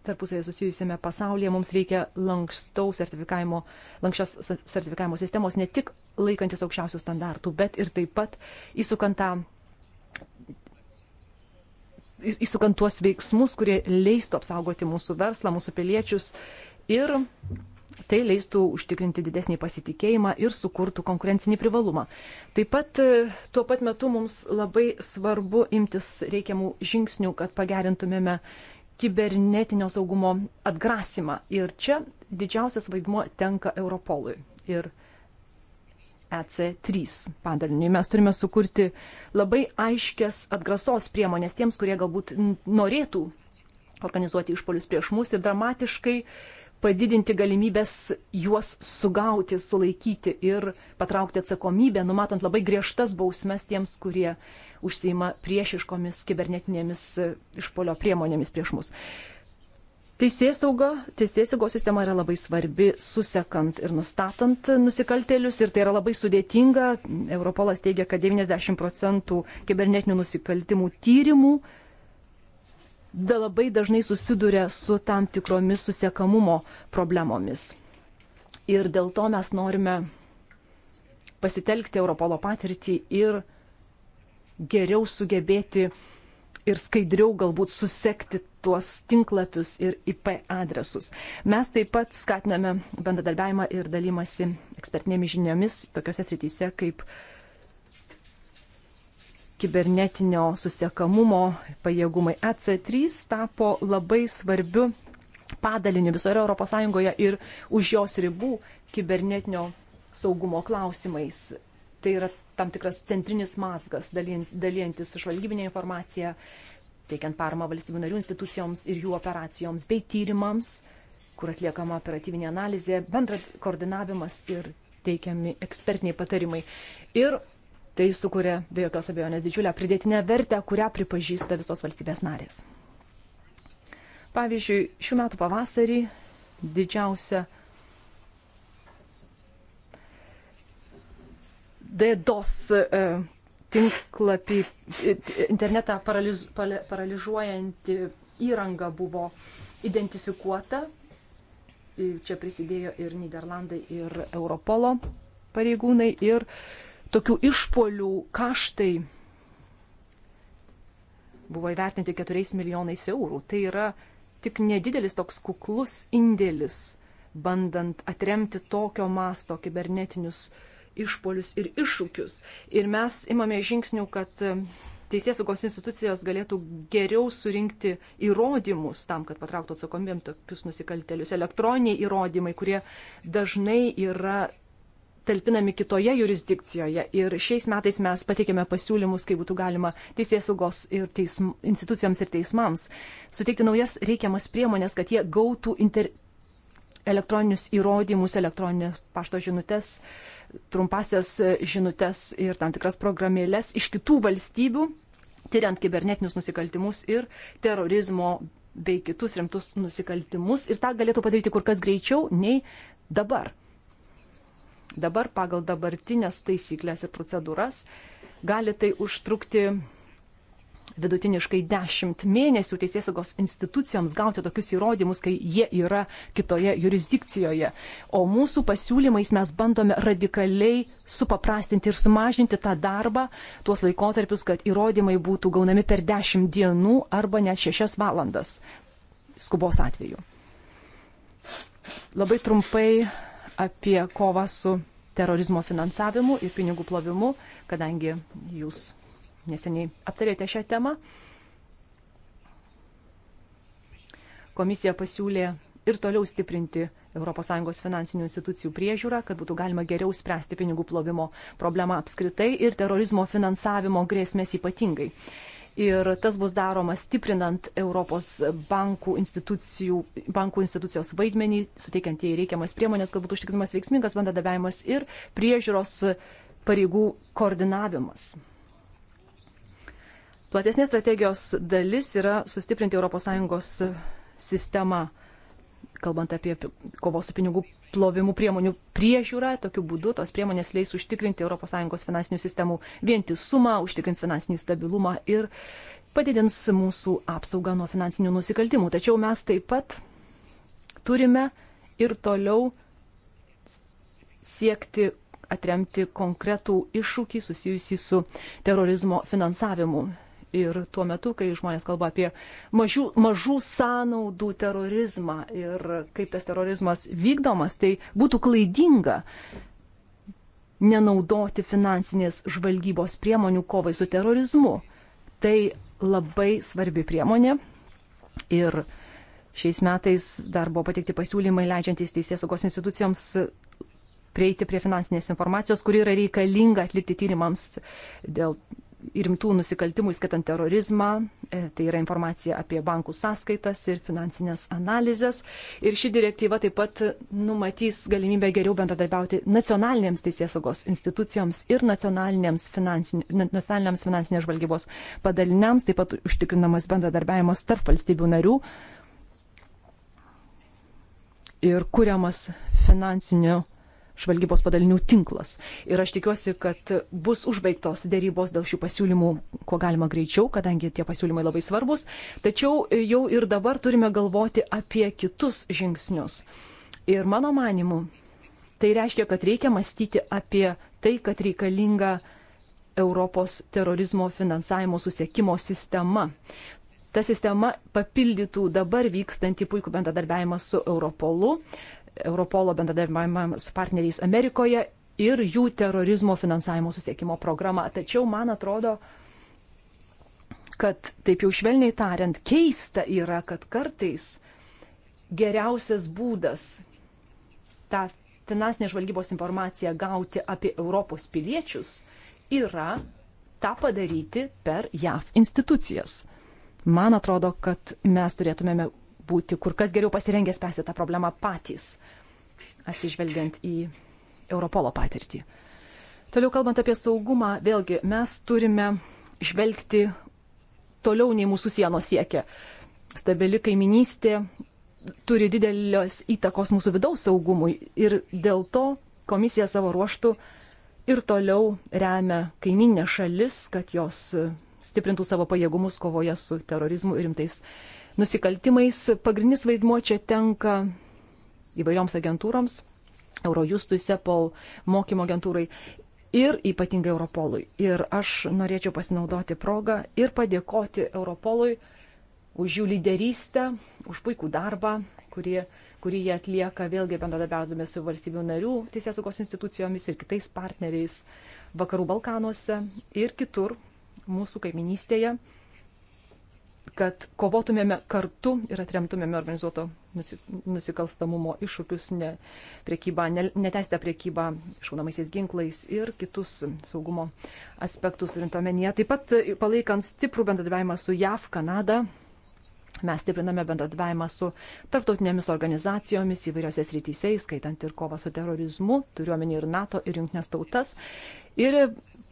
S3: tarpusavėje susijusiame pasaulyje mums reikia lankstaus sertifikavimo, lankščios sertifikavimo sistemos, ne tik laikantis aukščiausių standartų, bet ir taip pat įsukant tą įsukant tuos veiksmus, kurie leistų apsaugoti mūsų verslą, mūsų piliečius ir tai leistų užtikrinti didesnį pasitikėjimą ir sukurtų konkurencinį privalumą. Taip pat tuo pat metu mums labai svarbu imtis reikiamų žingsnių, kad pagerintumėme kibernetinio saugumo atgrasimą. Ir čia didžiausias vaidmuo tenka Europolui ir EC3 padaliniui. Mes turime sukurti labai aiškias atgrasos priemonės tiems, kurie galbūt norėtų organizuoti išpolius prieš mus ir dramatiškai padidinti galimybės juos sugauti, sulaikyti ir patraukti atsakomybę, numatant labai griežtas bausmes tiems, kurie užsima priešiškomis kibernetinėmis e, išpolio priemonėmis prieš mus. Teisėsauga, teisėsaugos sistema yra labai svarbi, susekant ir nustatant nusikaltelius ir tai yra labai sudėtinga. Europolas teigia, kad 90 procentų kibernetinių nusikaltimų tyrimų da labai dažnai susiduria su tam tikromis susiekamumo problemomis. Ir dėl to mes norime pasitelkti Europolo patirtį ir geriau sugebėti ir skaidriau galbūt susekti tuos tinklapius ir IP adresus. Mes taip pat skatiname bendradarbiavimą ir dalymasi ekspertinėmis žiniomis tokiuose srityse kaip uh, kibernetinio susiekamumo pajėgumai EC3 tapo labai svarbiu padaliniu visoje ES ir už jos ribų kibernetinio saugumo klausimais. Tai yra tam tikras centrinis mazgas, dalyjantis žvalgybinę informaciją, teikiant paramą valstybių narių institucijoms ir jų operacijoms bei tyrimams, kur atliekama operatyvinė analizė, bendra koordinavimas ir teikiami ekspertiniai patarimai. Ir Tai sukuria be jokios abejonės didžiulę pridėtinę vertę, kurią pripažįsta visos valstybės narės. Pavyzdžiui, šių metų pavasarį didžiausia DDoS e, tinklapį, internetą paraliz, paralyžuojanti įranga buvo identifikuota. Čia prisidėjo ir Niderlandai, ir Europolo pareigūnai, ir uh, tokių išpolių kaštai buvo įvertinti 4 milijonais eurų. Tai yra tik nedidelis toks kuklus indėlis, bandant atremti tokio masto kibernetinius išpolius ir iššūkius. Ir mes imame žingsnių, kad teisėsaugos institucijos galėtų geriau surinkti įrodymus tam, kad patrauktų atsakomybėm tokius nusikaltelius. Elektroniniai įrodymai, kurie dažnai yra talpinami kitoje jurisdikcijoje. Ir šiais metais mes pateikėme pasiūlymus, kaip būtų galima teisės saugos ir teism, institucijoms ir teismams suteikti naujas reikiamas priemonės, kad jie gautų inter, elektroninius įrodymus, elektroninės pašto žinutės, trumpasias e, žinutės ir tam tikras programėlės iš kitų valstybių, tyriant kibernetinius nusikaltimus ir terorizmo bei kitus rimtus nusikaltimus. Ir tą galėtų padaryti kur kas greičiau nei dabar. Dabar pagal dabartinės taisyklės ir procedūras gali tai užtrukti vidutiniškai 10 mėnesių teisėsaugos institucijoms gauti tokius įrodymus, kai jie yra kitoje jurisdikcijoje. O mūsų pasiūlymais mes bandome radikaliai supaprastinti ir sumažinti tą darbą, tuos laikotarpius, kad įrodymai būtų gaunami per 10 dienų arba net 6 valandas skubos atveju. Labai trumpai apie kovą su terorizmo finansavimu ir pinigų plovimu, kadangi jūs neseniai aptarėte šią temą. Komisija pasiūlė ir toliau stiprinti ES finansinių institucijų priežiūrą, kad būtų galima geriau spręsti pinigų plovimo problemą apskritai ir terorizmo finansavimo grėsmės ypatingai ir tas bus daroma stiprinant Europos bankų, bankų institucijos vaidmenį, suteikiant jai reikiamas priemonės, kad būtų užtikrinamas veiksmingas bendradarbiavimas ir priežiūros pareigų koordinavimas. Platesnės strategijos dalis yra sustiprinti ES sistemą kalbant apie kovos su pinigų plovimu priemonių priežiūrą. Tokiu būdu tos priemonės leis užtikrinti ES finansinių sistemų vientisumą, užtikrins finansinį stabilumą ir padidins mūsų apsaugą nuo finansinių nusikaltimų. Tačiau mes taip pat turime ir toliau siekti atremti konkretų iššūkį susijusį su terorizmo finansavimu ir tuo metu, kai žmonės kalba apie mažių, mažų sąnaudų terorizmą ir kaip tas terorizmas vykdomas, tai būtų klaidinga nenaudoti finansinės žvalgybos priemonių kovai su terorizmu. Tai labai svarbi priemonė ir šiais metais dar buvo pateikti pasiūlymai leidžiantys teisės saugos institucijoms prieiti prie finansinės informacijos, kuri yra reikalinga atlikti tyrimams dėl rimtų nusikaltimų, įskaitant terorizmą, e, tai yra informacija apie bankų sąskaitas ir finansinės analizės. Ir ši direktyva taip pat numatys galimybę geriau bendradarbiauti nacionalinėms teisėsaugos institucijoms ir nacionalinėms, finansin, nacionalinėms finansinės žvalgybos padaliniams, taip pat užtikrinamas bendradarbiavimas tarp valstybių narių ir kuriamas finansinių žvalgybos padalinių tinklas. Ir aš tikiuosi, kad bus užbaigtos dėrybos dėl šių pasiūlymų, kuo galima greičiau, kadangi tie pasiūlymai labai svarbus. Tačiau e, jau ir dabar turime galvoti apie kitus žingsnius. Ir mano manimu, tai reiškia, kad reikia mąstyti apie tai, kad reikalinga Europos terorizmo finansavimo susiekimo sistema ta sistema papildytų dabar vykstantį puikų bendradarbiavimą su Europolu, Europolo bendradarbiavimą su partneriais Amerikoje ir jų terorizmo finansavimo susiekimo programą. Tačiau man atrodo, kad taip jau švelniai tariant, keista yra, kad kartais geriausias būdas tą finansinės žvalgybos informaciją gauti apie Europos piliečius yra tą padaryti per JAV institucijas. Man atrodo, kad mes turėtumėme būti kur kas geriau pasirengę spręsti tą problemą patys, atsižvelgiant į Europolo patirtį. Toliau kalbant apie saugumą, vėlgi mes turime žvelgti toliau nei mūsų sienos siekia. Stabili kaiminystė turi didelės įtakos mūsų vidaus saugumui ir dėl to komisija savo ruoštų ir toliau remia kaiminę šalis, kad jos stiprintų savo pajėgumus kovoje su terorizmu ir rimtais nusikaltimais. Pagrindinis vaidmuo čia tenka įvairioms agentūroms, Eurojustui, Sepol, mokymo agentūrai ir ypatingai Europolui. Ir aš norėčiau pasinaudoti progą ir padėkoti Europolui už jų lyderystę, už puikų darbą, kurį, kurį jie atlieka vėlgi bendradarbiaudami su valstybių narių teisėsaugos institucijomis ir kitais partneriais Vakarų Balkanuose ir kitur mūsų kaiminystėje kad kovotumėme kartu ir atremtumėme organizuoto nusikalstamumo iššūkius, ne, priekybą, ne, neteistę priekybą šaunamaisiais ginklais ir kitus saugumo aspektus turint omenyje. Taip pat palaikant stiprų bendradarbiavimą su JAV, Kanada. Mes stipriname bendradarbiavimą su tarptautinėmis organizacijomis įvairiose srityse, įskaitant ir kovą su terorizmu, turiuomenį ir NATO, ir Junktinės tautas. Ir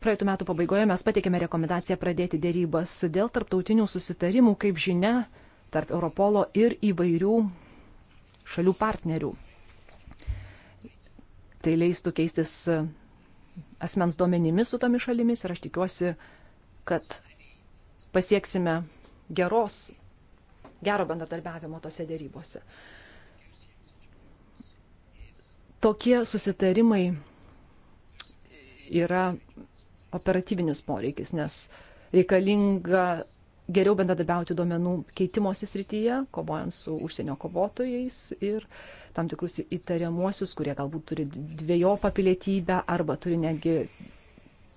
S3: praeitų metų pabaigoje mes pateikėme rekomendaciją pradėti dėrybas dėl tarptautinių susitarimų, kaip žinia, tarp Europolo ir įvairių šalių partnerių. Tai leistų keistis asmens duomenimis su tomis šalimis ir aš tikiuosi, kad pasieksime geros, gero bendradarbiavimo tose dėrybose. Tokie susitarimai yra operatyvinis poreikis, nes reikalinga geriau bendradabiauti duomenų keitimosi srityje, kovojant su užsienio kovotojais ir tam tikrus įtariamuosius, kurie galbūt turi dviejopą pilietybę arba turi netgi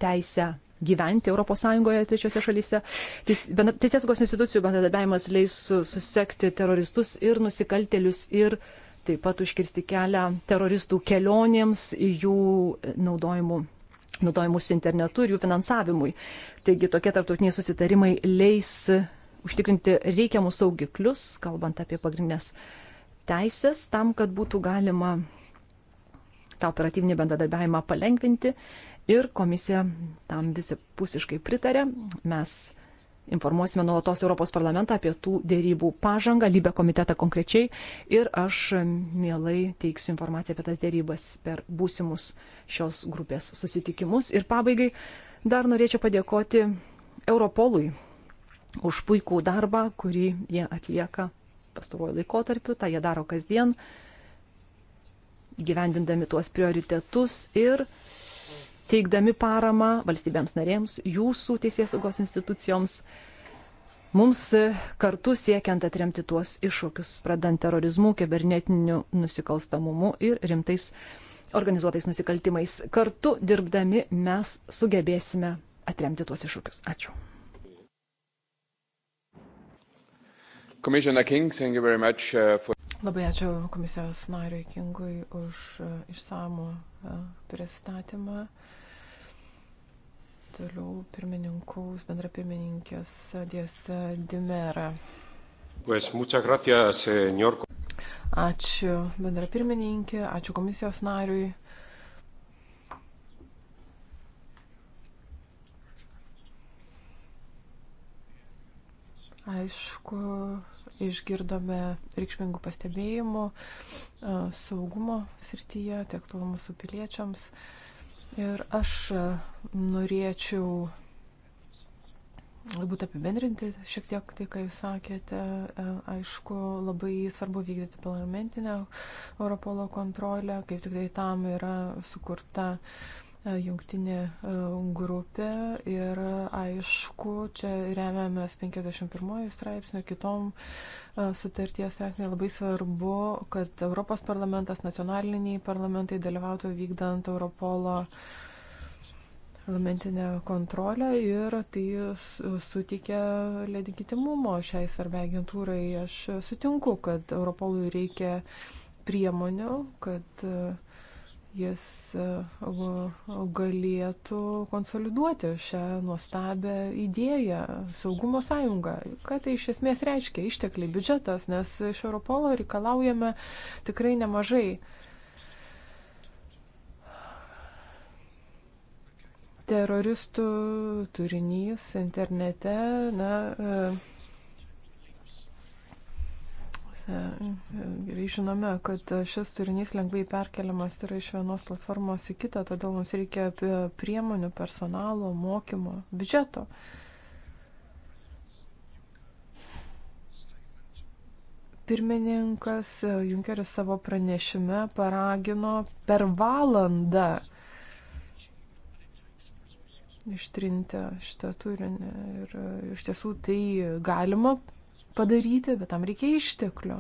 S3: teisę gyventi ES trečiose šalyse. Teisėsaugos institucijų bendradarbiavimas leis susekti teroristus ir nusikaltelius ir taip pat užkirsti kelią teroristų kelionėms jų naudojimų naudojimus internetu ir jų finansavimui. Taigi tokie tarptautiniai susitarimai leis užtikrinti reikiamus saugiklius, kalbant apie pagrindinės teisės, tam, kad būtų galima tą operatyvinį bendradarbiavimą palengvinti ir komisija tam visipusiškai pritarė. Mes informuosime nuolatos Europos parlamentą apie tų dėrybų pažangą, lybę komitetą konkrečiai ir aš mielai teiksiu informaciją apie tas dėrybas per būsimus šios grupės susitikimus. Ir pabaigai dar norėčiau padėkoti Europolui už puikų darbą, kurį jie atlieka pastaruoju laikotarpiu, tą jie daro kasdien, gyvendindami tuos prioritetus ir teikdami paramą valstybėms narėms, jūsų teisėsaugos institucijoms, mums kartu siekiant atremti tuos iššūkius, pradant terorizmu, kibernetiniu nusikalstamumu ir rimtais organizuotais nusikaltimais. Kartu dirbdami mes sugebėsime
S4: atremti tuos iššūkius. Ačiū.
S1: King, uh, for...
S4: Labai ačiū komisijos nariui Kingui už uh, išsamų uh, pristatymą. Toliau pirmininkaus bendrapirmininkės Diesa Dimera.
S1: Pues muchas gracias, señor.
S4: Ačiū bendrapirmininkė, ačiū komisijos nariui. Aišku, išgirdome reikšmingų pastebėjimų saugumo srityje, tiek to mūsų piliečiams. Uh, Ir aš e, norėčiau galbūt apibendrinti šiek tiek tai, ką jūs sakėte. E, aišku, labai svarbu vykdyti parlamentinę Europolo kontrolę, kaip tik tai tam yra sukurta uh, E, jungtinė e, grupė ir aišku, čia remiamės 51 straipsnio kitom e, sutarties straipsnė. Labai svarbu, kad Europos parlamentas, nacionaliniai parlamentai dalyvautų vykdant Europolo parlamentinę kontrolę ir tai suteikia legitimumo šiai svarbiai agentūrai. Aš sutinku, kad Europolui reikia priemonių, kad uh, jis e, galėtų konsoliduoti šią nuostabę idėją saugumo sąjungą. Ką tai iš esmės reiškia? Ištekliai, biudžetas, nes iš Europolo reikalaujame tikrai nemažai. Teroristų turinys internete, na, e, E, gerai žinome, kad šis turinys lengvai perkeliamas yra iš vienos platformos į kitą, todėl mums reikia priemonių, personalo, mokymo, biudžeto. Pirmininkas Junkeris savo pranešime paragino per valandą ištrinti šitą turinį ir e, iš tiesų tai galima padaryti, bet tam reikia išteklių.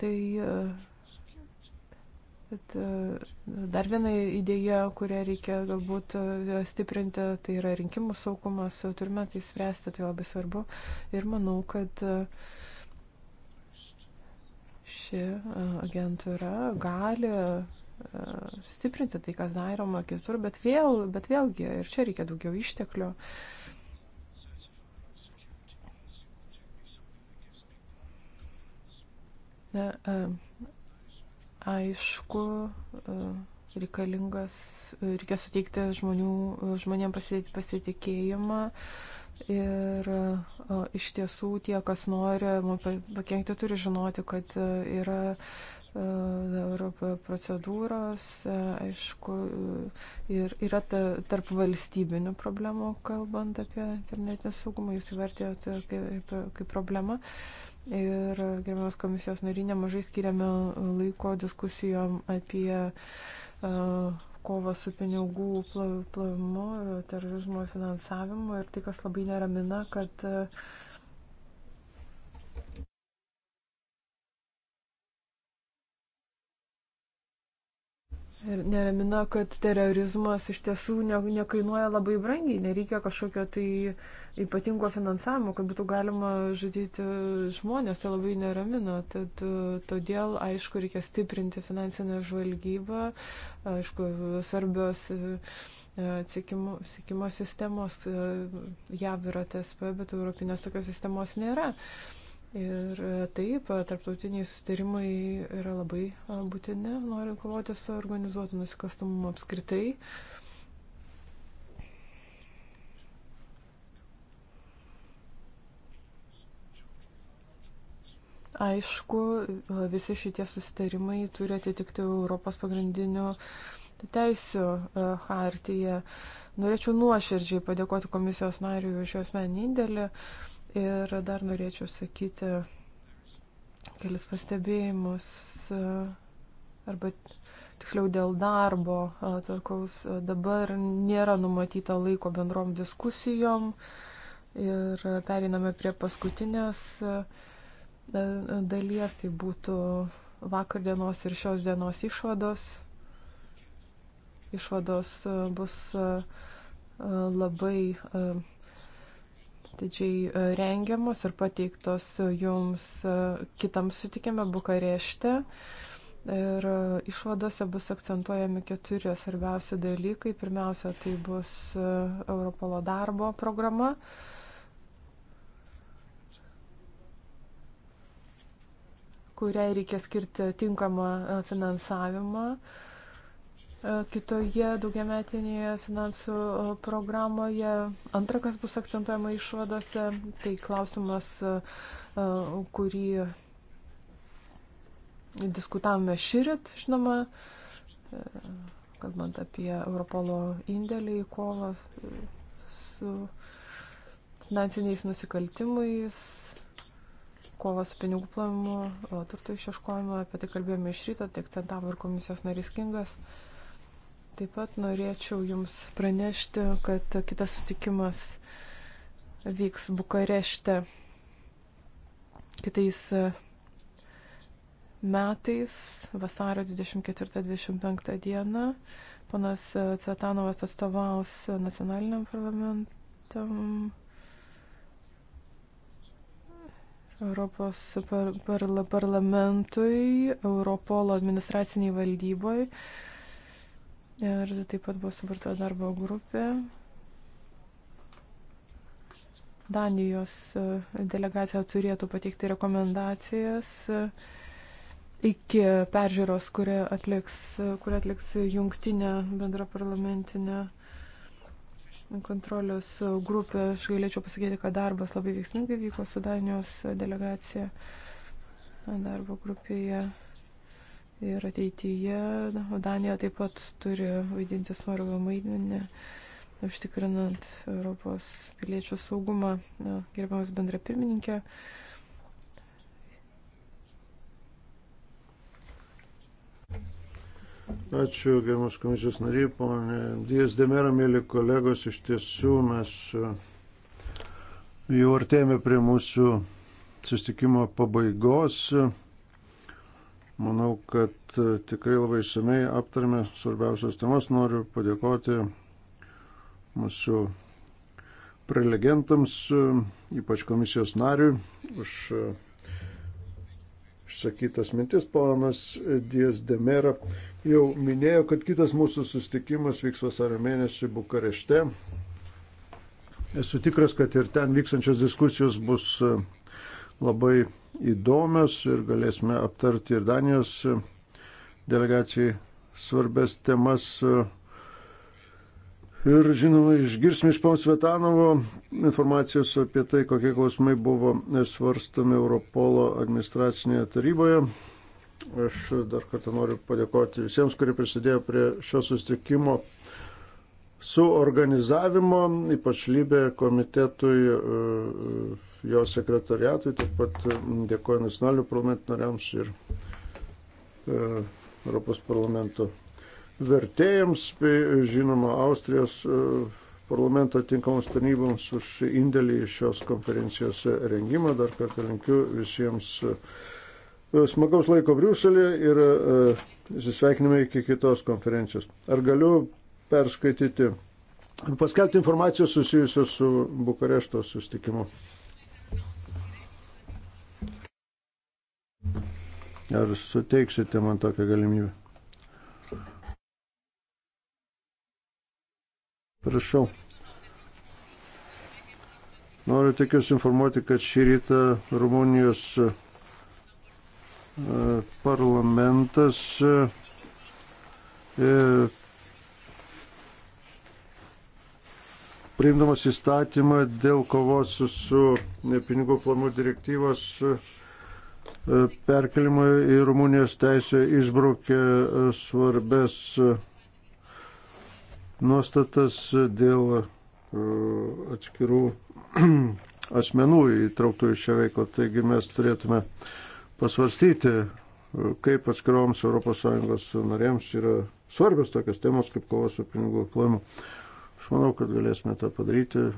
S4: Tai e, Bet e, dar viena idėja, kurią reikia galbūt e, stiprinti, tai yra rinkimų saugumas, turime tai spręsti, tai labai svarbu. Ir manau, kad ši agentūra gali stiprinti tai, kas daroma kitur, bet, vėl, bet vėlgi ir čia reikia daugiau išteklių. Na, aišku, reikalingas, reikia suteikti žmonių, žmonėm pasitikėjimą. Ir o, iš tiesų tie, kas nori mums pakengti, turi žinoti, kad yra dabar procedūros, aišku, ir yra ta, tarp valstybinių problemų, kalbant apie internetinę saugumą, jūs įvertėjote kaip, kaip problemą. Uh, Ir gerbiamas komisijos nariai nemažai skiriame e, laiko diskusijom apie uh, kovą su pinigų plovimu, terorizmo finansavimu. Ir tai, kas labai neramina, kad uh, Ir neramina, kad terorizmas iš tiesų ne, nekainuoja labai brangiai, nereikia kažkokio tai ypatingo finansavimo, kad būtų galima žudyti žmonės, tai labai neramina. Tad, todėl, aišku, reikia stiprinti finansinę žvalgybą, aišku, svarbios e, sekimo, sekimo sistemos, e, jav yra TSP, bet europinės tokios sistemos nėra. Uh, Ir e, taip, e, tarptautiniai sustarimai yra labai e, būtini, norint kovoti su organizuotu nusikalstamumu apskritai. Aišku, visi šitie sustarimai turi atitikti Europos pagrindinių teisių hartiją. Norėčiau nuoširdžiai padėkoti komisijos nariui už jos meninį indėlį. Uh, Ir dar norėčiau sakyti kelis pastebėjimus e, arba tiksliau dėl darbo e, tvarkaus. E, dabar nėra numatyta laiko bendrom diskusijom ir periname prie paskutinės dalies, tai būtų vakar dienos ir šios dienos išvados. Išvados bus labai didžiai e, rengiamos ir pateiktos e, jums e, kitam sutikime Bukarešte. Ir išvadose bus akcentuojami keturi svarbiausi dalykai. Pirmiausia, tai bus Europolo darbo programa. kuriai reikia skirti tinkamą finansavimą. Uh, E, kitoje daugiametinėje finansų e, programoje. Antra, kas bus akcentuojama išvadose, tai klausimas, e, kurį diskutavome širit, žinoma, kalbant apie Europolo indėlį į kovą su finansiniais nusikaltimais kovą su pinigų plovimu, turto išieškojimu, apie tai kalbėjome iš ryto, tai akcentavo ir komisijos narys Kingas. Uh, Taip pat norėčiau Jums pranešti, kad kitas sutikimas vyks Bukarešte kitais e, metais, vasario 24-25 dieną. Panas e, Cetanovas atstovaus nacionaliniam parlamentam Europos par, par, parlamentui, Europolo administraciniai valdyboje Ir taip pat buvo suburta darbo grupė. Danijos e, delegacija turėtų pateikti rekomendacijas e, iki peržiūros, kurią atliks, e, kurią atliks jungtinė bendra parlamentinė kontrolės grupė. Aš galėčiau pasakyti, kad darbas labai veiksmingai vyko su Danijos delegacija darbo grupėje. Ir ateityje Danija taip pat turi vaidinti svarbų vaidmenį, užtikrinant Europos piliečių saugumą. Gerbiamas bendra pirmininkė.
S2: Ačiū, gerbiamas komisijos nariai, ponė Dijas Demera, mėly kolegos, iš tiesų mes e, jau artėjame prie mūsų sustikimo pabaigos. Manau, kad e, tikrai labai išsamei aptarėme svarbiausias temas. Noriu padėkoti mūsų prelegentams, e, ypač komisijos nariui, už e, išsakytas mintis. Ponas Dijas Demera jau minėjo, kad kitas mūsų sustikimas vyks vasario mėnesį Bukarešte. Esu tikras, kad ir ten vykstančios diskusijos bus labai įdomios ir galėsime aptarti ir Danijos delegacijai svarbės temas. Ir žinoma, išgirsime iš pono Svetanovo informacijos apie tai, kokie klausimai buvo svarstomi Europolo administracinėje taryboje. Aš dar kartą noriu padėkoti visiems, kurie prisidėjo prie šio sustikimo su organizavimo, ypač lybė komitetui. Uh, uh, jo sekretariatui, taip pat mm, dėkoju nacionalinių parlamentų nariams ir e, Europos parlamento vertėjams, bei žinoma Austrijos e, parlamento tinkamoms tarnyboms už indėlį į šios konferencijos rengimą. Dar kartą linkiu visiems e, smagaus laiko Briuselį ir įsisveikinime e, iki kitos konferencijos. Ar galiu perskaityti? paskelbti informaciją susijusią su Bukarešto susitikimu. Ar suteiksite man tokią galimybę? Prašau. Noriu tik Jūs informuoti, kad šį rytą Rumunijos e, parlamentas e, e, priimdamas įstatymą dėl kovos su pinigų planų direktyvos perkelimą į Rumunijos teisę išbraukė e, svarbes e, nuostatas dėl e, atskirų asmenų įtrauktų į šią veiklą. Taigi mes turėtume pasvarstyti, kaip atskiroms ES narėms yra svarbios tokios temos kaip kova su pinigų plovimu. Aš manau, kad galėsime tą padaryti